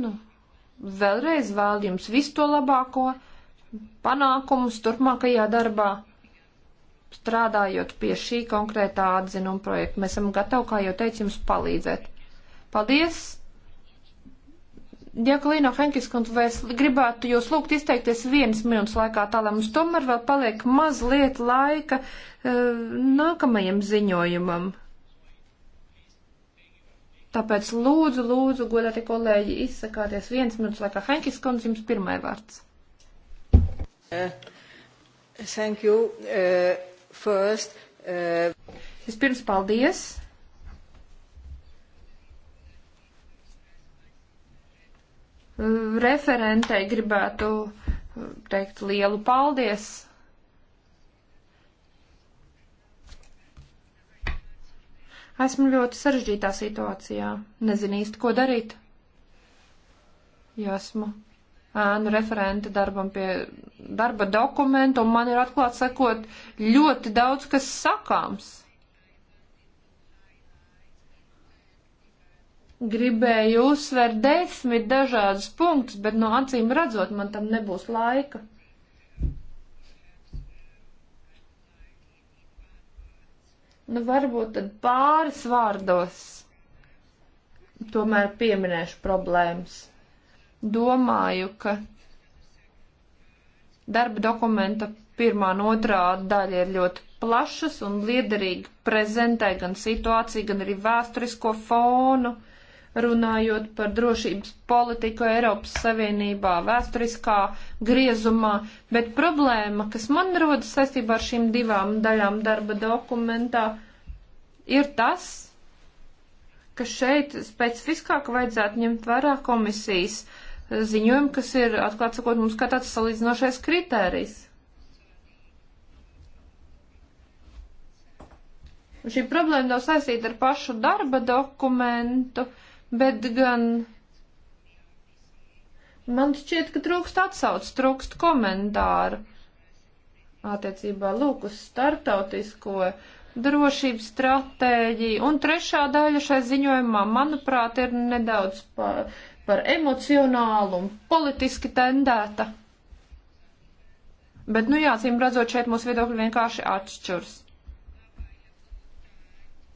vēlreiz vēl jums visu to labāko panākumus turpmākajā darbā. Strādājot pie šī konkrētā atzinuma projekta, mēs esam gatavi, kā jau teicu, jums palīdzēt. Paldies! Diakolīno Henkiskundze, vai es gribētu jūs lūgt izteikties vienas minūtes laikā, tā lai mums tomēr vēl paliek mazliet laika eh, nākamajam ziņojumam. Tāpēc lūdzu, lūdzu, godāti kolēģi, izsakāties viens minūtes laikā. Henkiskundze, jums pirmai vārds. Uh, thank you. Uh, first. Uh... Vispirms paldies. referentei gribētu eh, teikt lielu paldies. Esmu ļoti sarežģītā situācijā. Nezinu īsti, ko darīt. Jo esmu ēnu referente darbam pie darba dokumentu, un man ir atklāt sakot ļoti daudz, kas sakāms. gribēju uzsvērt desmit dažādus punktus, bet no acīm redzot, man tam nebūs laika. Nu, varbūt tad pāris vārdos tomēr pieminēšu problēmas. Domāju, ka darba dokumenta pirmā un otrā daļa ir ļoti plašas un liederīgi prezentē gan situāciju, gan arī vēsturisko fonu. Uh, runājot par drošības politiku Eiropas Savienībā, vēsturiskā griezumā, bet problēma, kas man rodas saistībā ar šīm divām daļām darba dokumentā, ir tas, ka šeit specifiskāk vajadzētu ņemt vērā komisijas ziņojumu, kas ir, atklāt sakot, mums kā tāds salīdzinošais kritērijs. Un šī problēma nav saistīta ar pašu darba dokumentu, uh, bet gan man šķiet, ka trūkst atsauc, trūkst komentāru attiecībā lūk uz startautisko drošības stratēģiju. Un trešā daļa šai ziņojumā, manuprāt, ir nedaudz par, par emocionālu un politiski tendēta. Bet, nu jā, cīm redzot, šeit mūsu viedokļi vienkārši atšķirs.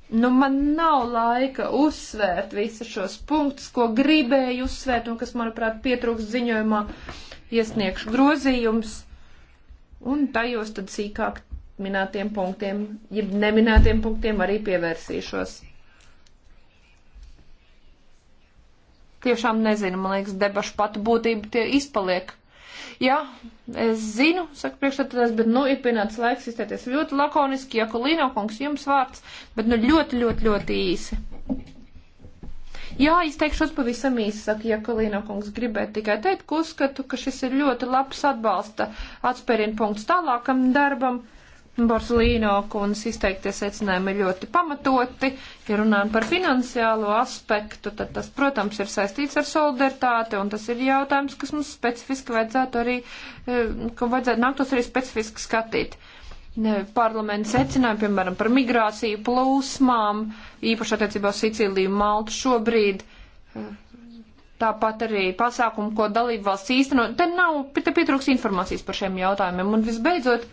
Nu, man nav laika uzsvērt visus šos punktus, ko gribēju uzsvērt un kas, manuprāt, pietrūks ziņojumā. Iesniegšu grozījums un tajos tad sīkāk minētiem punktiem, jeb neminētiem punktiem arī pievērsīšos. Tiešām nezinu, man liekas, debašu patu būtība tie izpaliek Jā, es zinu, saka priekšstādātājs, bet nu ir pienācis laiks izteikties ļoti lakoniski, ja Kolīno kungs jums vārds, bet nu ļoti, ļoti, ļoti īsi. Jā, izteikšos pavisam īsi, saka Jakolīna kungs, gribētu tikai teikt, ka uzskatu, ka šis ir ļoti labs atbalsta atspērienu punkts tālākam darbam. Uh, Borzlīno kundas izteiktie secinājumi ir ļoti pamatoti. Ja runājam par finansiālo aspektu, tad tas, protams, ir saistīts ar solidaritāti, un tas ir jautājums, kas mums specifiski vajadzētu arī, e, ko vajadzētu nāktos arī specifiski skatīt. Parlaments secināja, piemēram, par migrāciju plūsmām, īpaši attiecībā uz Sicīliju Maltu šobrīd. E, tāpat arī pasākumu, ko dalību valsts īstenot, te nav, te pietrūks informācijas par šiem jautājumiem. Un visbeidzot,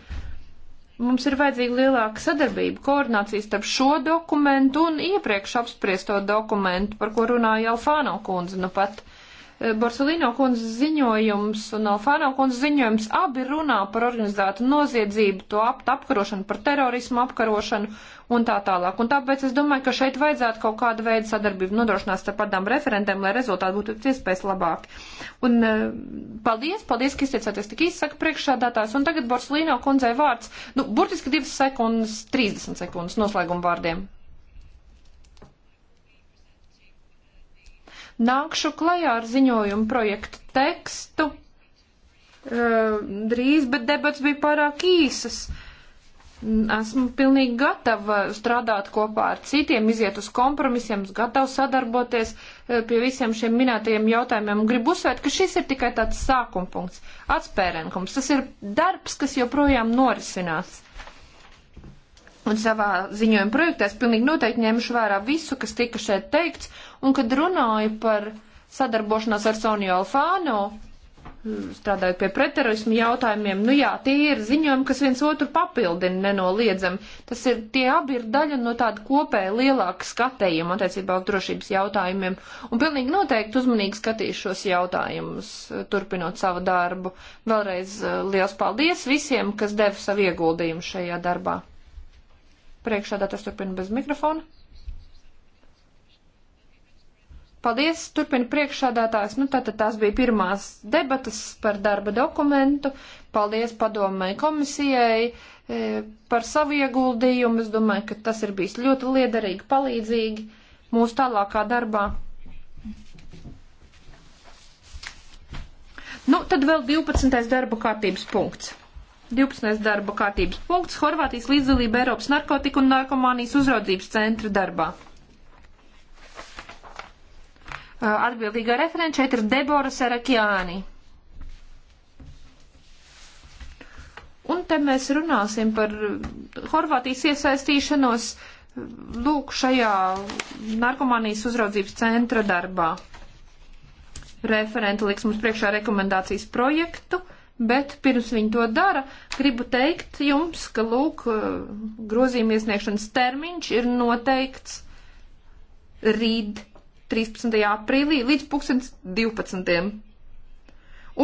Mums ir vajadzīga lielāka sadarbība, koordinācija starp šo dokumentu un iepriekš apspriesto dokumentu, par ko runāja Alfāno kundze. Nu pat eh, Borsalino kundze ziņojums un Alfāno kundze ziņojums abi runā par organizētu noziedzību, to ap apkarošanu, par terorismu apkarošanu un tā tālāk. Un tāpēc es domāju, ka šeit vajadzētu kaut kādu veidu sadarbību nodrošināt starp abām referentēm, lai rezultāti būtu pēc iespējas labāki. Un e, paldies, paldies, ka izteicāties tik izsaka priekšādātājs. Un tagad Borslīno kundzei vārds, nu, burtiski 2 sekundes, 30 sekundes noslēguma vārdiem. Nākšu klajā ar ziņojumu projektu tekstu. E, drīz, bet debats bija pārāk īsas. Uh, esmu pilnīgi gatava strādāt kopā ar citiem, iziet uz kompromisiem, gatava sadarboties eh, pie visiem šiem minētajiem jautājumiem. Gribu uzsvērt, ka šis ir tikai tāds sākuma punkts, atspērenkums. Tas ir darbs, kas joprojām norisinās. Un savā ziņojuma projektā es pilnīgi noteikti ņemšu vērā visu, kas tika šeit teikts, un kad runāju par sadarbošanos ar Soniju Alfānu, strādājot pie pretterorismu jautājumiem, nu jā, tie ir ziņojumi, kas viens otru papildina nenoliedzami. Tas ir, tie abi ir daļa no tāda kopēja lielāka skatējuma attiecībā uz drošības jautājumiem. Un pilnīgi noteikti uzmanīgi skatīšos jautājumus, turpinot savu darbu. Vēlreiz eh, liels paldies visiem, kas deva savu ieguldījumu šajā darbā. Priekšādā tas turpina bez mikrofona. Paldies, turpina priekšsādātājs. Nu, tātad tās bija pirmās debatas par darba dokumentu. Paldies padomai komisijai e, par savu ieguldījumu. Es domāju, ka tas ir bijis ļoti liederīgi, palīdzīgi mūsu tālākā darbā. Nu, tad vēl 12. darba kārtības punkts. 12. darba kārtības punkts - Horvātijas līdzdalība Eiropas narkotiku un narkomānijas uzraudzības centra darbā. Eh, atbildīgā referenta šeit ir Debora Sarakjāni. Un te mēs runāsim par Horvātijas iesaistīšanos eh, lūk šajā narkomānijas uzraudzības centra darbā. Referenta liks mums priekšā rekomendācijas projektu, bet pirms viņi to dara, gribu teikt jums, ka lūk eh, grozījuma iesniegšanas termiņš ir noteikts rīt 13. aprīlī līdz 2012.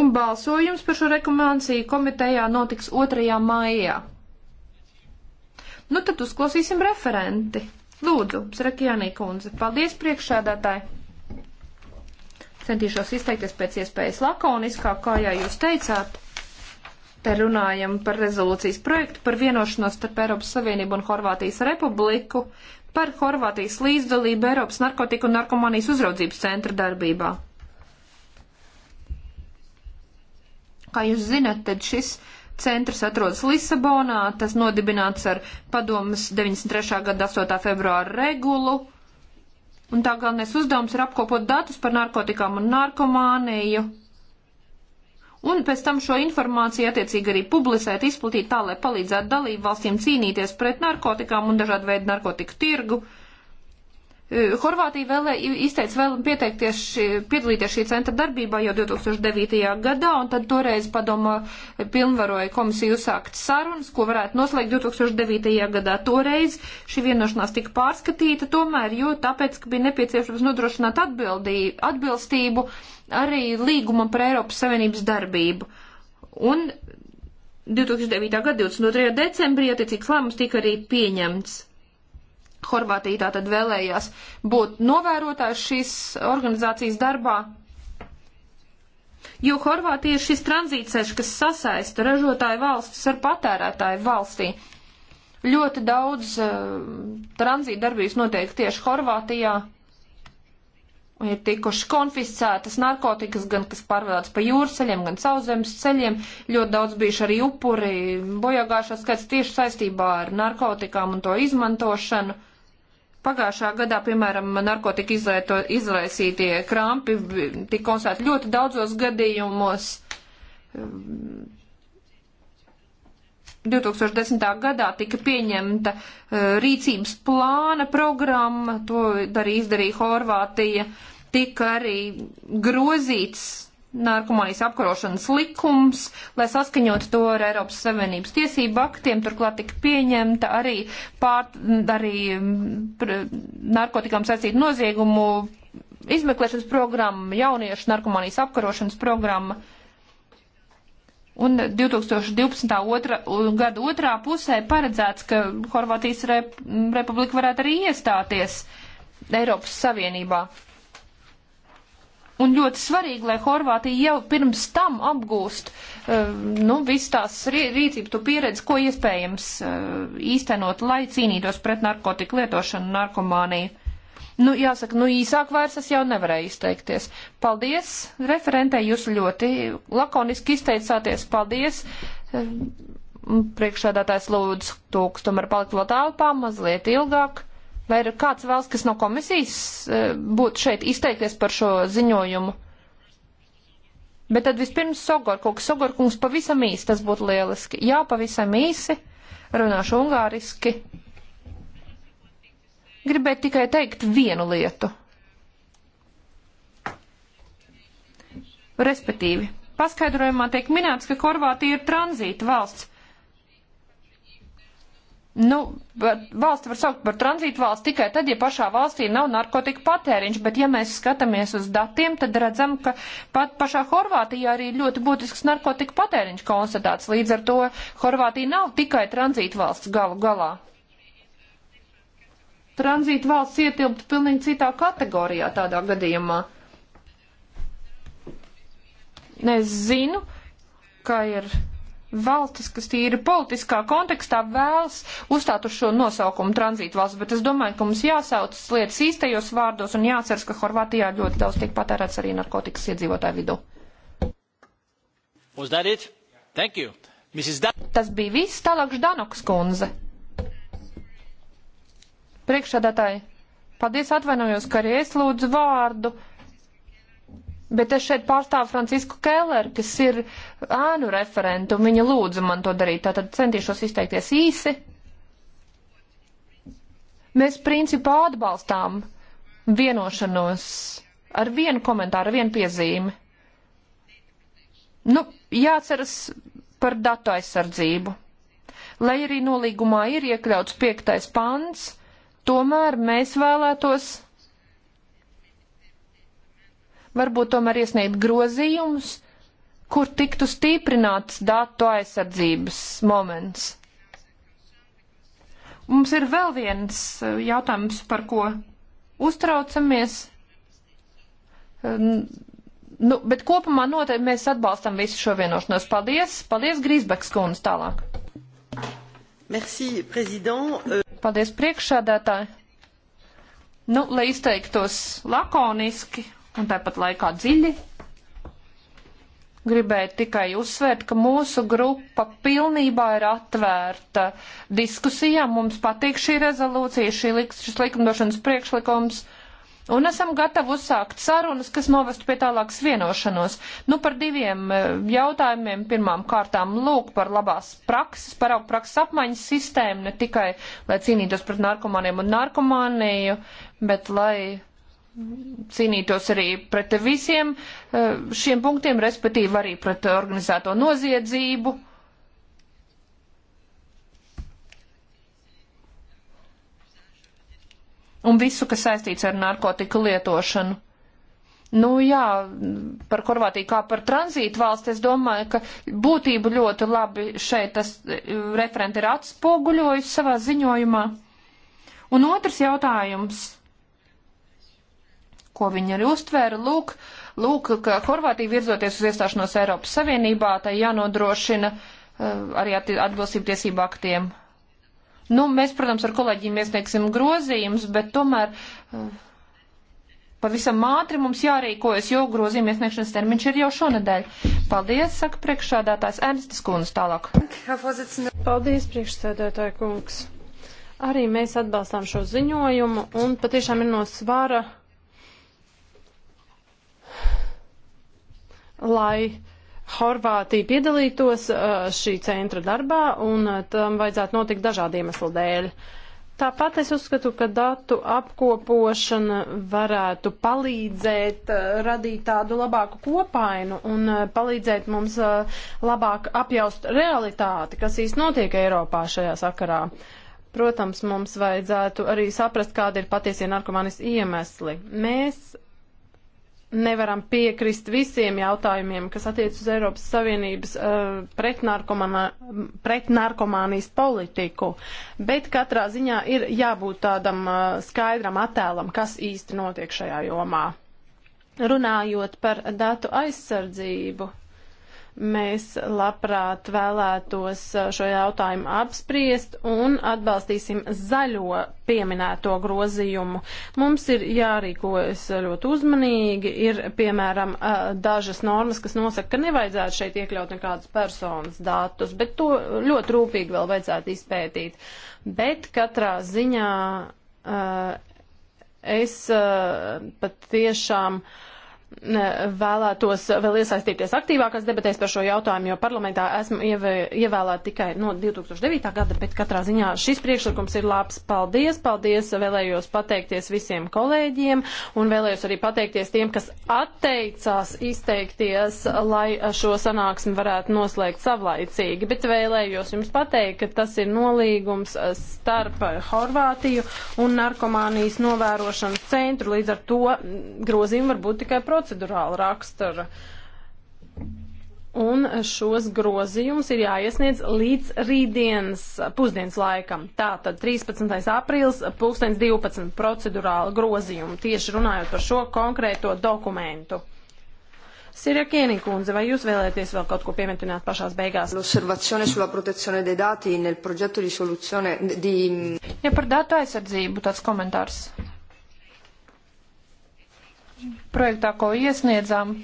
Un balsojums par šo rekomendāciju komitejā notiks 2. maijā. Nu tad uzklausīsim referenti. Lūdzu, Srakjānī kundze, paldies priekšsēdētāji. Centīšos izteikties pēc iespējas lakoniskāk, kā jau jūs teicāt. Te runājam par rezolūcijas projektu par vienošanos starp Eiropas Savienību un Horvātijas Republiku par Horvātijas līdzdalību Eiropas narkotiku un narkomānijas uzraudzības centra darbībā. Kā jūs zinat, tad šis centrs atrodas Lisabonā, tas nodibināts ar padomas 93. gada 8. februāra regulu, un tā galvenais uzdevums ir apkopot datus par narkotikām un narkomāniju un pēc tam šo informāciju attiecīgi arī publicēt, izplatīt tā, lai palīdzētu dalību valstīm cīnīties pret narkotikām un dažādu veidu narkotiku tirgu. Uh, Eh, Horvātija vēlē, izteica vēlmi pieteikties, šī, piedalīties šī centra darbībā jau 2009. gadā, un tad toreiz padoma eh, pilnvaroja komisiju uzsākt sarunas, ko varētu noslēgt 2009. gadā. Toreiz šī vienošanās tika pārskatīta tomēr, jo tāpēc, ka bija nepieciešams nodrošināt atbildī, atbilstību arī līgumam par Eiropas Savienības darbību. Un 2009. gada 22. decembrī attiecīgs lēmums tika arī pieņemts. Horvātija tātad vēlējās būt novērotājs šīs organizācijas darbā. Jo Horvātija ir šis tranzītceļš, kas sasaista ražotāju valstis ar patērētāju valstī. Ļoti daudz uh, tranzīta darbības notiek tieši Horvātijā. Ir tikuši konfiscētas narkotikas, gan kas pārvadāts pa jūrceļiem, gan sauszemes ceļiem. Ļoti daudz bijuši arī upuri, bojāgājušās skaits tieši saistībā ar narkotikām un to izmantošanu. Uh, Pagājušā gadā, piemēram, narkotika izlēto, izlaisītie krampi tika konstatēti ļoti daudzos gadījumos. 2010. gadā tika pieņemta e, rīcības plāna programma, to arī izdarīja Horvātija, tika arī grozīts narkomānijas apkarošanas likums, lai saskaņot to ar Eiropas Savienības tiesību aktiem. Turklāt tika pieņemta arī, pār, arī narkotikām saistīta noziegumu izmeklēšanas programma, jauniešu narkomānijas apkarošanas programma. Un 2012. Otra, gada otrā pusē paredzēts, ka Horvātijas rep, republika varētu arī iestāties Eiropas Savienībā. Un ļoti svarīgi, lai Horvātija jau pirms tam apgūst eh, nu, visu tās rīcību, tu pieredzi, ko iespējams eh, īstenot, lai cīnītos pret narkotiku lietošanu, narkomāniju. Nu, jāsaka, nu īsāk vairs es jau nevarēju izteikties. Paldies, referentē, jūs ļoti lakoniski izteicāties. Paldies. Eh, Priekšādātājs lūdzu tūkstumu ar palikt vēl tālpā, mazliet ilgāk. Vai ir kāds vēls, kas no komisijas e, būtu šeit izteikties par šo ziņojumu? Bet tad vispirms Sogorkungs. Sogorkungs pavisam īsi, tas būtu lieliski. Jā, pavisam īsi. Runāšu ungāriski. Gribēju tikai teikt vienu lietu. Respektīvi, paskaidrojumā tiek minēts, ka Horvātija ir tranzīta valsts. Nu, valsti var saukt par tranzītu valsts tikai tad, ja pašā valstī nav narkotika patēriņš, bet ja mēs skatāmies uz datiem, tad redzam, ka pat pašā Horvātijā arī ļoti būtisks narkotika patēriņš konstatēts. Līdz ar to Horvātija nav tikai tranzītu valsts galu galā. Tranzītu valsts ietilpt pilnīgi citā kategorijā tādā gadījumā. Es zinu, ka ir valstis, kas tīri politiskā kontekstā vēlas uzstāt uz šo nosaukumu tranzītu valsts, bet es domāju, ka mums jāsauc lietas īstajos vārdos un jāceras, ka Horvātijā ļoti daudz tiek patērēts arī narkotikas iedzīvotāju vidū. Tas bija viss, tālāk Ždanoks kundze. Priekšsādātāji, paldies atvainojos, ka arī es lūdzu vārdu. Bet es šeit pārstāvu Francisku Kelleru, kas ir ēnu referentu, un viņa lūdza man to darīt, tātad centīšos izteikties īsi. Mēs principā atbalstām vienošanos ar vienu komentāru, ar vienu piezīmi. Nu, jāceras par datu aizsardzību. Lai arī nolīgumā ir iekļauts piektais pants, tomēr mēs vēlētos varbūt tomēr iesniegt grozījumus, kur tiktu stiprināts datu aizsardzības moments. Mums ir vēl viens eh, jautājums, par ko uztraucamies. Ehm, nu, bet kopumā noteikti mēs atbalstam visu šo vienošanos. Paldies! Paldies, Grīsbeks kundze, tālāk! Merci, prezident! Euh, Paldies, priekšsādātāji! Nu, lai izteiktos lakoniski un tāpat laikā dziļi. Gribēju tikai uzsvērt, ka mūsu grupa pilnībā ir atvērta diskusijām. Mums patīk šī rezolūcija, šī lik, šis likumdošanas priekšlikums. Un esam gatavi uzsākt sarunas, kas novestu pie tālākas vienošanos. Nu, par diviem e, jautājumiem. Pirmām kārtām lūk par labās prakses, paraugu prakses apmaiņas sistēmu, ne tikai, lai cīnītos pret narkomāniem un narkomāniju, bet lai cīnītos arī pret visiem eh, šiem punktiem, respektīvi arī pret organizēto noziedzību. Un visu, kas saistīts ar narkotiku lietošanu. Nu jā, par Horvātiju kā par tranzītu valsti, es domāju, ka būtību ļoti labi šeit tas eh, referenti ir atspoguļojis savā ziņojumā. Un otrs jautājums ko viņi arī uztvēra. Lūk, lūk ka Horvātija virzoties uz iestāšanos Eiropas Savienībā, tai jānodrošina eh, arī atbilstību tiesību aktiem. Nu, mēs, protams, ar kolēģiem iesniegsim grozījumus, bet tomēr eh, pavisam ātri mums jārīkojas, jo grozījuma iesniegšanas termiņš ir jau šonadēļ. Paldies, saka priekšsādātājs Ernstas Kunis tālāk. Paldies, priekšsēdētāja kungs. Arī mēs atbalstām šo ziņojumu un patiešām ir no svara lai Horvātija piedalītos uh, šī centra darbā, un uh, tam vajadzētu notikt dažādiem iemeslu dēļ. Tāpat es uzskatu, ka datu apkopošana varētu palīdzēt uh, radīt tādu labāku kopainu un palīdzēt mums labāk apjaust realitāti, kas īsti notiek Eiropā šajā sakarā. Protams, mums vajadzētu arī saprast, kāda ir patiesie narkomānis iemesli. Mēs nevaram piekrist visiem jautājumiem, kas attiec uz Eiropas Savienības uh, pretnarkomānijas pret politiku, bet katrā ziņā ir jābūt tādam uh, skaidram attēlam, kas īsti notiek šajā jomā. Runājot par datu aizsardzību, Mēs labprāt vēlētos šo jautājumu apspriest un atbalstīsim zaļo pieminēto grozījumu. Mums ir jārīkojas ļoti uzmanīgi, ir piemēram dažas normas, kas nosaka, ka nevajadzētu šeit iekļaut nekādus personas datus, bet to ļoti rūpīgi vēl vajadzētu izpētīt. Bet katrā ziņā es pat tiešām. Uh, vēlētos vēl iesaistīties aktīvākās debatēs par šo jautājumu, jo parlamentā esmu ievēlēta tikai no 2009. gada, bet katrā ziņā šis priekšlikums ir labs. Paldies, paldies, vēlējos pateikties visiem kolēģiem un vēlējos arī pateikties tiem, kas atteicās izteikties, lai šo sanāksmi varētu noslēgt savlaicīgi, bet vēlējos jums pateikt, ka tas ir nolīgums starp Horvātiju un narkomānijas novērošanas centru, līdz ar to grozījumi var būt tikai protokolā procedurāla rakstura. Un šos grozījumus ir jāiesniedz līdz rītdienas pusdienas laikam. Tātad 13. aprīlis, 2012. procedurāla grozījuma, tieši runājot par šo konkrēto dokumentu. Sirja Kienikundze, vai jūs vēlēties vēl kaut ko piemetināt pašās beigās? L'osservazione sulla protezione dei dati nel progetto di soluzione di... Ja par datu aizsardzību tāds komentārs projektā, ko iesniedzām,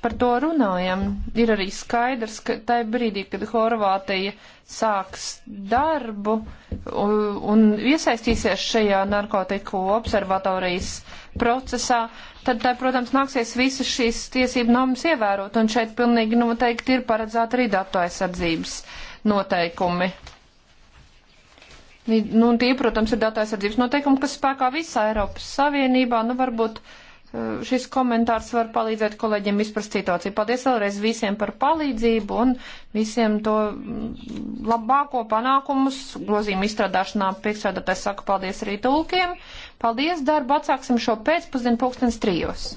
par to runājam. Ir arī skaidrs, ka tajā brīdī, kad Horvātija sāks darbu un, un iesaistīsies šajā narkotiku observatorijas procesā, tad, tā, protams, nāksies visas šīs tiesību normas ievērot, un šeit pilnīgi noteikti ir paredzēta arī datu aizsardzības noteikumi. Nu, tie, protams, ir datu aizsardzības noteikumi, kas spēkā visā Eiropas Savienībā. Nu, varbūt Eh, šis komentārs var palīdzēt kolēģiem izprast situāciju. Paldies vēlreiz visiem par palīdzību un visiem to mm, labāko panākumus. Grozījuma izstrādāšanā priekšsēdētājs saka paldies arī tulkiem. Paldies, darbu atsāksim šo pēcpusdienu pulkstens trijos.